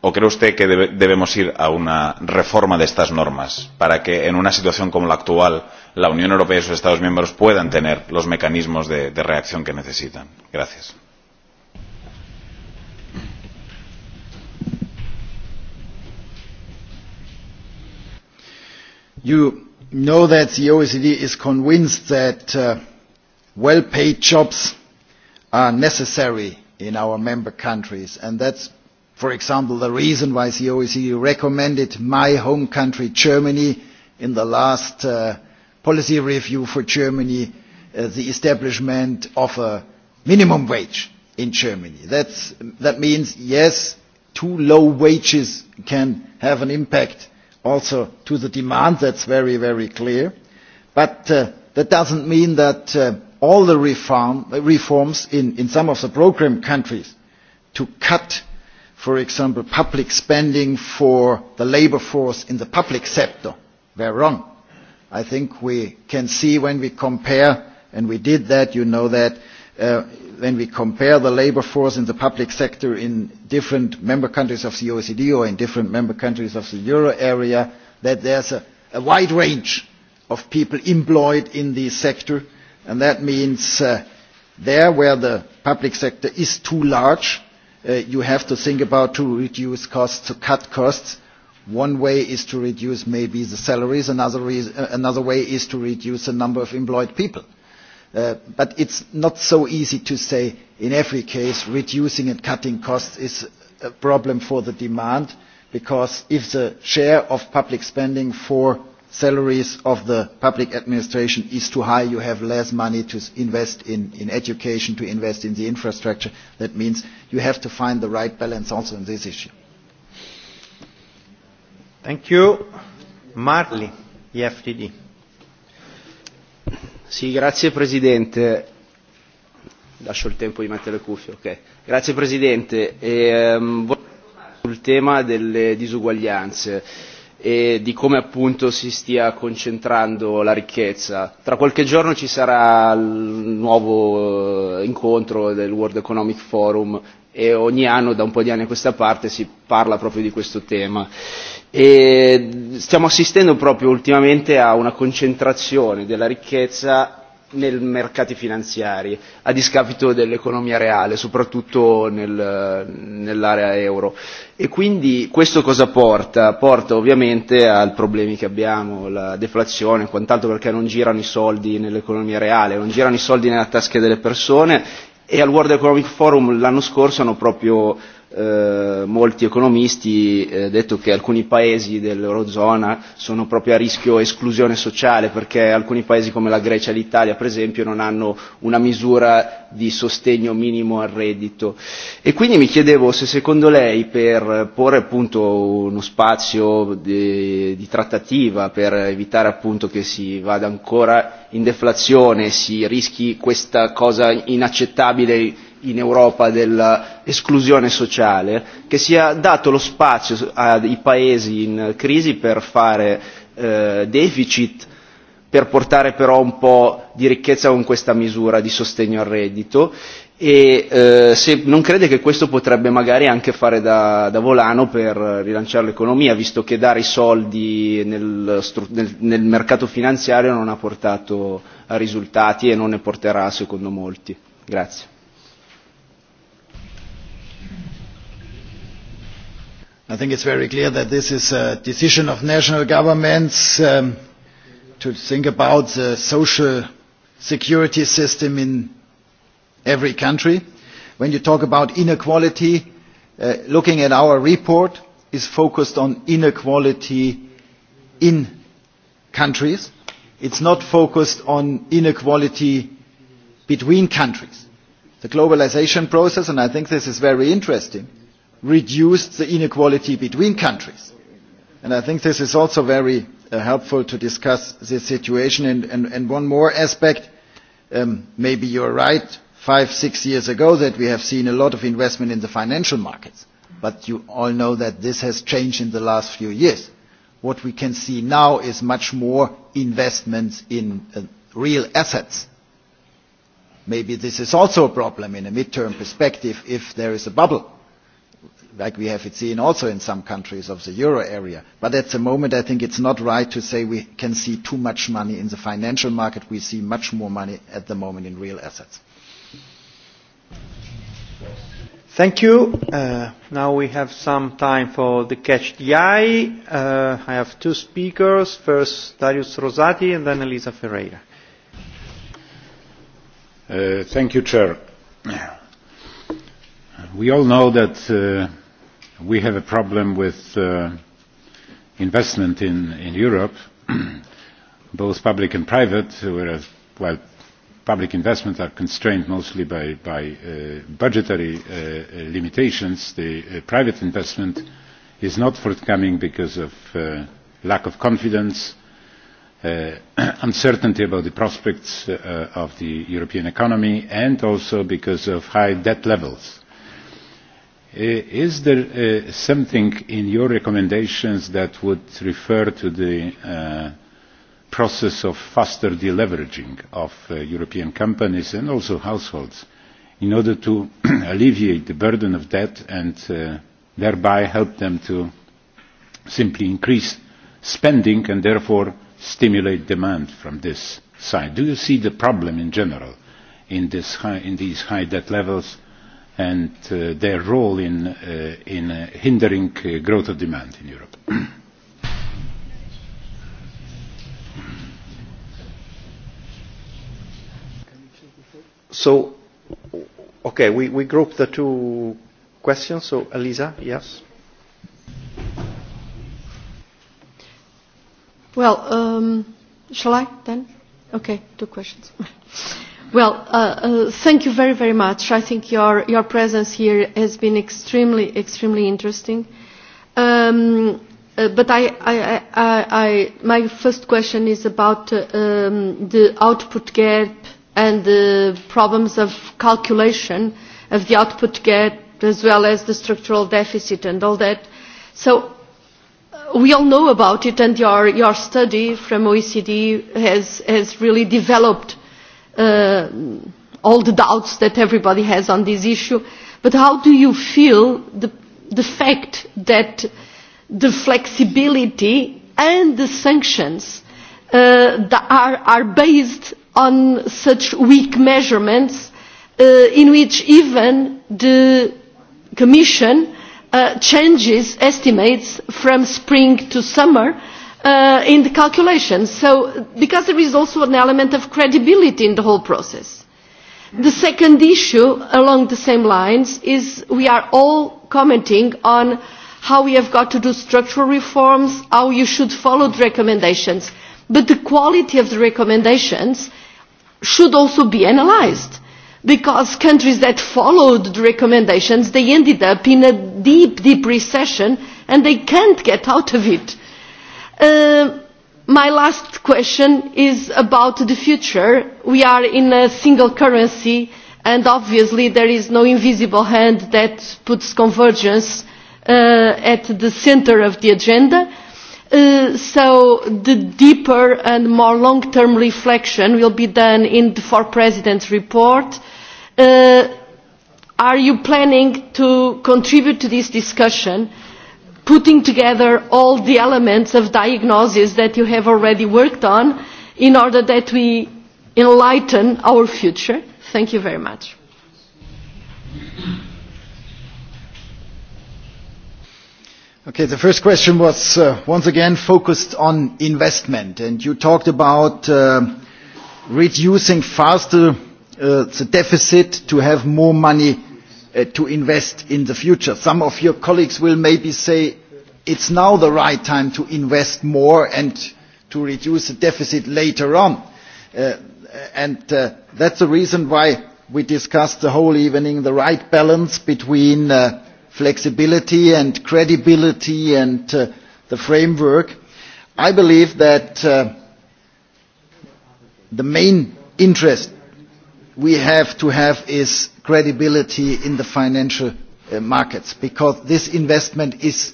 o cree usted que debe, debemos ir a una reforma de estas normas para que en una situación como la actual la Unión Europea y sus Estados miembros puedan tener los mecanismos de, de reacción que necesitan? Gracias. You know that the OECD is convinced that uh, well-paid jobs are necessary in our member countries, and that's for example, the reason why the OECD recommended my home country, Germany, in the last uh, policy review for Germany, uh, the establishment of a minimum wage in Germany. That's, that means, yes, too low wages can have an impact also to the demand. That's very, very clear. But uh, that doesn't mean that uh, all the reform, uh, reforms in, in some of the program countries to cut for example public spending for the labour force in the public sector were wrong. I think we can see when we compare, and we did that, you know that, uh, when we compare the labour force in the public sector in different member countries of the OECD or in different member countries of the euro area, that there's a, a wide range of people employed in the sector, and that means uh, there where the public sector is too large, uh, you have to think about to reduce costs, to cut costs. One way is to reduce maybe the salaries. Another, reason, uh, another way is to reduce the number of employed people. Uh, but it's not so easy to say in every case reducing and cutting costs is a problem for the demand because if the share of public spending for salaries of the public administration is too high, you have less money to invest in, in education, to invest in the infrastructure. That means you have to find the right balance also in this issue. Thank you. Marley, EFTD. Sì, grazie Presidente. Lascio il tempo di mettere le cuffie, ok. Grazie Presidente. E, um, sul tema delle disuguaglianze e di come appunto si stia concentrando la ricchezza. Tra qualche giorno ci sarà il nuovo eh, incontro del World Economic Forum e ogni anno, da un po' di anni a questa parte, si parla proprio di questo tema. E stiamo assistendo proprio ultimamente a una concentrazione della ricchezza nei mercati finanziari a discapito dell'economia reale, soprattutto nel, nell'area euro. E quindi questo cosa porta? Porta ovviamente ai problemi che abbiamo, la deflazione e quant'altro perché non girano i soldi nell'economia reale, non girano i soldi nella tasca delle persone e al World Economic Forum l'anno scorso hanno proprio eh, molti economisti eh, detto che alcuni paesi dell'Eurozona sono proprio a rischio esclusione sociale perché alcuni paesi come la Grecia e l'Italia per esempio non hanno una misura di sostegno minimo al reddito e quindi mi chiedevo se secondo lei per porre appunto uno spazio di, di trattativa per evitare appunto che si vada ancora in deflazione si rischi questa cosa inaccettabile in Europa dell'esclusione sociale, che sia dato lo spazio ai paesi in crisi per fare eh, deficit, per portare però un po' di ricchezza con questa misura di sostegno al reddito e eh, se non crede che questo potrebbe magari anche fare da, da volano per rilanciare l'economia, visto che dare i soldi nel, nel, nel mercato finanziario non ha portato a risultati e non ne porterà secondo molti. Grazie. I think it's very clear that this is a decision of national governments um, to think about the social security system in every country. When you talk about inequality, uh, looking at our report is focused on inequality in countries. It's not focused on inequality between countries. The globalization process, and I think this is very interesting, uh, reduced the inequality between countries. And I think this is also very uh, helpful to discuss this situation. And, and, and one more aspect, um, maybe you're right, five, six years ago that we have seen a lot of investment in the financial markets. But you all know that this has changed in the last few years. What we can see now is much more investments in uh, real assets. Maybe this is also a problem in a midterm perspective if there is a bubble like we have it seen also in some countries of the euro area. But at the moment, I think it's not right to say we can see too much money in the financial market. We see much more money at the moment in real assets. Thank you. Uh, now we have some time for the catch the eye. Uh, I have two speakers, first Darius Rosati and then Elisa Ferreira. Uh, thank you, Chair. We all know that uh, we have a problem with uh, investment in, in Europe, both public and private, whereas, well, public investments are constrained mostly by, by uh, budgetary uh, uh limitations. The uh, private investment is not forthcoming because of uh, lack of confidence, uh, uncertainty about the prospects uh, of the European economy, and also because of high debt levels Eh, is there uh, something in your recommendations that would refer to the uh, process of faster deleveraging of uh, European companies and also households in order to alleviate the burden of debt and uh, thereby help them to simply increase spending and therefore stimulate demand from this side? Do you see the problem in general in, this high, in these high debt levels and uh, their role in, uh, in uh, hindering uh, growth of demand in Europe. so, okay, we, we grouped the two questions. So, Elisa, yes? Well, um, shall I then? Okay, two questions. Well, uh, uh, thank you very, very much. I think your, your presence here has been extremely, extremely interesting. Um, uh, but I, I, I, I, my first question is about uh, um, the output gap and the problems of calculation of the output gap as well as the structural deficit and all that. So uh, we all know about it and your, your study from OECD has, has really developed uh, all the doubts that everybody has on this issue, but how do you feel the, the fact that the flexibility and the sanctions uh, that are, are based on such weak measurements uh, in which even the Commission uh, changes estimates from spring to summer uh, uh, in the calculations. So, because there is also an element of credibility in the whole process. The second issue along the same lines is we are all commenting on how we have got to do structural reforms, how you should follow the recommendations. But the quality of the recommendations should also be analysed because countries that followed the recommendations, they ended up in a deep, deep recession and they can't get out of it Uh, my last question is about the future. we are in a single currency and obviously there is no invisible hand that puts convergence uh, at the centre of the agenda. Uh, so the deeper and more long term reflection will be done in the four presidents report. Uh, are you planning to contribute to this discussion uh, putting together all the elements of diagnosis that you have already worked on in order that we enlighten our future. Thank you very much. Okay, the first question was uh, once again focused on investment, and you talked about uh, reducing faster uh, the deficit to have more money uh, to invest in the future. Some of your colleagues will maybe say it's now the right time to invest more and to reduce the deficit later on. Uh, and uh, that's the reason why we discussed the whole evening the right balance between uh, flexibility and credibility and uh, the framework. I believe that uh, the main interest we have to have is credibility in the financial uh, markets because this investment is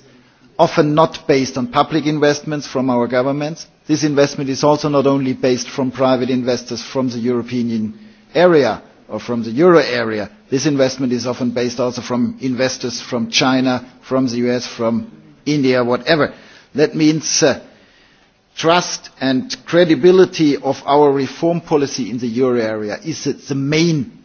often not based on public investments from our governments. This investment is also not only based from private investors from the European area or from the euro area. This investment is often based also from investors from China, from the US, from India, whatever. That means uh, trust and credibility of our reform policy in the euro area is uh, the main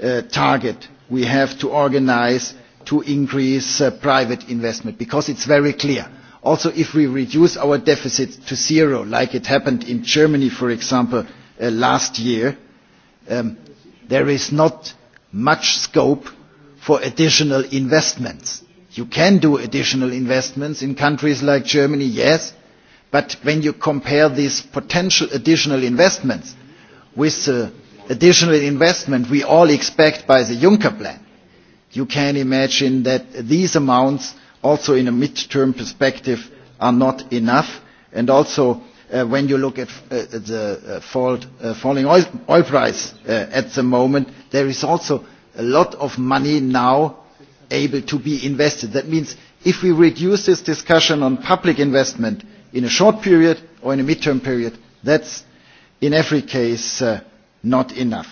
uh, target we have to organize to increase uh, private investment because it's very clear. Also, if we reduce our deficit to zero, like it happened in Germany, for example, uh, last year, um, there is not much scope for additional investments. You can do additional investments in countries like Germany, yes, but when you compare these potential additional investments with the uh, additional investment we all expect by the Juncker plan, you can imagine that these amounts also in a mid-term perspective are not enough. And also uh, when you look at uh, the uh, fall, uh, falling oil, oil price uh, at the moment, there is also a lot of money now able to be invested. That means if we reduce this discussion on public investment in a short period or in a mid-term period, that's in every case uh, not enough.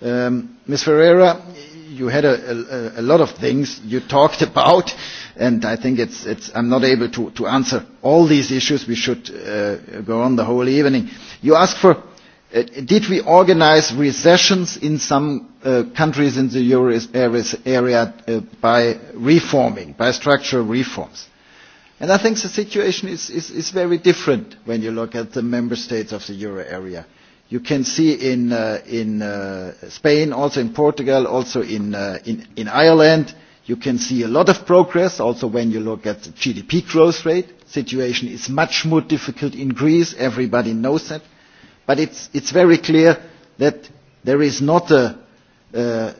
Um, Ms. Ferreira, you had a, a, a lot of things you talked about, and I think it's, it's, I'm not able to, to answer all these issues. We should uh, go on the whole evening. You asked for, uh, did we organize recessions in some uh, countries in the euro area uh, by reforming, by structural reforms? And I think the situation is, is, is very different when you look at the member states of the euro area. Uh, you can see in, uh, in uh, Spain, also in Portugal, also in, uh, in, in Ireland, you can see a lot of progress also when you look at the GDP growth rate. Situation is much more difficult in Greece, everybody knows that. But it's, it's very clear that there is not a, uh,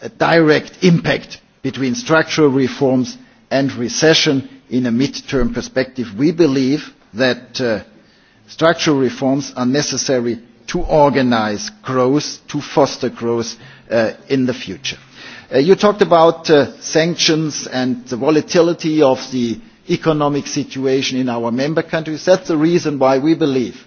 a direct impact between structural reforms and recession in a mid-term perspective. We believe that uh, structural reforms are necessary to organize growth, to foster growth uh, in the future. Uh, you talked about uh, sanctions and the volatility of the economic situation in our member countries. That's the reason why we believe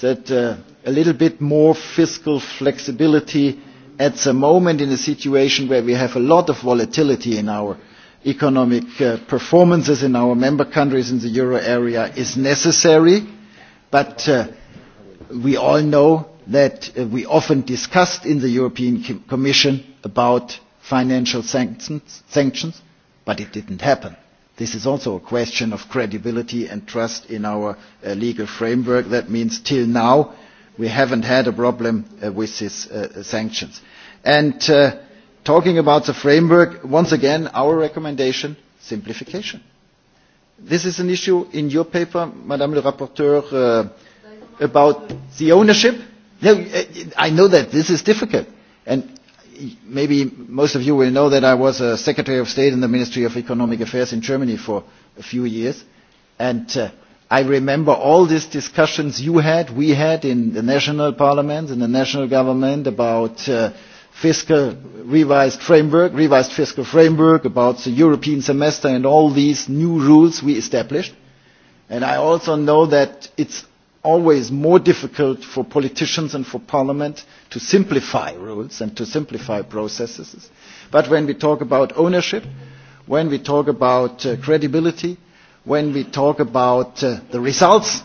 that uh, a little bit more fiscal flexibility at the moment in a situation where we have a lot of volatility in our economic uh, performances in our member countries in the euro area is necessary, but uh, we all know that uh, we often discussed in the European Commission about financial sanctions, sanctions, but it didn't happen. This is also a question of credibility and trust in our uh, legal framework. That means till now we haven't had a problem uh, with these uh, sanctions. And uh, talking about the framework, once again, our recommendation, simplification. This is an issue in your paper, Madame le Rapporteur, uh, about the ownership? No, I know that this is difficult. And maybe most of you will know that I was a Secretary of State in the Ministry of Economic Affairs in Germany for a few years. And uh, I remember all these discussions you had, we had in the national parliament, in the national government about uh, fiscal revised framework, revised fiscal framework, about the European semester and all these new rules we established. And I also know that it's always more difficult for politicians and for parliament to simplify rules and to simplify processes. But when we talk about ownership, when we talk about uh, credibility, when we talk about uh, the results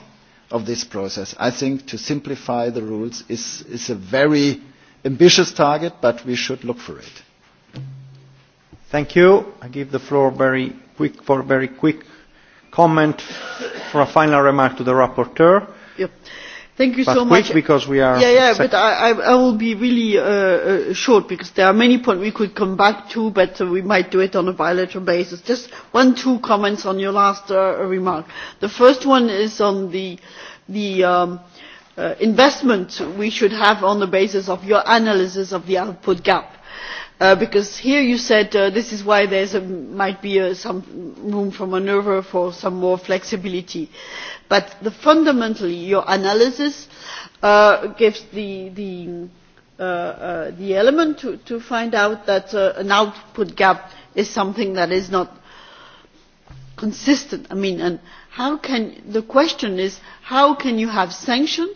of this process, I think to simplify the rules is, is a very ambitious target, but we should look for it. Thank you. I give the floor very quick for a very quick comment for a final remark to the rapporteur Yep. Thank you but so quick, much. because we are. Yeah, yeah, but I, I, I will be really uh, uh, short because there are many points we could come back to, but uh, we might do it on a bilateral basis. Just one, two comments on your last uh, remark. The first one is on the the um, uh, investment we should have on the basis of your analysis of the output gap Uh, because here you said uh, this is why there might be uh, some room for manoeuvre for some more flexibility. But the, fundamentally, your analysis uh, gives the, the, uh, uh, the element to, to find out that uh, an output gap is something that is not consistent. I mean, and how can, the question is how can you have sanctions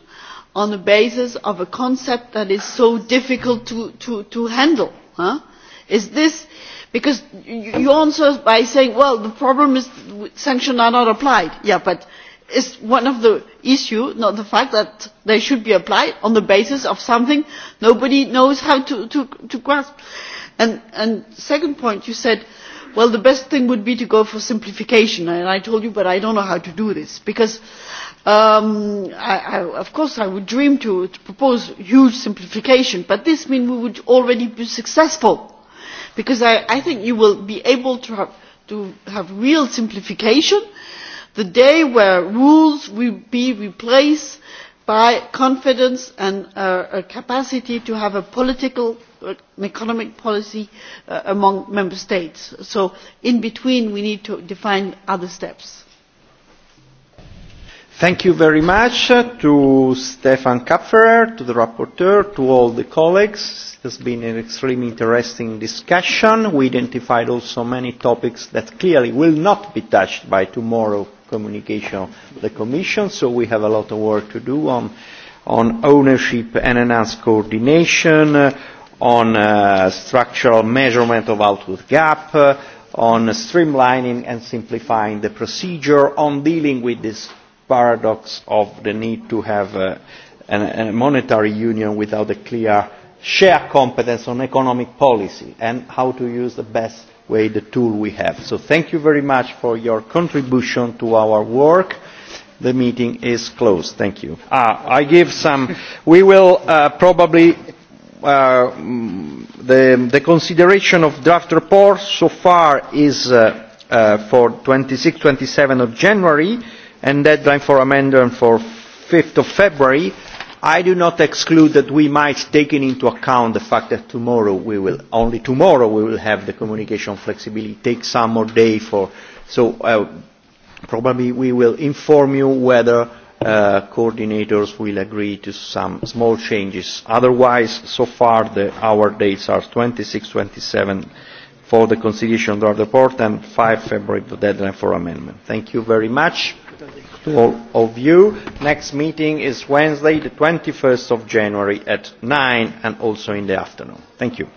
on the basis of a concept that is so difficult to, to, to handle? Huh? Is this because you answer by saying, well, the problem is sanctions are not applied. Yeah, but is one of the issues not the fact that they should be applied on the basis of something nobody knows how to, to, to grasp? And, and second point, you said, well, the best thing would be to go for simplification. And I told you, but I don't know how to do this because Um, I, I, of course i would dream to, to propose huge simplification but this means we would already be successful because i, I think you will be able to have, to have real simplification the day where rules will be replaced by confidence and uh, a capacity to have a political and economic policy uh, among member states. so in between we need to define other steps. Thank you very much uh, to Stefan Kapferer, to the rapporteur, to all the colleagues. It has been an extremely interesting discussion. We identified also many topics that clearly will not be touched by tomorrow communication of the Commission, so we have a lot of work to do on, on ownership and enhanced coordination, uh, on uh, structural measurement of output gap, uh, on streamlining and simplifying the procedure, on dealing with this paradox of the need to have a, uh, a, a monetary union without a clear shared competence on economic policy and how to use the best way the tool we have. So thank you very much for your contribution to our work. The meeting is closed. Thank you. Ah, I give some. We will uh, probably uh, the, the consideration of draft report so far is uh, uh, for 26-27 of January and deadline for amendment for 5th of February, I do not exclude that we might take into account the fact that tomorrow we will, only tomorrow we will have the communication flexibility, take some more day for, so uh, probably we will inform you whether uh, coordinators will agree to some small changes. Otherwise, so far the, our dates are 26, 27 for the conciliation of the report and 5 February the deadline for amendment. Thank you very much to all of you. Next meeting is Wednesday, the 21st of January at 9 and also in the afternoon. Thank you.